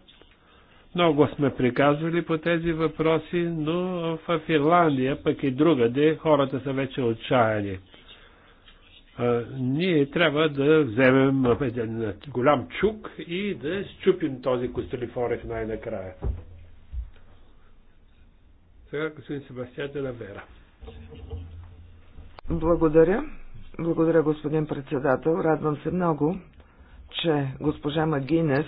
Много сме приказвали по тези въпроси, но в Ирландия, пък и другаде, хората са вече отчаяни ние трябва да вземем един голям чук и да счупим този костелифорев най-накрая. Сега господин Себастия вера. Благодаря. Благодаря, господин председател. Радвам се много, че госпожа Магинес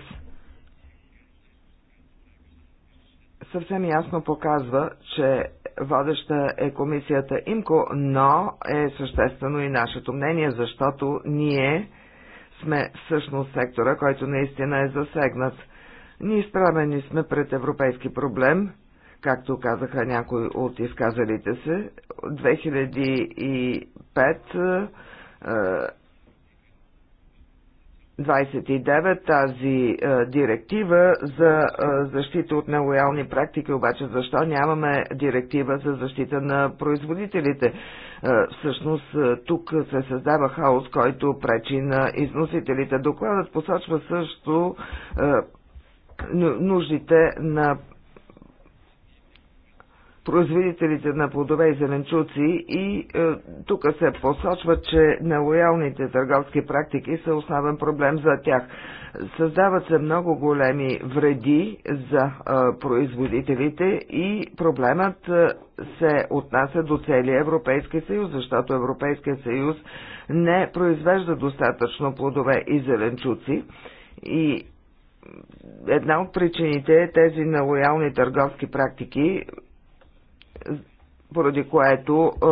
съвсем ясно показва, че водеща е комисията ИМКО, но е съществено и нашето мнение, защото ние сме всъщност сектора, който наистина е засегнат. Ние изправени сме пред европейски проблем, както казаха някои от изказалите се. 2005 29 тази е, директива за е, защита от нелоялни практики, обаче защо нямаме директива за защита на производителите? Е, всъщност е, тук се създава хаос, който пречи на износителите. Докладът посочва също е, нуждите на производителите на плодове и зеленчуци и е, тук се посочва, че нелоялните търговски практики са основен проблем за тях. Създават се много големи вреди за е, производителите и проблемът е, се отнася до целия Европейски съюз, защото Европейския съюз не произвежда достатъчно плодове и зеленчуци и една от причините е тези нелоялни търговски практики поради което е,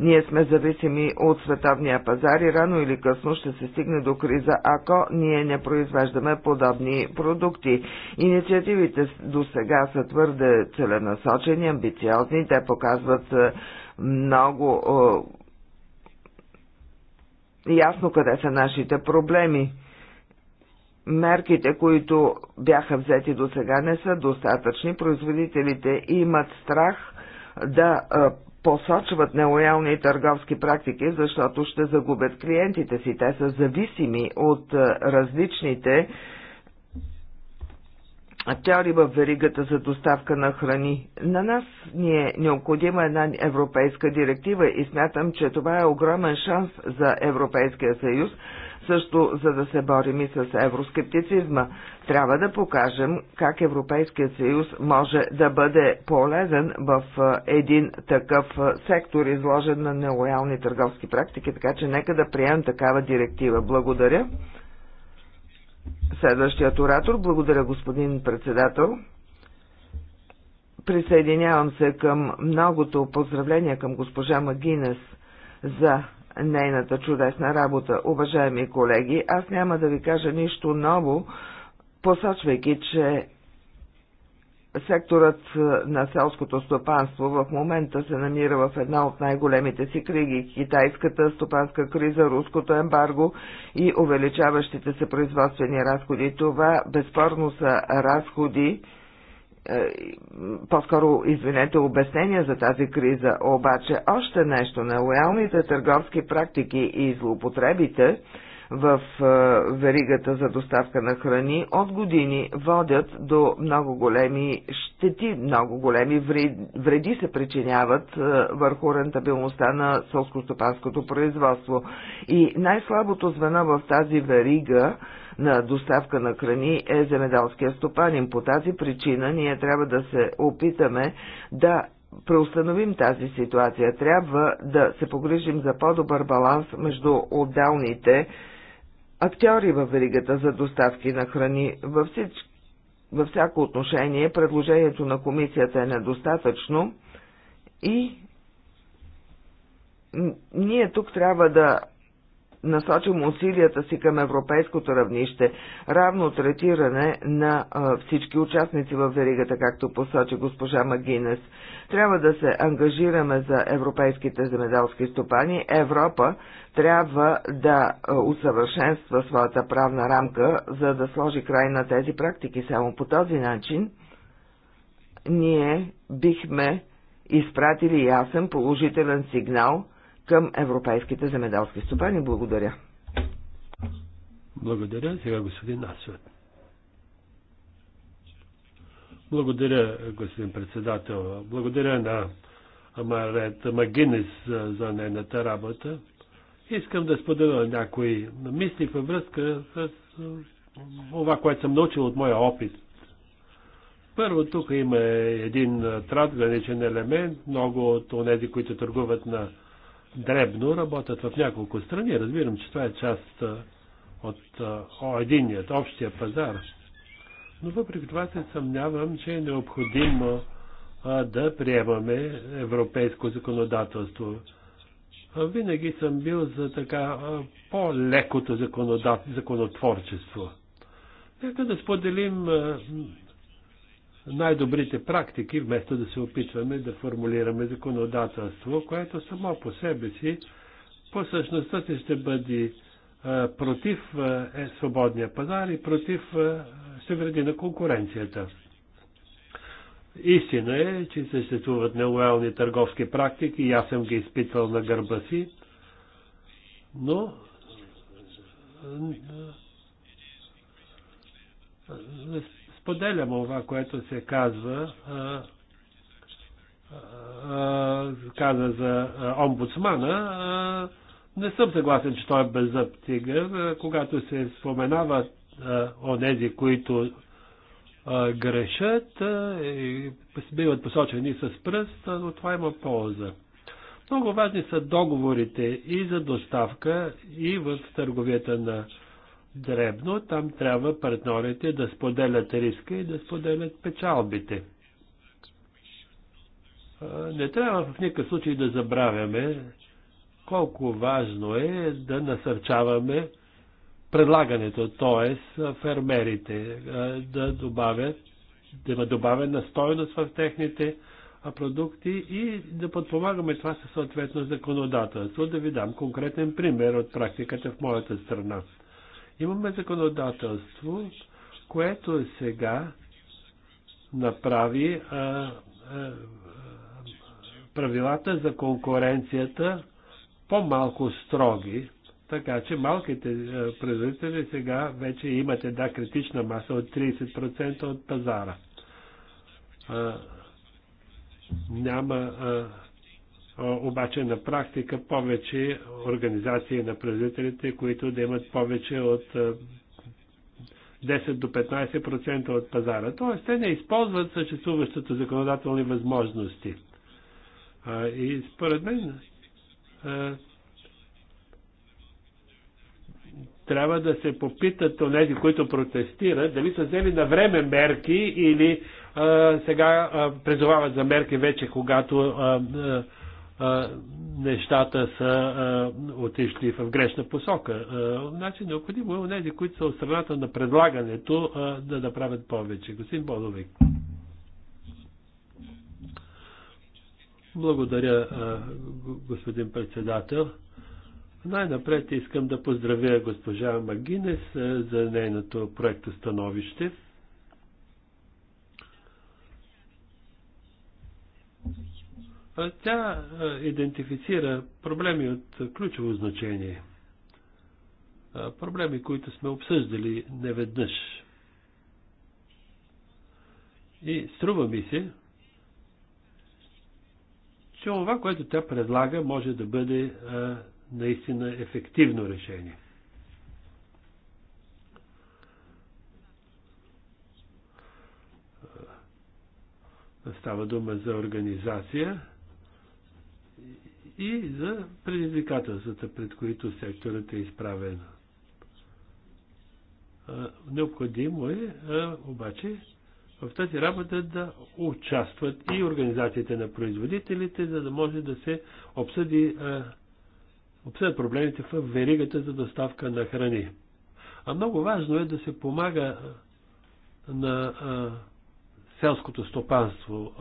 ние сме зависими от световния пазар и рано или късно ще се стигне до криза, ако ние не произвеждаме подобни продукти. Инициативите до сега са твърде целенасочени, амбициозни, те показват много е, ясно къде са нашите проблеми мерките, които бяха взети до сега, не са достатъчни. Производителите имат страх да посочват нелоялни търговски практики, защото ще загубят клиентите си. Те са зависими от различните теории в веригата за доставка на храни. На нас ни е необходима една европейска директива и смятам, че това е огромен шанс за Европейския съюз, също за да се борим и с евроскептицизма. Трябва да покажем как Европейският съюз може да бъде полезен в един такъв сектор, изложен на нелоялни търговски практики, така че нека да приемем такава директива. Благодаря. Следващият оратор. Благодаря, господин председател. Присъединявам се към многото поздравления към госпожа Магинес за нейната чудесна работа. Уважаеми колеги, аз няма да ви кажа нищо ново, посочвайки, че Секторът на селското стопанство в момента се намира в една от най-големите си криги – китайската стопанска криза, руското ембарго и увеличаващите се производствени разходи. Това безспорно са разходи, по-скоро, извинете, обяснение за тази криза, обаче още нещо на лоялните търговски практики и злоупотребите в е, веригата за доставка на храни от години водят до много големи щети, много големи вреди се причиняват е, върху рентабилността на сълско производство. И най-слабото звено в тази верига на доставка на храни е земеделския стопанин. По тази причина ние трябва да се опитаме да преустановим тази ситуация. Трябва да се погрижим за по-добър баланс между отделните актьори в веригата за доставки на храни. Във, всич... във всяко отношение предложението на комисията е недостатъчно и ние тук трябва да насочим усилията си към европейското равнище, равно третиране на всички участници в веригата, както посочи госпожа Магинес. Трябва да се ангажираме за европейските земеделски стопани. Европа трябва да усъвършенства своята правна рамка, за да сложи край на тези практики. Само по този начин ние бихме изпратили ясен положителен сигнал – към европейските земеделски стопани. Благодаря. Благодаря. Сега господин Асвет. Благодаря, господин председател. Благодаря на Марет Магинес за нейната работа. Искам да споделя някои мисли във връзка с това, което съм научил от моя опит. Първо, тук има един трансграничен елемент. Много от тези, които търгуват на дребно работят в няколко страни. Разбирам, че това е част от о, единият, общия пазар. Но въпреки това се съмнявам, че е необходимо а, да приемаме европейско законодателство. А, винаги съм бил за така по-лекото законотворчество. Нека да споделим а, най-добрите практики, вместо да се опитваме да формулираме законодателство, което само по себе си, по същността си ще бъде против е, свободния пазар и против а, вреди на конкуренцията. Истина е, че съществуват нелоялни търговски практики и аз съм ги изпитвал на гърба си, но споделям това, което се казва, каза за омбудсмана. Не съм съгласен, че той е беззъб тигър. Когато се споменават онези, които грешат и биват посочени с пръст, но това има полза. Много важни са договорите и за доставка, и в търговията на дребно, там трябва партньорите да споделят риска и да споделят печалбите. Не трябва в никакъв случай да забравяме колко важно е да насърчаваме предлагането, т.е. фермерите да добавят, да има добавена стойност в техните продукти и да подпомагаме това със съответно законодателство. Да ви дам конкретен пример от практиката в моята страна. Имаме законодателство, което е сега направи а, а, правилата за конкуренцията по-малко строги, така че малките производители сега вече имат една критична маса от 30% от пазара. А, няма а, обаче на практика повече организации на производителите, които да имат повече от 10 до 15% от пазара. Т.е. те не използват съществуващите законодателни възможности. И според мен трябва да се попитат онези, които протестират, дали са взели на време мерки или а, сега а, призовават за мерки вече, когато а, а, нещата са отишли в грешна посока. Значи необходимо е онези, които са от страната на предлагането, да направят повече. Господин Бодовик. Благодаря, господин председател. Най-напред искам да поздравя госпожа Магинес за нейното проекто становище. Тя идентифицира проблеми от ключово значение. Проблеми, които сме обсъждали неведнъж. И струва ми се, че това, което тя предлага, може да бъде наистина ефективно решение. Става дума за организация, и за предизвикателствата, пред които секторът е изправен. Необходимо е обаче в тази работа да участват и организациите на производителите, за да може да се обсъди обсъдят проблемите в веригата за доставка на храни. А много важно е да се помага на селското стопанство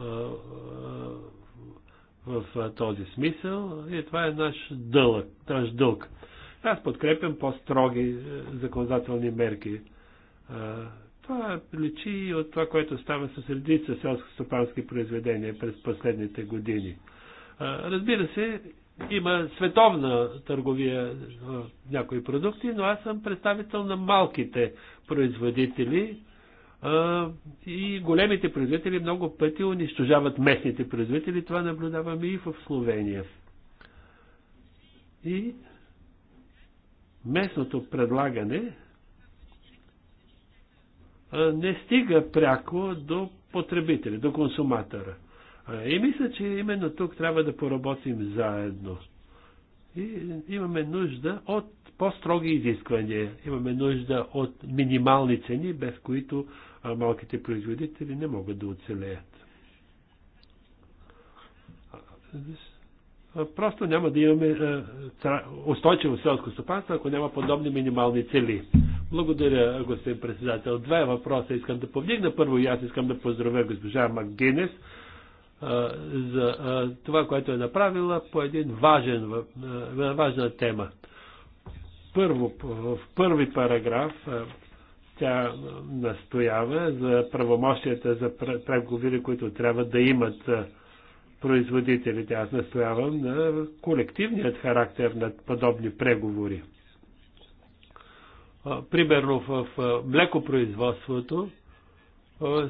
в този смисъл и това е наш дълъг, наш дълг. Аз подкрепям по-строги е, законодателни мерки. Това личи и от това, което става с редица селско-стопански произведения през последните години. Разбира се, има световна търговия в някои продукти, но аз съм представител на малките производители, и големите производители много пъти унищожават местните производители. Това наблюдаваме и в Словения. И местното предлагане не стига пряко до потребителя, до консуматора. И мисля, че именно тук трябва да поработим заедно. И имаме нужда от по-строги изисквания. Имаме нужда от минимални цени, без които малките производители не могат да оцелеят. Просто няма да имаме устойчиво селско стопанство, ако няма подобни минимални цели. Благодаря, господин председател. Два въпроса искам да повдигна. Първо, и аз искам да поздравя госпожа Макгинес за това, което е направила по един важен, важна тема първо, в първи параграф тя настоява за правомощията за преговори, които трябва да имат производителите. Аз настоявам на колективният характер на подобни преговори. Примерно в млекопроизводството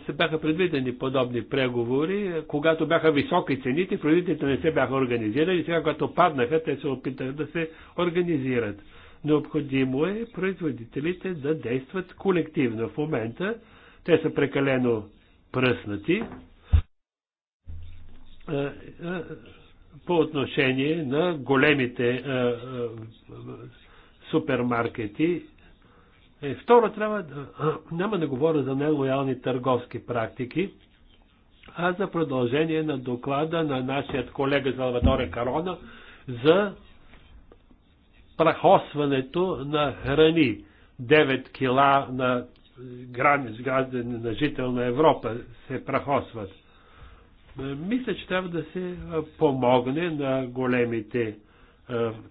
се бяха предвидени подобни преговори. Когато бяха високи цените, производителите не се бяха организирали. Сега, когато паднаха, те се опитаха да се организират. Необходимо е производителите да действат колективно. В момента те са прекалено пръснати по отношение на големите супермаркети. Е, второ, трябва да, *clears throat* няма да говоря за нелоялни търговски практики, а за продължение на доклада на нашия колега Залваторе Карона за прахосването на храни. 9 кила на границ, граждани на жител на Европа се прахосват. Мисля, че трябва да се помогне на големите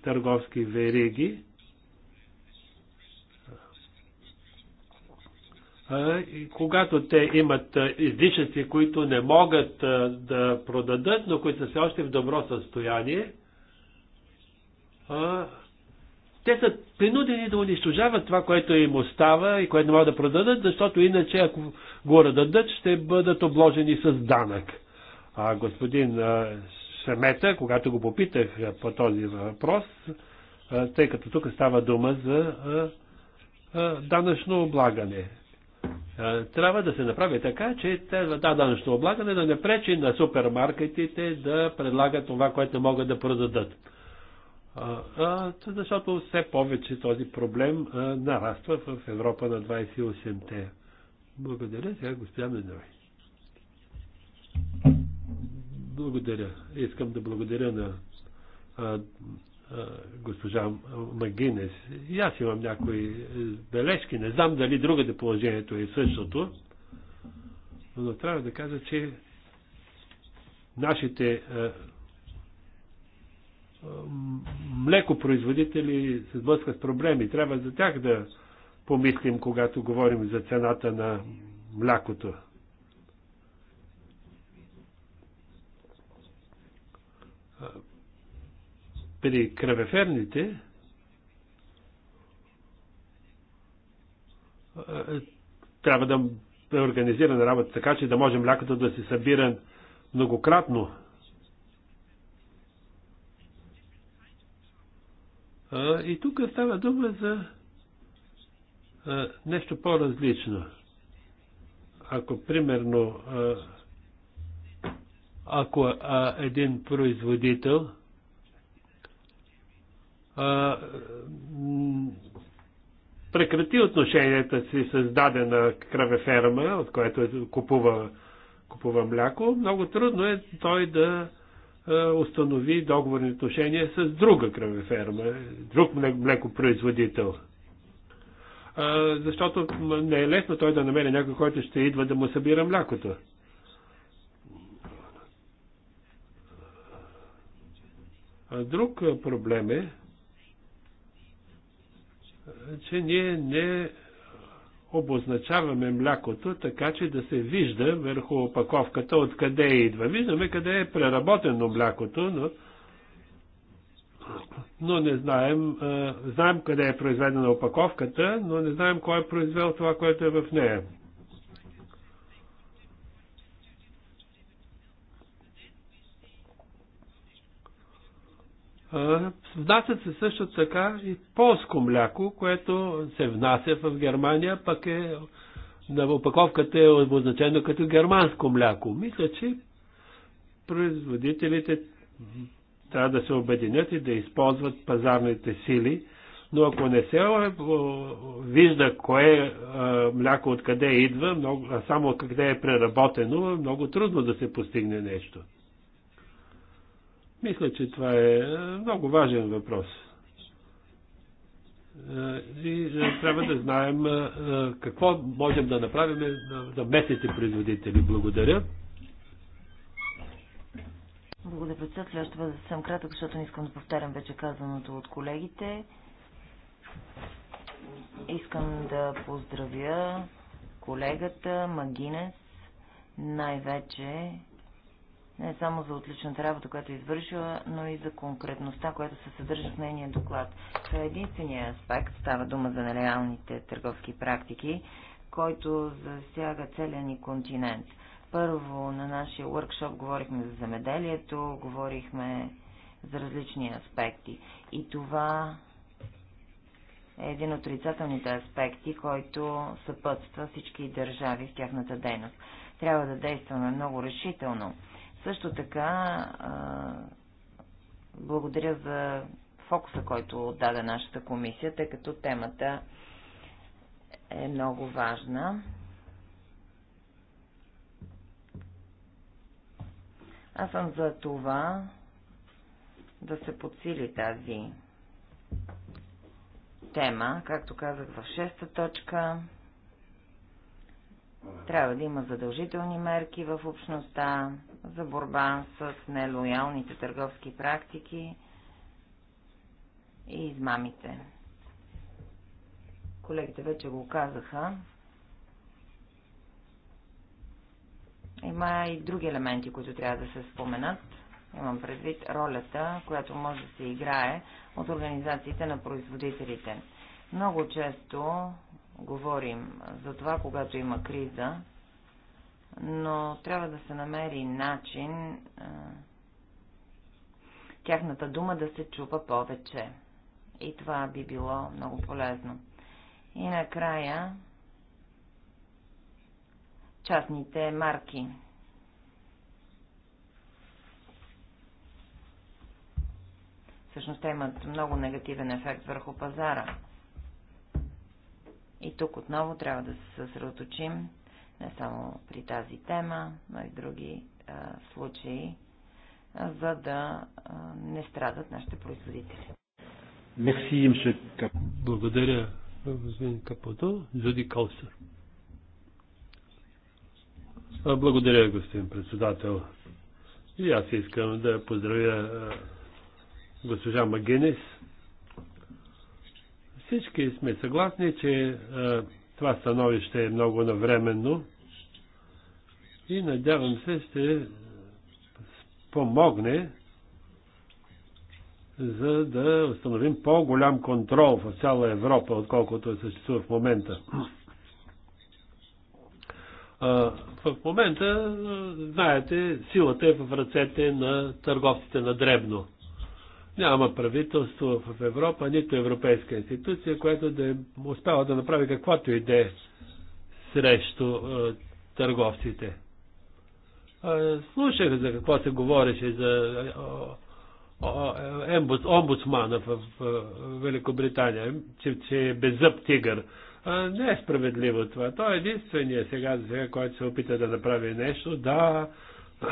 търговски вериги И когато те имат излишъци, които не могат да продадат, но които са все още в добро състояние, те са принудени да унищожават това, което им остава и което не могат да продадат, защото иначе, ако го дадат, ще бъдат обложени с данък. А господин Шемета, когато го попитах по този въпрос, тъй като тук става дума за данъчно облагане. Трябва да се направи така, че това да, данъчно облагане да не пречи на супермаркетите да предлагат това, което могат да продадат защото все повече този проблем нараства в Европа на 28-те. Благодаря. Сега господин Миной. Благодаря. Искам да благодаря на а, госпожа Магинес. И аз имам някои е, бележки. Не знам дали другаде положението е същото, но трябва да кажа, че нашите а, млекопроизводители се сблъскат с проблеми. Трябва за тях да помислим, когато говорим за цената на млякото. При кръвеферните трябва да е организирана работа така, че да може млякото да се събира многократно И тук става дума за нещо по-различно. Ако, примерно, ако един производител прекрати отношенията си с дадена кръвеферма, от която е купува, купува мляко, много трудно е той да е, установи договорни отношения с друга кравеферма, друг млекопроизводител. Е, защото не е лесно той да намери някой, който ще идва да му събира млякото. Друг е, проблем е, че ние не обозначаваме млякото така, че да се вижда върху опаковката откъде идва. Виждаме къде е преработено млякото, но, но не знаем, знаем къде е произведена опаковката, но не знаем кой е произвел това, което е в нея. Внасят се също така и полско мляко, което се внася в Германия, пък е на опаковката е обозначено като германско мляко. Мисля, че производителите трябва да се обединят и да използват пазарните сили, но ако не се вижда кое мляко откъде идва, а само къде е преработено, е много трудно да се постигне нещо. Мисля, че това е, е много важен въпрос. Е, и е, трябва да знаем какво можем да направим за местните производители. Благодаря. Благодаря, председател. Аз ще бъда съвсем кратък, защото не искам да повтарям вече казаното от колегите. Искам да поздравя колегата Магинес най-вече не само за отличната работа, която е извършила, но и за конкретността, която се съдържа в нейния доклад. Това е единствения аспект, става дума за нелеалните търговски практики, който засяга целия ни континент. Първо на нашия workshop говорихме за земеделието, говорихме за различни аспекти. И това е един от отрицателните аспекти, който съпътства всички държави в тяхната дейност. Трябва да действаме много решително също така, благодаря за фокуса, който даде нашата комисия, тъй като темата е много важна. Аз съм за това да се подсили тази тема, както казах в шеста точка. Трябва да има задължителни мерки в общността, за борба с нелоялните търговски практики и измамите. Колегите вече го казаха. Има и други елементи, които трябва да се споменат. Имам предвид ролята, която може да се играе от организациите на производителите. Много често говорим за това, когато има криза, но трябва да се намери начин а, тяхната дума да се чува повече. И това би било много полезно. И накрая частните марки. Всъщност те имат много негативен ефект върху пазара. И тук отново трябва да се съсредоточим не само при тази тема, но и други а, случаи, а, за да а, не страдат нашите производители. Мерси, Благодаря, господин Капото. Жуди Калсър. Благодаря, господин председател. И аз искам да поздравя госпожа Магинес. Всички сме съгласни, че това становище е много навременно и надявам се ще помогне за да установим по-голям контрол в цяла Европа, отколкото е съществува в момента. В момента, знаете, силата е в ръцете на търговците на дребно. Няма правителство в Европа, нито европейска институция, която да е успява да направи каквато идея срещу търговците. Слушах за какво се говореше за омбудсмана в Великобритания, че, че е беззъб тигър. Не е справедливо това. Той е единствения сега, сега, който се опита да направи нещо. Да, *clears throat*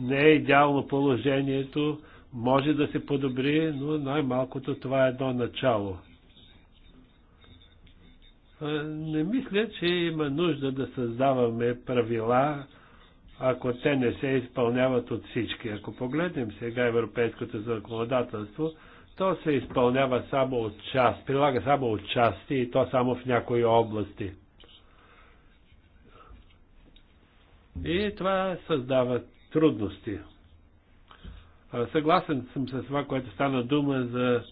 не е идеално положението, може да се подобри, но най-малкото това е едно начало. Не мисля, че има нужда да създаваме правила, ако те не се изпълняват от всички. Ако погледнем сега европейското законодателство, то се изпълнява само от част, прилага само от части и то само в някои области. И това създава трудности. Съгласен съм с това, което стана дума за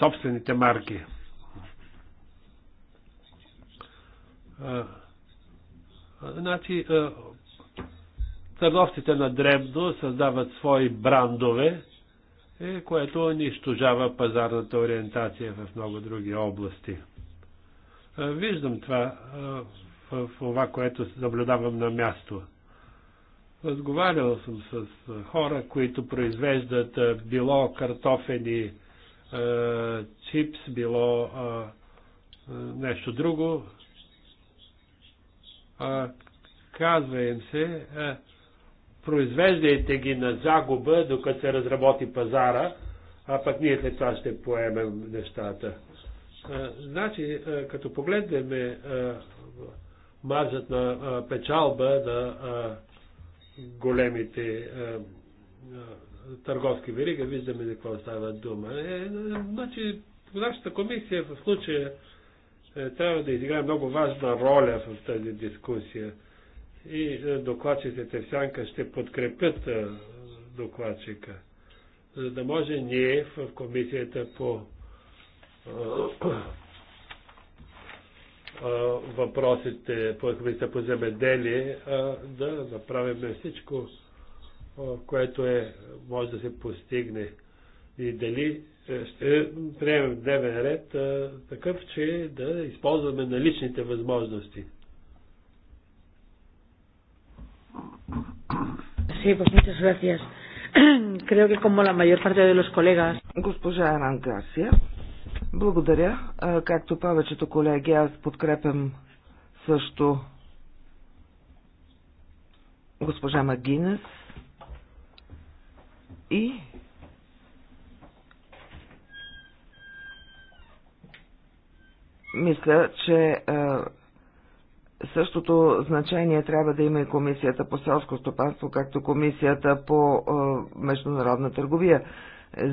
собствените марки. Значи, Търговците на дребно създават свои брандове, е, което унищожава пазарната ориентация в много други области. Е, виждам това е, в това, което наблюдавам на място. Разговарял съм с хора, които произвеждат било картофени чипс, било нещо друго. Казва им се, произвеждайте ги на загуба, докато се разработи пазара, а пък ние след това ще поемем нещата. А, значи, а, като погледнем маржът на а, печалба на големите търговски верига, виждаме за какво става дума. Е, значи, нашата комисия в случая е, трябва да изиграе много важна роля в тази дискусия и е, докладчиците в Сянка ще подкрепят е, докладчика, за да може ние в комисията по е, въпросите, по комисията по земеделие, да направим всичко, което е, може да се постигне и дали ще приемем дневен ред такъв, че да използваме наличните възможности. Sí, pues muchas gracias. *clears throat* Creo que como la mayor parte de los colegas. Госпожа Анан Гарсия, благодаря. Както повечето колеги, аз подкрепям също госпожа Магинес и мисля, че Същото значение трябва да има и Комисията по селско стопанство, както Комисията по е, международна търговия.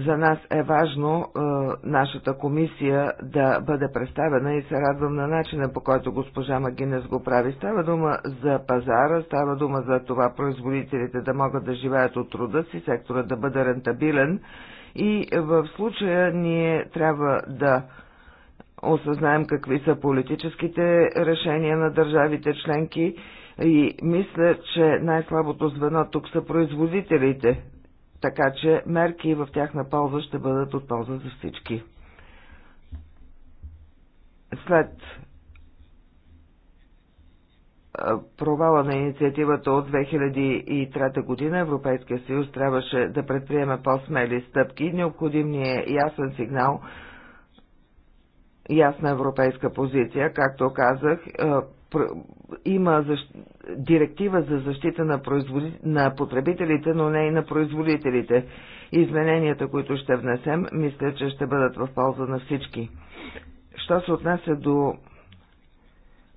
За нас е важно е, нашата комисия да бъде представена и се радвам на начина по който госпожа Магинес го прави. Става дума за пазара, става дума за това производителите да могат да живеят от труда си, сектора да бъде рентабилен и в случая ние трябва да осъзнаем какви са политическите решения на държавите членки и мисля, че най-слабото звено тук са производителите, така че мерки в тяхна полза ще бъдат от полза за всички. След провала на инициативата от 2003 година Европейския съюз трябваше да предприеме по-смели стъпки. Необходим ни е ясен сигнал – ясна европейска позиция, както казах, е, има защ... директива за защита на, производи... на потребителите, но не и на производителите. Измененията, които ще внесем, мисля, че ще бъдат в полза на всички. Що се отнася до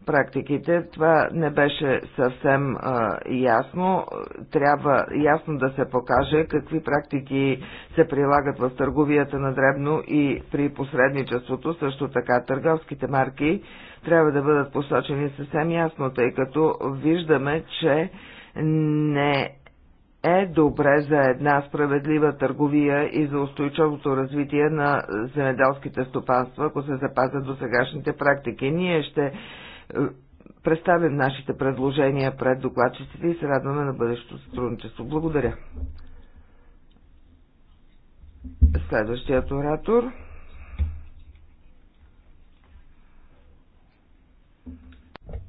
практиките. Това не беше съвсем а, ясно. Трябва ясно да се покаже какви практики се прилагат в търговията на дребно и при посредничеството. Също така търговските марки трябва да бъдат посочени съвсем ясно, тъй като виждаме, че не е добре за една справедлива търговия и за устойчивото развитие на земеделските стопанства, ако се запазят до сегашните практики. Ние ще представим нашите предложения пред докладчиците и се радваме на бъдещото сътрудничество. Благодаря. Следващият оратор.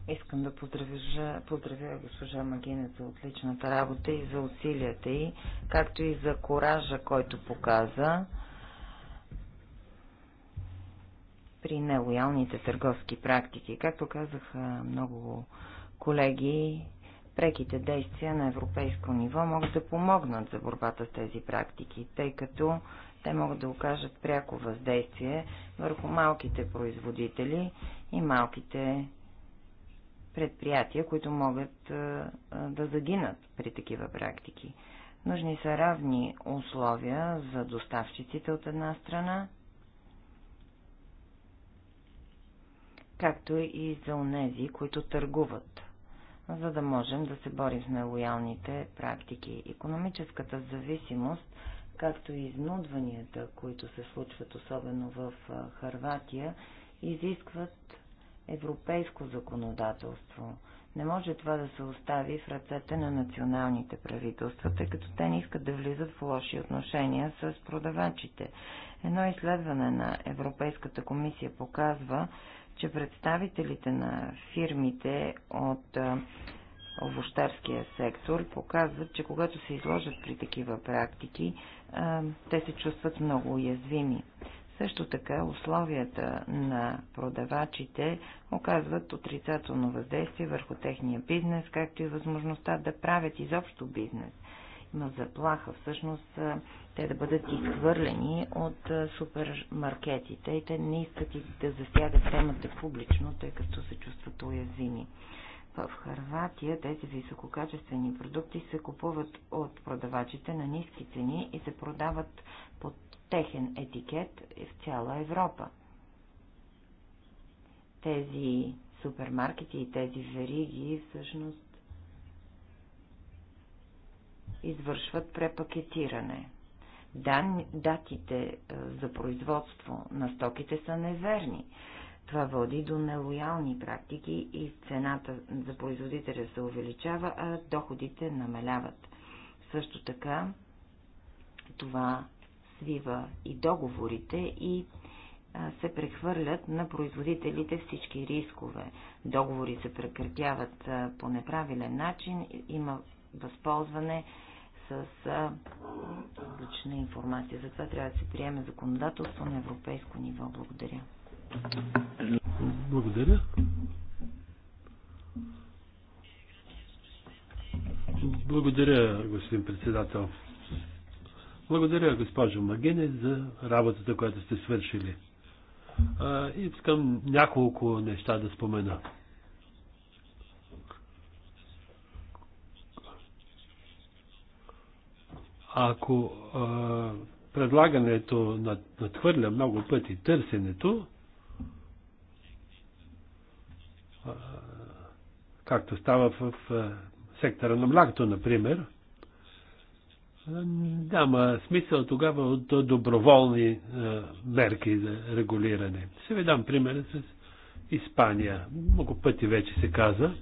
Искам да поздравя, поздравя госпожа Магина за отличната работа и за усилията й, както и за коража, който показа. при нелоялните търговски практики. Както казаха много колеги, преките действия на европейско ниво могат да помогнат за борбата с тези практики, тъй като те могат да окажат пряко въздействие върху малките производители и малките предприятия, които могат да загинат при такива практики. Нужни са равни условия за доставчиците от една страна както и за онези, които търгуват, за да можем да се борим с нелоялните практики. Економическата зависимост, както и изнудванията, които се случват особено в Харватия, изискват европейско законодателство. Не може това да се остави в ръцете на националните правителства, тъй като те не искат да влизат в лоши отношения с продавачите. Едно изследване на Европейската комисия показва, че представителите на фирмите от овощарския сектор показват, че когато се изложат при такива практики, те се чувстват много уязвими. Също така условията на продавачите оказват отрицателно въздействие върху техния бизнес, както и възможността да правят изобщо бизнес на заплаха всъщност те да бъдат изхвърлени от супермаркетите и те не искат и да засягат темата публично, тъй като се чувстват уязвими. В Харватия тези висококачествени продукти се купуват от продавачите на ниски цени и се продават под техен етикет в цяла Европа. Тези супермаркети и тези вериги всъщност извършват препакетиране. Дан, датите е, за производство на стоките са неверни. Това води до нелоялни практики и цената за производителя се увеличава, а доходите намаляват. Също така това свива и договорите и се прехвърлят на производителите всички рискове. Договори се прекратяват по неправилен начин, има възползване с публична информация. Затова трябва да се приеме законодателство на европейско ниво. Благодаря. Благодаря. Благодаря, господин председател. Благодаря, госпожо Магене, за работата, която сте свършили. А, искам няколко неща да спомена. Ако а, предлагането надхвърля много пъти търсенето, а, както става в, в сектора на млякото, например, няма смисъл тогава от доброволни а, мерки за регулиране. Ще ви дам пример с Испания. Много пъти вече се каза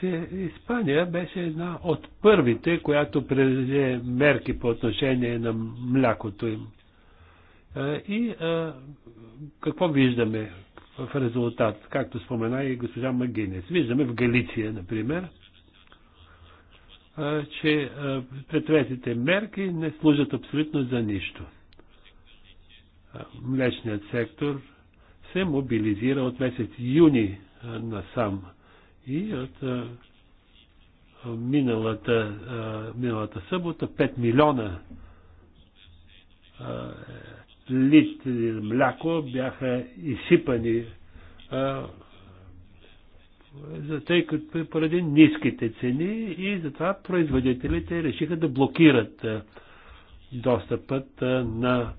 че Испания беше една от първите, която предаде мерки по отношение на млякото им. И а, какво виждаме в резултат, както спомена и госпожа Магинес? Виждаме в Галиция, например, а, че а, предприятите мерки не служат абсолютно за нищо. Млечният сектор се мобилизира от месец юни насам и от а, миналата, а, миналата събота 5 милиона а, литри мляко бяха изсипани а, за тъй като поради ниските цени и затова производителите решиха да блокират достъпът на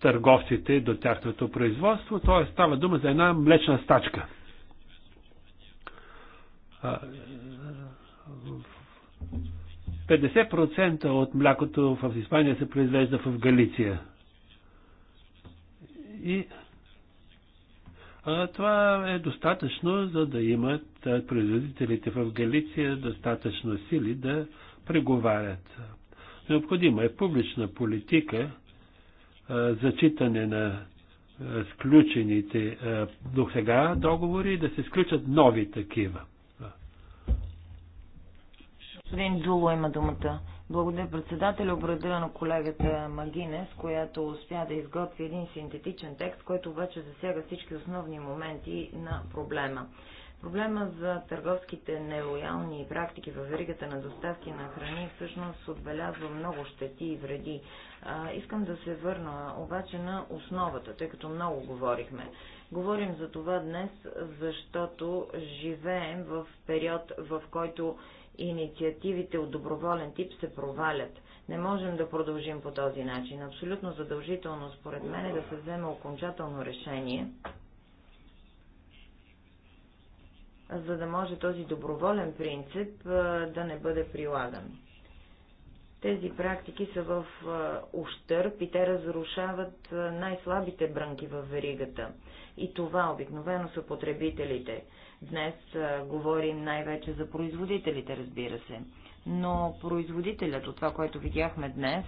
търговците до тяхното производство, т.е. става дума за една млечна стачка. А, 50% от млякото в Испания се произвежда в Галиция. И а, това е достатъчно, за да имат производителите в Галиция достатъчно сили да преговарят. Необходима е публична политика, зачитане на сключените до сега договори и да се сключат нови такива. Господин Дуло, има думата. Благодаря председателя, благодаря на колегата Магинес, която успя да изготви един синтетичен текст, който вече засяга всички основни моменти на проблема. Проблема за търговските нелоялни практики в веригата на доставки на храни всъщност отбелязва много щети и вреди. А, искам да се върна обаче на основата, тъй като много говорихме. Говорим за това днес, защото живеем в период, в който инициативите от доброволен тип се провалят. Не можем да продължим по този начин. Абсолютно задължително, според мен, е да се вземе окончателно решение за да може този доброволен принцип да не бъде прилаган. Тези практики са в ущърп и те разрушават най-слабите брънки в веригата. И това обикновено са потребителите. Днес говорим най-вече за производителите, разбира се. Но производителят от това, което видяхме днес,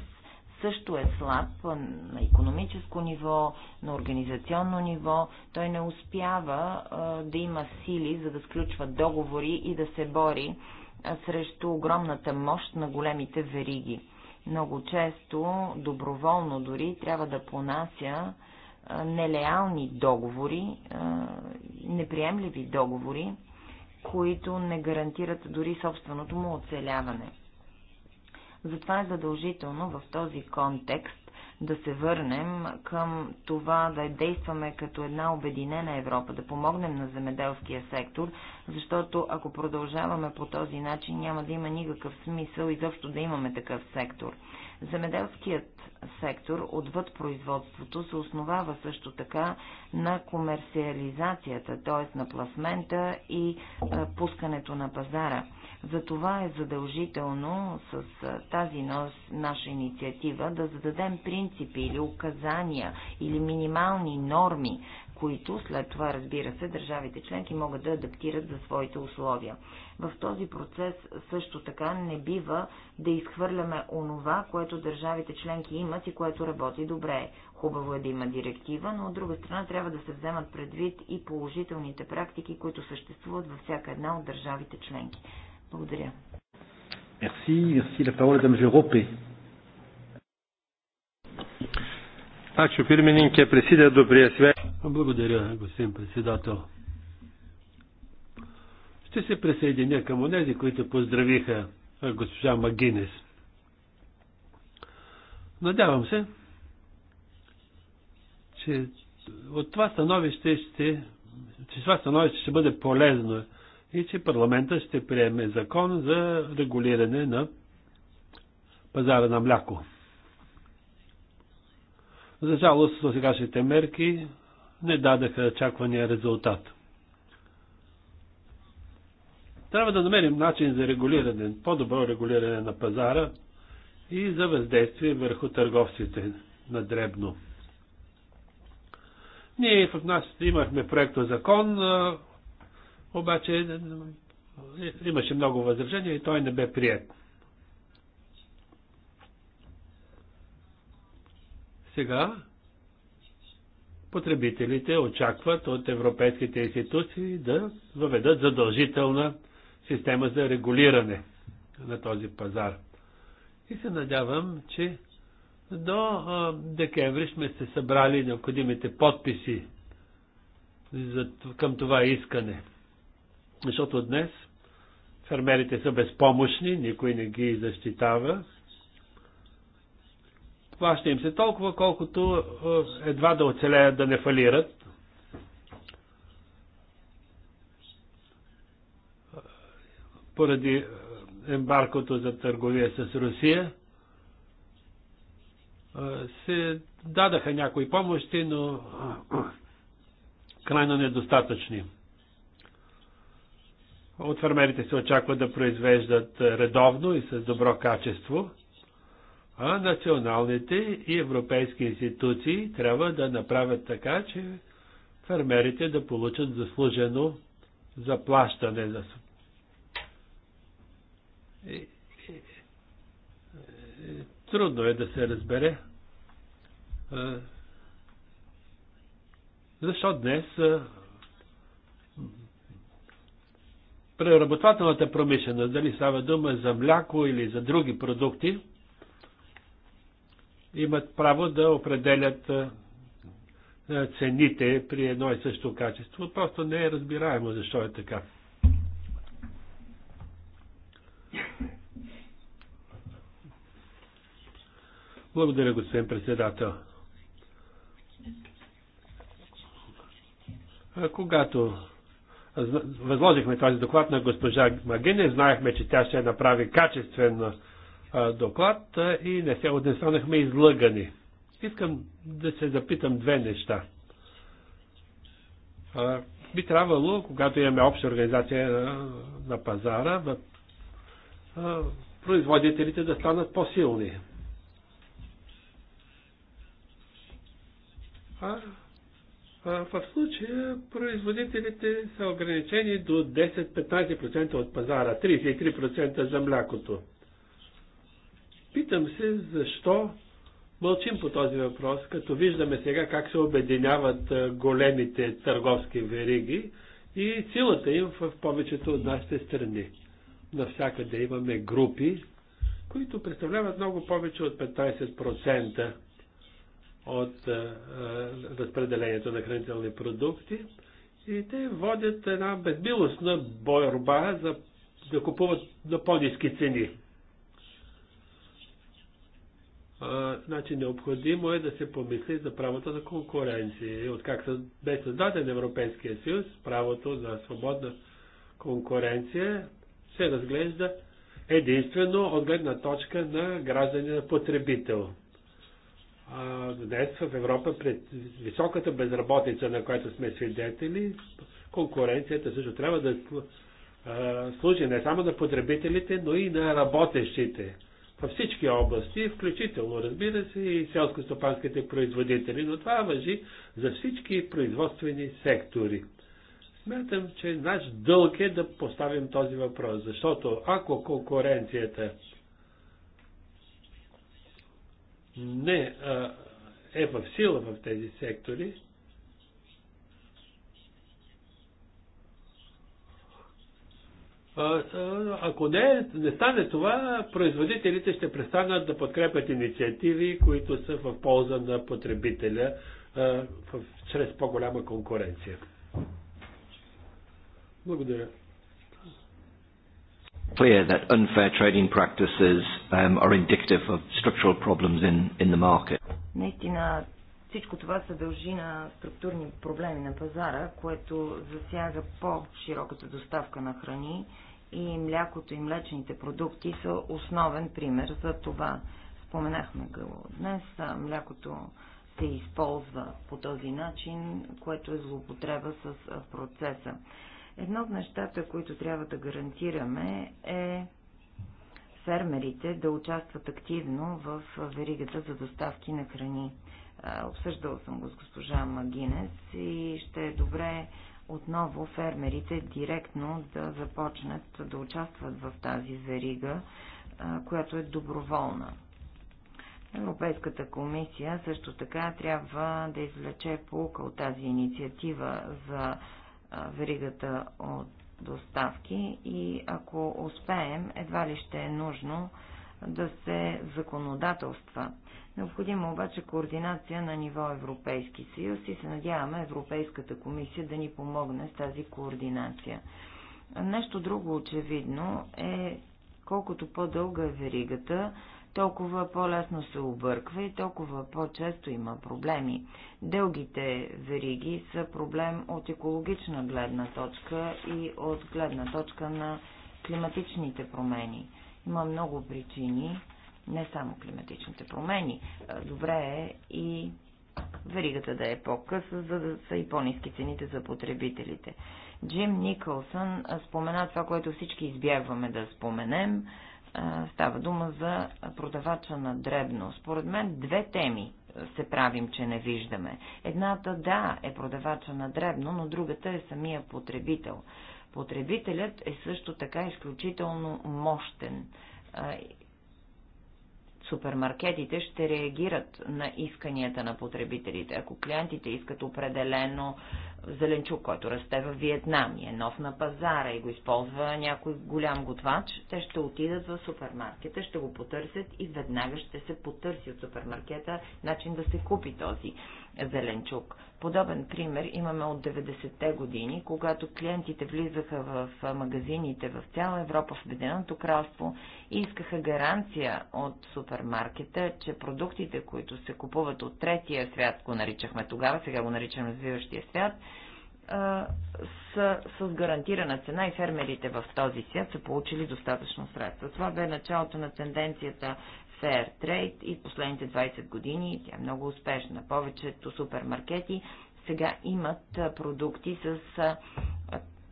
също е слаб на економическо ниво, на организационно ниво. Той не успява да има сили, за да сключва договори и да се бори срещу огромната мощ на големите вериги. Много често, доброволно дори, трябва да понася нелеални договори, неприемливи договори, които не гарантират дори собственото му оцеляване. Затова е задължително в този контекст да се върнем към това да действаме като една обединена Европа, да помогнем на земеделския сектор, защото ако продължаваме по този начин, няма да има никакъв смисъл изобщо да имаме такъв сектор. Земеделският сектор отвъд производството се основава също така на комерциализацията, т.е. на пласмента и пускането на пазара. Затова е задължително с тази наша инициатива да зададем принципи или указания или минимални норми, които след това, разбира се, държавите членки могат да адаптират за своите условия. В този процес също така не бива да изхвърляме онова, което държавите членки имат и което работи добре. Хубаво е да има директива, но от друга страна трябва да се вземат предвид и положителните практики, които съществуват във всяка една от държавите членки. Благодаря. Мерси. merci. La parole est Ропе. M. Ropé. Ačiū pirmininkė, prisidedu prie Благодаря, господин председател. Ще се присъединя към онези, които поздравиха госпожа Магинес. Надявам се, че от това становище ще, че това становище ще бъде полезно и че парламента ще приеме закон за регулиране на пазара на мляко. За жалост, сегашните мерки не дадаха очаквания резултат. Трябва да намерим начин за регулиране, по-добро регулиране на пазара и за въздействие върху търговците на дребно. Ние в нас имахме проект закон, обаче е, имаше много възражения и той не бе прият. Сега потребителите очакват от европейските институции да въведат задължителна система за регулиране на този пазар. И се надявам, че до декември сме се събрали необходимите подписи за, към това искане. Защото днес фермерите са безпомощни, никой не ги защитава. Плаща им се толкова, колкото е, едва да оцелеят да не фалират. Поради е, ембаркото за търговия с Русия е, се дадаха някои помощи, но крайно недостатъчни. От фермерите се очаква да произвеждат редовно и с добро качество, а националните и европейски институции трябва да направят така, че фермерите да получат заслужено заплащане за трудно е да се разбере. Защо днес преработвателната промишленост, дали става дума за мляко или за други продукти, имат право да определят цените при едно и също качество. Просто не е разбираемо защо е така. Благодаря, господин председател. Когато възложихме този доклад на госпожа Магине, знаехме, че тя ще направи качествен доклад и не се отнесанахме излъгани. Искам да се запитам две неща. Би трябвало, когато имаме обща организация на, пазара, производителите да станат по-силни. В случая производителите са ограничени до 10-15% от пазара, 33% за млякото. Питам се защо мълчим по този въпрос, като виждаме сега как се обединяват големите търговски вериги и силата им в повечето от нашите страни. Навсякъде имаме групи, които представляват много повече от 15% от разпределението на хранителни продукти и те водят една безбилостна борба за да купуват на по-низки цени. А, значи необходимо е да се помисли за правото на конкуренция. И как бе създаден Европейския съюз, правото на свободна конкуренция се разглежда единствено от гледна точка на гражданина потребител днес в Европа пред високата безработица, на която сме свидетели, конкуренцията също трябва да служи не само на потребителите, но и на работещите във всички области, включително, разбира се, и селско-стопанските производители, но това въжи за всички производствени сектори. Смятам, че наш дълг е да поставим този въпрос, защото ако конкуренцията не е в сила в тези сектори, ако не, не стане това, производителите ще престанат да подкрепят инициативи, които са в полза на потребителя чрез по-голяма конкуренция. Благодаря clear that unfair trading practices um, are indicative of structural problems in, in the market. Наистина всичко това се дължи на структурни проблеми на пазара, което засяга по-широката доставка на храни и млякото и млечните продукти са основен пример за това. Споменахме го днес. Млякото се използва по този начин, което е злоупотреба с процеса. Едно от нещата, които трябва да гарантираме е фермерите да участват активно в веригата за доставки на храни. Обсъждал съм го с госпожа Магинес и ще е добре отново фермерите директно да започнат да участват в тази верига, която е доброволна. Европейската комисия също така трябва да извлече полука от тази инициатива за веригата от доставки и ако успеем, едва ли ще е нужно да се законодателства. Необходима обаче координация на ниво Европейски съюз и се надяваме Европейската комисия да ни помогне с тази координация. Нещо друго очевидно е колкото по-дълга е веригата, толкова по-лесно се обърква и толкова по-често има проблеми. Дългите вериги са проблем от екологична гледна точка и от гледна точка на климатичните промени. Има много причини, не само климатичните промени. Добре е и веригата да е по-къса, за да са и по-низки цените за потребителите. Джим Никълсън спомена това, което всички избягваме да споменем, Става дума за продавача на дребно. Според мен две теми се правим, че не виждаме. Едната, да, е продавача на дребно, но другата е самия потребител. Потребителят е също така изключително мощен супермаркетите ще реагират на исканията на потребителите. Ако клиентите искат определено зеленчук, който расте в Виетнам и е нов на пазара и го използва някой голям готвач, те ще отидат в супермаркета, ще го потърсят и веднага ще се потърси от супермаркета начин да се купи този зеленчук. Подобен пример имаме от 90-те години, когато клиентите влизаха в магазините в цяла Европа, в Обединеното кралство и искаха гаранция от супермаркета, че продуктите, които се купуват от третия свят, го наричахме тогава, сега го наричаме развиващия свят, са с гарантирана цена и фермерите в този свят са получили достатъчно средства. Това бе началото на тенденцията Fair Trade и в последните 20 години тя е много успешна. Повечето супермаркети сега имат продукти с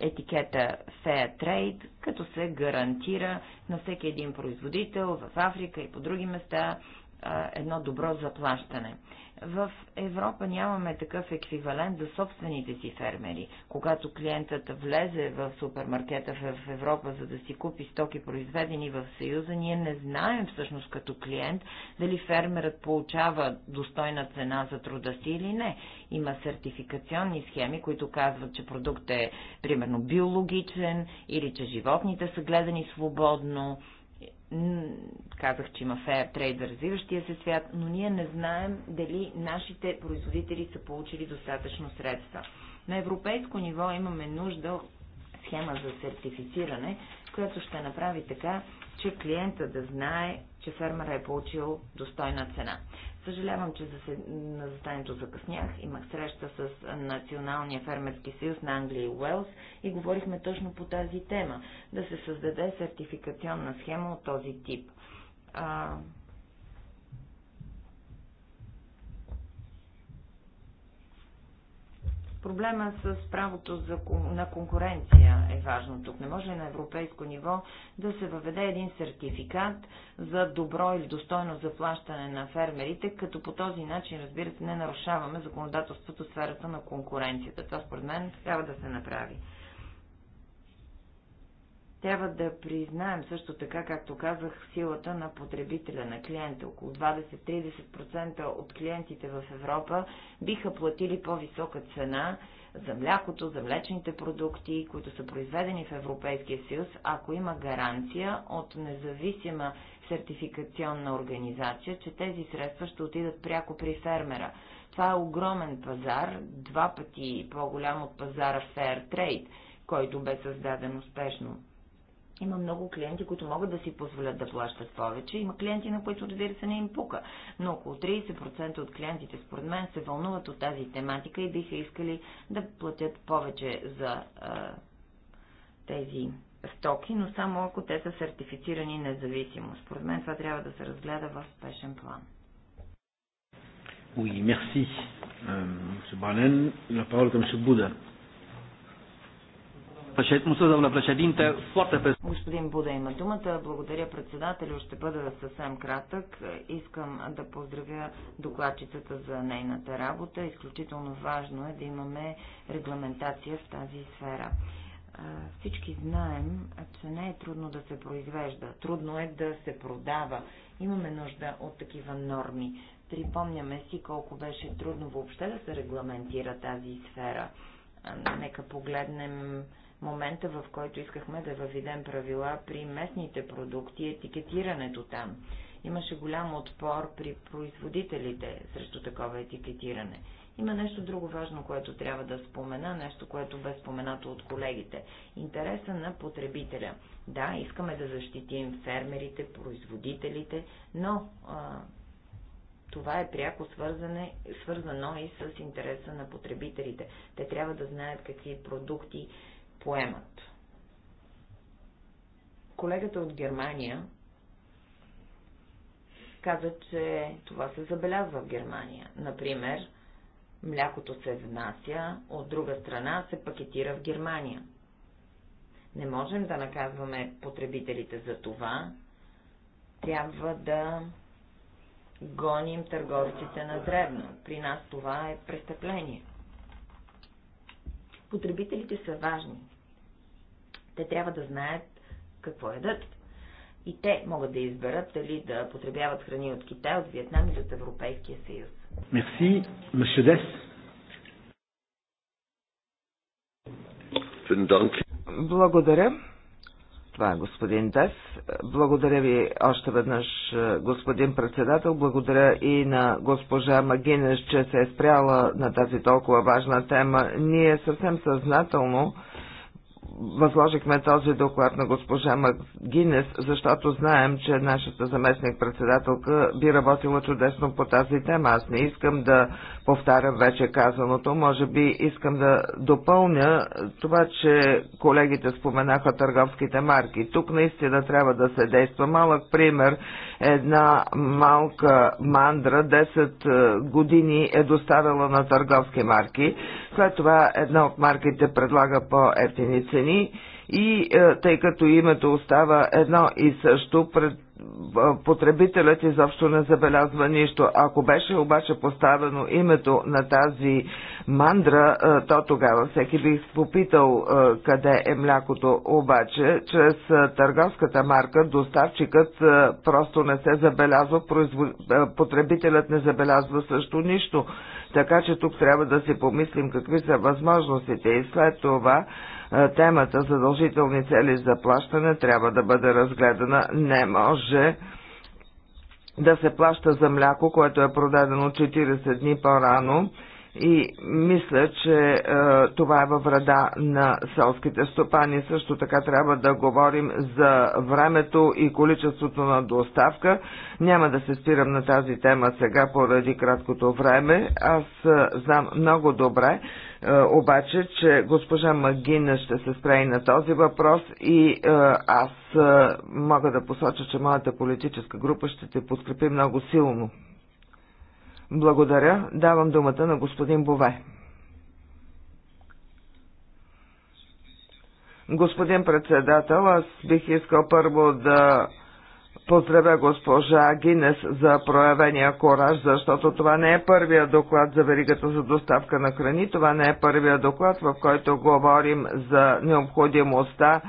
етикета Fair Trade, като се гарантира на всеки един производител в Африка и по други места едно добро заплащане. В Европа нямаме такъв еквивалент за собствените си фермери. Когато клиентът влезе в супермаркета в Европа, за да си купи стоки произведени в Съюза, ние не знаем всъщност като клиент дали фермерът получава достойна цена за труда си или не. Има сертификационни схеми, които казват, че продукт е примерно биологичен или че животните са гледани свободно казах, че има fair trade за развиващия се свят, но ние не знаем дали нашите производители са получили достатъчно средства. На европейско ниво имаме нужда схема за сертифициране, която ще направи така, че клиента да знае, че фермера е получил достойна цена. Съжалявам, че се... на застанието закъснях. Имах среща с Националния фермерски съюз на Англия и Уелс и говорихме точно по тази тема. Да се създаде сертификационна схема от този тип. А, Проблема с правото за, на конкуренция е важно тук. Не може на европейско ниво да се въведе един сертификат за добро или достойно заплащане на фермерите, като по този начин, разбира се, не нарушаваме законодателството в сферата на конкуренцията. Това според мен трябва да се направи. Трябва да признаем също така, както казах, силата на потребителя, на клиента. Около 20-30% от клиентите в Европа биха платили по-висока цена за млякото, за млечните продукти, които са произведени в Европейския съюз, ако има гаранция от независима сертификационна организация, че тези средства ще отидат пряко при фермера. Това е огромен пазар, два пъти по-голям от пазара Fair Trade, който бе създаден успешно. Има много клиенти, които могат да си позволят да плащат повече. Има клиенти, на които, разбира се, не им пука. Но около 30% от клиентите, според мен, се вълнуват от тази тематика и биха искали да платят повече за а, тези стоки, но само ако те са сертифицирани независимо. Според мен това трябва да се разгледа в спешен план. Oui, merci, euh, M. Barnen. La parole est à M. Господин Буда има думата. Благодаря председателю. Ще бъда съвсем кратък. Искам да поздравя докладчицата за нейната работа. Изключително важно е да имаме регламентация в тази сфера всички знаем, че не е трудно да се произвежда, трудно е да се продава. Имаме нужда от такива норми. Припомняме си колко беше трудно въобще да се регламентира тази сфера. Нека погледнем момента, в който искахме да въведем правила при местните продукти и етикетирането там. Имаше голям отпор при производителите срещу такова етикетиране. Има нещо друго важно, което трябва да спомена, нещо, което бе споменато от колегите. Интереса на потребителя. Да, искаме да защитим фермерите, производителите, но а, това е пряко свързане, свързано и с интереса на потребителите. Те трябва да знаят какви продукти поемат. Колегата от Германия каза, че това се забелязва в Германия. Например, млякото се внася, от друга страна се пакетира в Германия. Не можем да наказваме потребителите за това. Трябва да гоним търговците на дребно. При нас това е престъпление. Потребителите са важни. Те трябва да знаят какво ядат. И те могат да изберат дали да потребяват храни от Китай, от Виетнам или от Европейския съюз. Мерси, Мерседес. Благодаря това, господин Дес, Благодаря ви още веднъж, господин председател. Благодаря и на госпожа Магинеш, че се е спряла на тази толкова важна тема. Ние съвсем съзнателно възложихме този доклад на госпожа Магинес, защото знаем, че нашата заместник-председателка би работила чудесно по тази тема. Аз не искам да повтарям вече казаното. Може би искам да допълня това, че колегите споменаха търговските марки. Тук наистина трябва да се действа. Малък пример, една малка мандра 10 е, години е доставила на търговски марки. След това една от марките предлага по-ефтини цени измени и е, тъй като името остава едно и също, е, потребителят изобщо не забелязва нищо. Ако беше обаче поставено името на тази мандра, е, то тогава всеки би попитал къде е млякото. Обаче, чрез търговската марка доставчикът просто не се забелязва, потребителят не забелязва също нищо. Така че тук трябва да си помислим какви са възможностите и след това е, темата задължителни цели за плащане трябва да бъде разгледана. Не може да се плаща за мляко, което е продадено 40 дни по-рано и мисля, че е, това е във вреда на селските стопани. Също така трябва да говорим за времето и количеството на доставка. Няма да се спирам на тази тема сега поради краткото време. Аз е, знам много добре, е, обаче, че госпожа Магина ще се спре на този въпрос и е, аз е, мога да посоча, че моята политическа група ще те подкрепи много силно. Благодаря. Давам думата на господин Бове. Господин председател, аз бих искал първо да Поздравя госпожа Гинес за проявения кораж, защото това не е първия доклад за веригата за доставка на храни, това не е първия доклад, в който говорим за необходимостта е,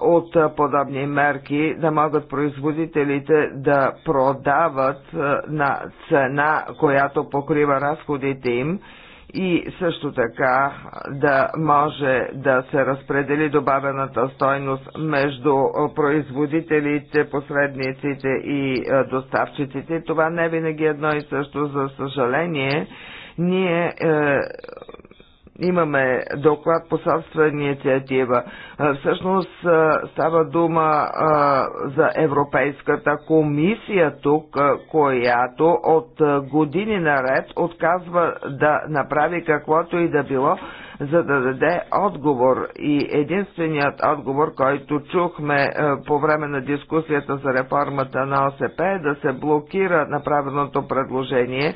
от подобни мерки, да могат производителите да продават е, на цена, която покрива разходите им и също така да може да се разпредели добавената стойност между производителите, посредниците и доставчиците. Това не е винаги едно и също, за съжаление. Ние е, имаме доклад по собствена инициатива. Всъщност става дума за Европейската комисия тук, която от години наред отказва да направи каквото и да било, за да даде отговор. И единственият отговор, който чухме по време на дискусията за реформата на ОСП е да се блокира направеното предложение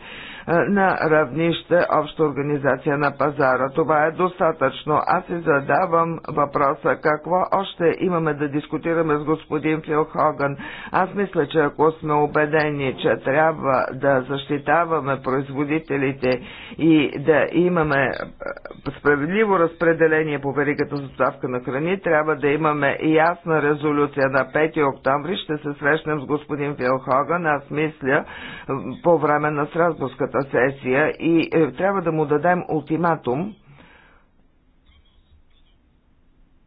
е, на равнище обща организация на пазара. Това е достатъчно. Аз си задавам въпроса какво още имаме да дискутираме с господин Фил Хоган. Аз мисля, че ако сме убедени, че трябва да защитаваме производителите и да имаме е, справедливо разпределение по великата доставка на храни, трябва да имаме ясна резолюция на 5 октомври. Ще се срещнем с господин Фил Хоган. Аз мисля по време на Страсбургската сесия и е, трябва да му дадем ултиматум.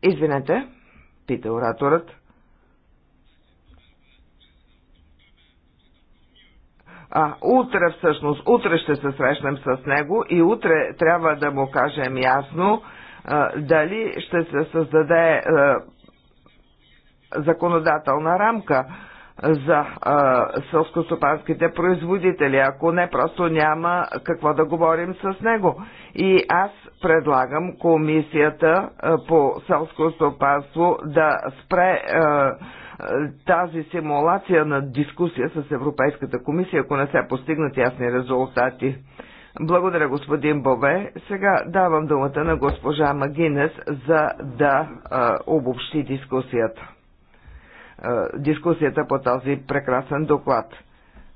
Извинете, пита ораторът. А, утре всъщност, утре ще се срещнем с него и утре трябва да му кажем ясно а, е, дали ще се създаде а, е, законодателна рамка за сълскостопанските производители. Ако не, просто няма какво да говорим с него. И аз предлагам комисията а, по селско стопанство да спре а, тази симулация на дискусия с Европейската комисия, ако не се постигнат ясни резултати. Благодаря, господин Бове. Сега давам думата на госпожа Магинес, за да а, обобщи дискусията дискусията по този прекрасен доклад.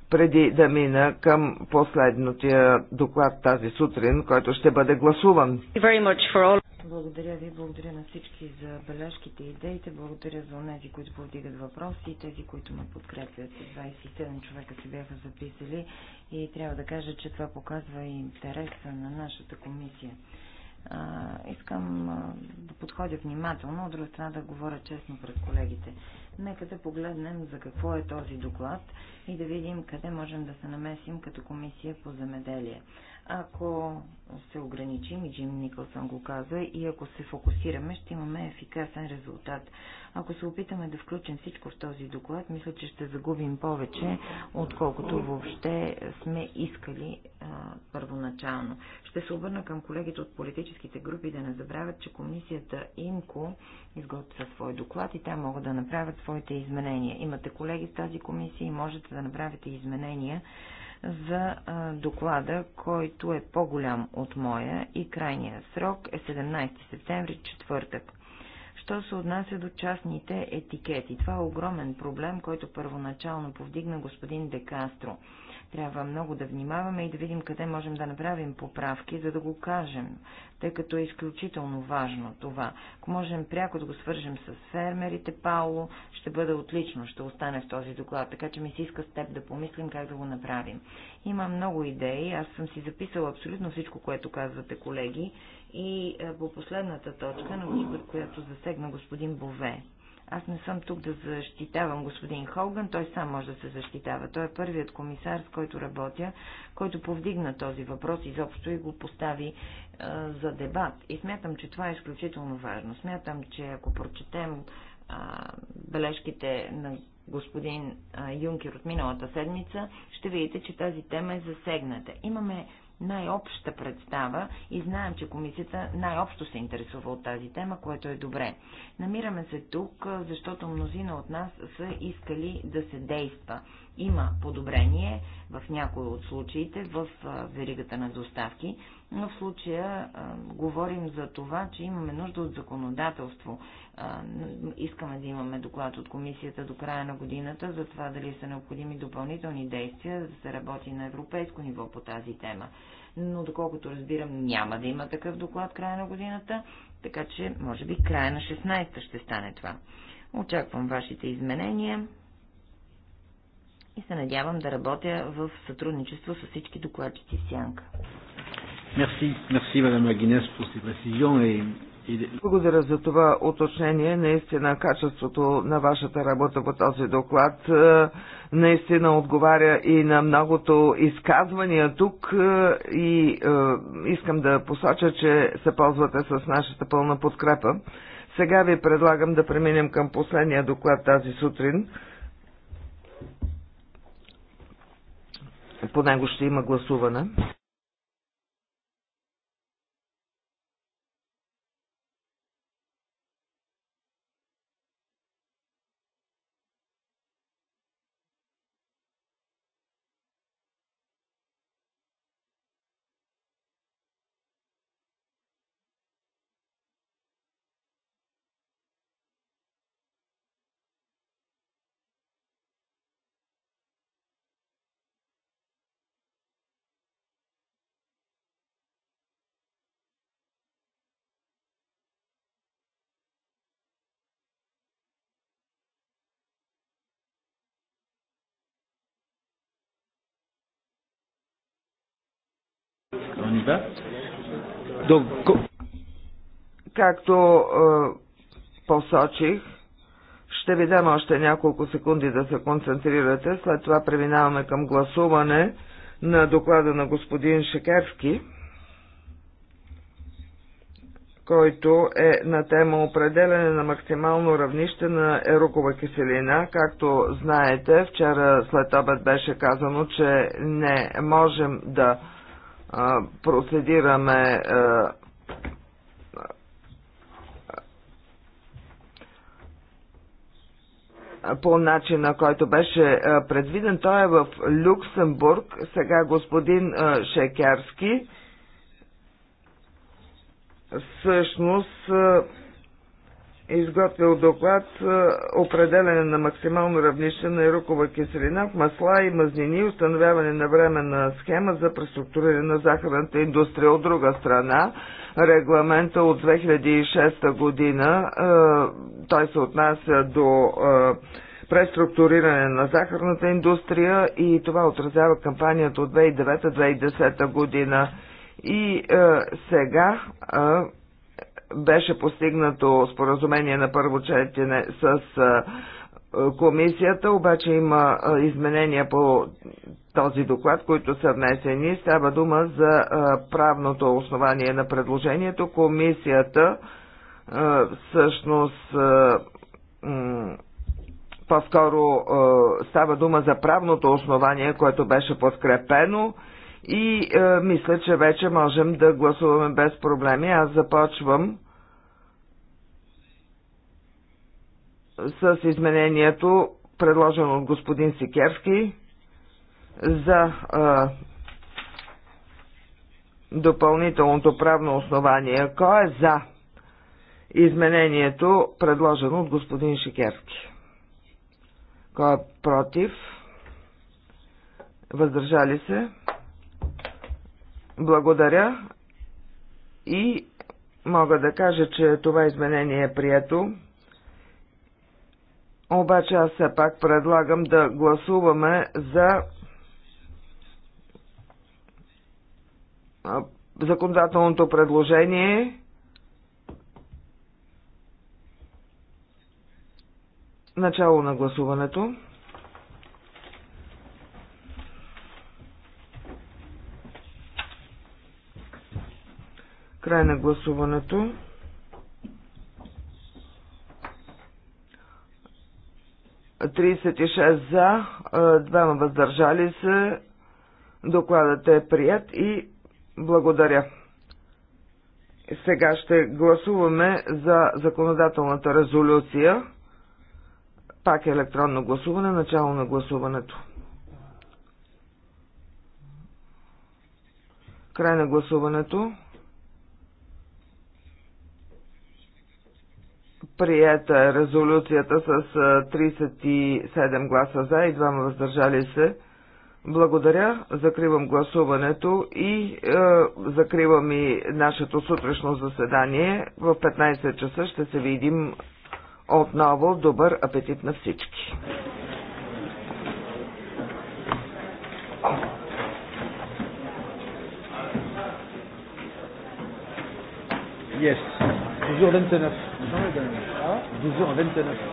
Преди да мина към последния доклад тази сутрин, който ще бъде гласуван. Благодаря ви, благодаря на всички за бележките и идеите, благодаря за тези, които повдигат въпроси и тези, които ме подкрепят. 27 човека се бяха записали и трябва да кажа, че това показва и интереса на нашата комисия. А, искам а, да подходя внимателно, от друга страна да говоря честно пред колегите. Нека да погледнем за какво е този доклад и да видим къде можем да се намесим като комисия по земеделие. Ако се ограничим, и Джим Никълсън го каза, и ако се фокусираме, ще имаме ефикасен резултат. Ако се опитаме да включим всичко в този доклад, мисля, че ще загубим повече, отколкото въобще сме искали а, първоначално. Ще се обърна към колегите от политическите групи да не забравят, че комисията ИМКО изготвя свой доклад и те могат да направят своите изменения. Имате колеги в тази комисия и можете да направите изменения за доклада, който е по-голям от моя и крайния срок е 17 септември, четвъртък. Що се отнася до частните етикети? Това е огромен проблем, който първоначално повдигна господин Декастро. Трябва много да внимаваме и да видим къде можем да направим поправки, за да го кажем, тъй като е изключително важно това. Ако можем пряко да го свържем с фермерите, Пауло, ще бъде отлично, ще остане в този доклад, така че ми се иска с теб да помислим как да го направим. Има много идеи, аз съм си записала абсолютно всичко, което казвате, колеги, и е, по последната точка, на която засегна господин Бове. Аз не съм тук да защитавам господин Холган, той сам може да се защитава. Той е първият комисар, с който работя, който повдигна този въпрос изобщо и го постави е, за дебат. И смятам, че това е изключително важно. Смятам, че ако прочетем а, е, бележките на господин а, е, Юнкер от миналата седмица, ще видите, че тази тема е засегната. Имаме най-обща представа и знаем, че комисията най-общо се интересува от тази тема, което е добре. Намираме се тук, защото мнозина от нас са искали да се действа. Има подобрение в някои от случаите в веригата на доставки, но в случая а, говорим за това, че имаме нужда от законодателство. А, искаме да имаме доклад от комисията до края на годината за това дали са необходими допълнителни действия, за да се работи на европейско ниво по тази тема. Но доколкото разбирам, няма да има такъв доклад края на годината, така че може би края на 16-та ще стане това. Очаквам вашите изменения и се надявам да работя в сътрудничество с всички докладчици Сянка. Merci, merci, Madame pour ces précisions et благодаря за това уточнение. Наистина качеството на вашата работа по този доклад е, наистина отговаря и на многото изказвания тук е, и е, искам да посоча, че се ползвате с нашата пълна подкрепа. Сега ви предлагам да преминем към последния доклад тази сутрин. По него ще има гласуване. Както посочих, ще ви дам още няколко секунди да се концентрирате, след това преминаваме към гласуване на доклада на господин Шекерски, който е на тема определене на максимално равнище на ерукова киселина. Както знаете, вчера след обед беше казано, че не можем да процедираме е, е, по начина, който беше е, предвиден. Той е в Люксембург. Сега господин Шекерски всъщност е изготвил доклад е, определене на максимално равнище на ерукова киселина в масла и мазнини и установяване на временна схема за преструктуриране на захарната индустрия. От друга страна, регламента от 2006 година, е, той се отнася до е, преструктуриране на захарната индустрия и това отразява кампанията от 2009-2010 година. И е, сега е, беше постигнато споразумение на първо четене с комисията, обаче има изменения по този доклад, които са внесени. Става дума за правното основание на предложението. Комисията всъщност по-скоро става дума за правното основание, което беше подкрепено и е, мисля, че вече можем да гласуваме без проблеми. Аз започвам с изменението, предложено от господин Сикерски, за е, допълнителното правно основание. Кой е за изменението, предложено от господин Шикерски? Кой е против? Въздържали се? Благодаря и мога да кажа, че това изменение е прието. Обаче аз все пак предлагам да гласуваме за законодателното предложение начало на гласуването. Край на гласуването. Тридесет и шест за, двама въздържали се. Докладът е прият и благодаря. Сега ще гласуваме за законодателната резолюция. Пак е електронно гласуване, начало на гласуването. Край на гласуването. Приета е резолюцията с 37 гласа за и двама въздържали се. Благодаря, закривам гласуването и е, закривам и нашето сутрешно заседание. В 15 часа ще се видим отново. Добър апетит на всички! Yes. Toujours 29. Jean Le 2h29.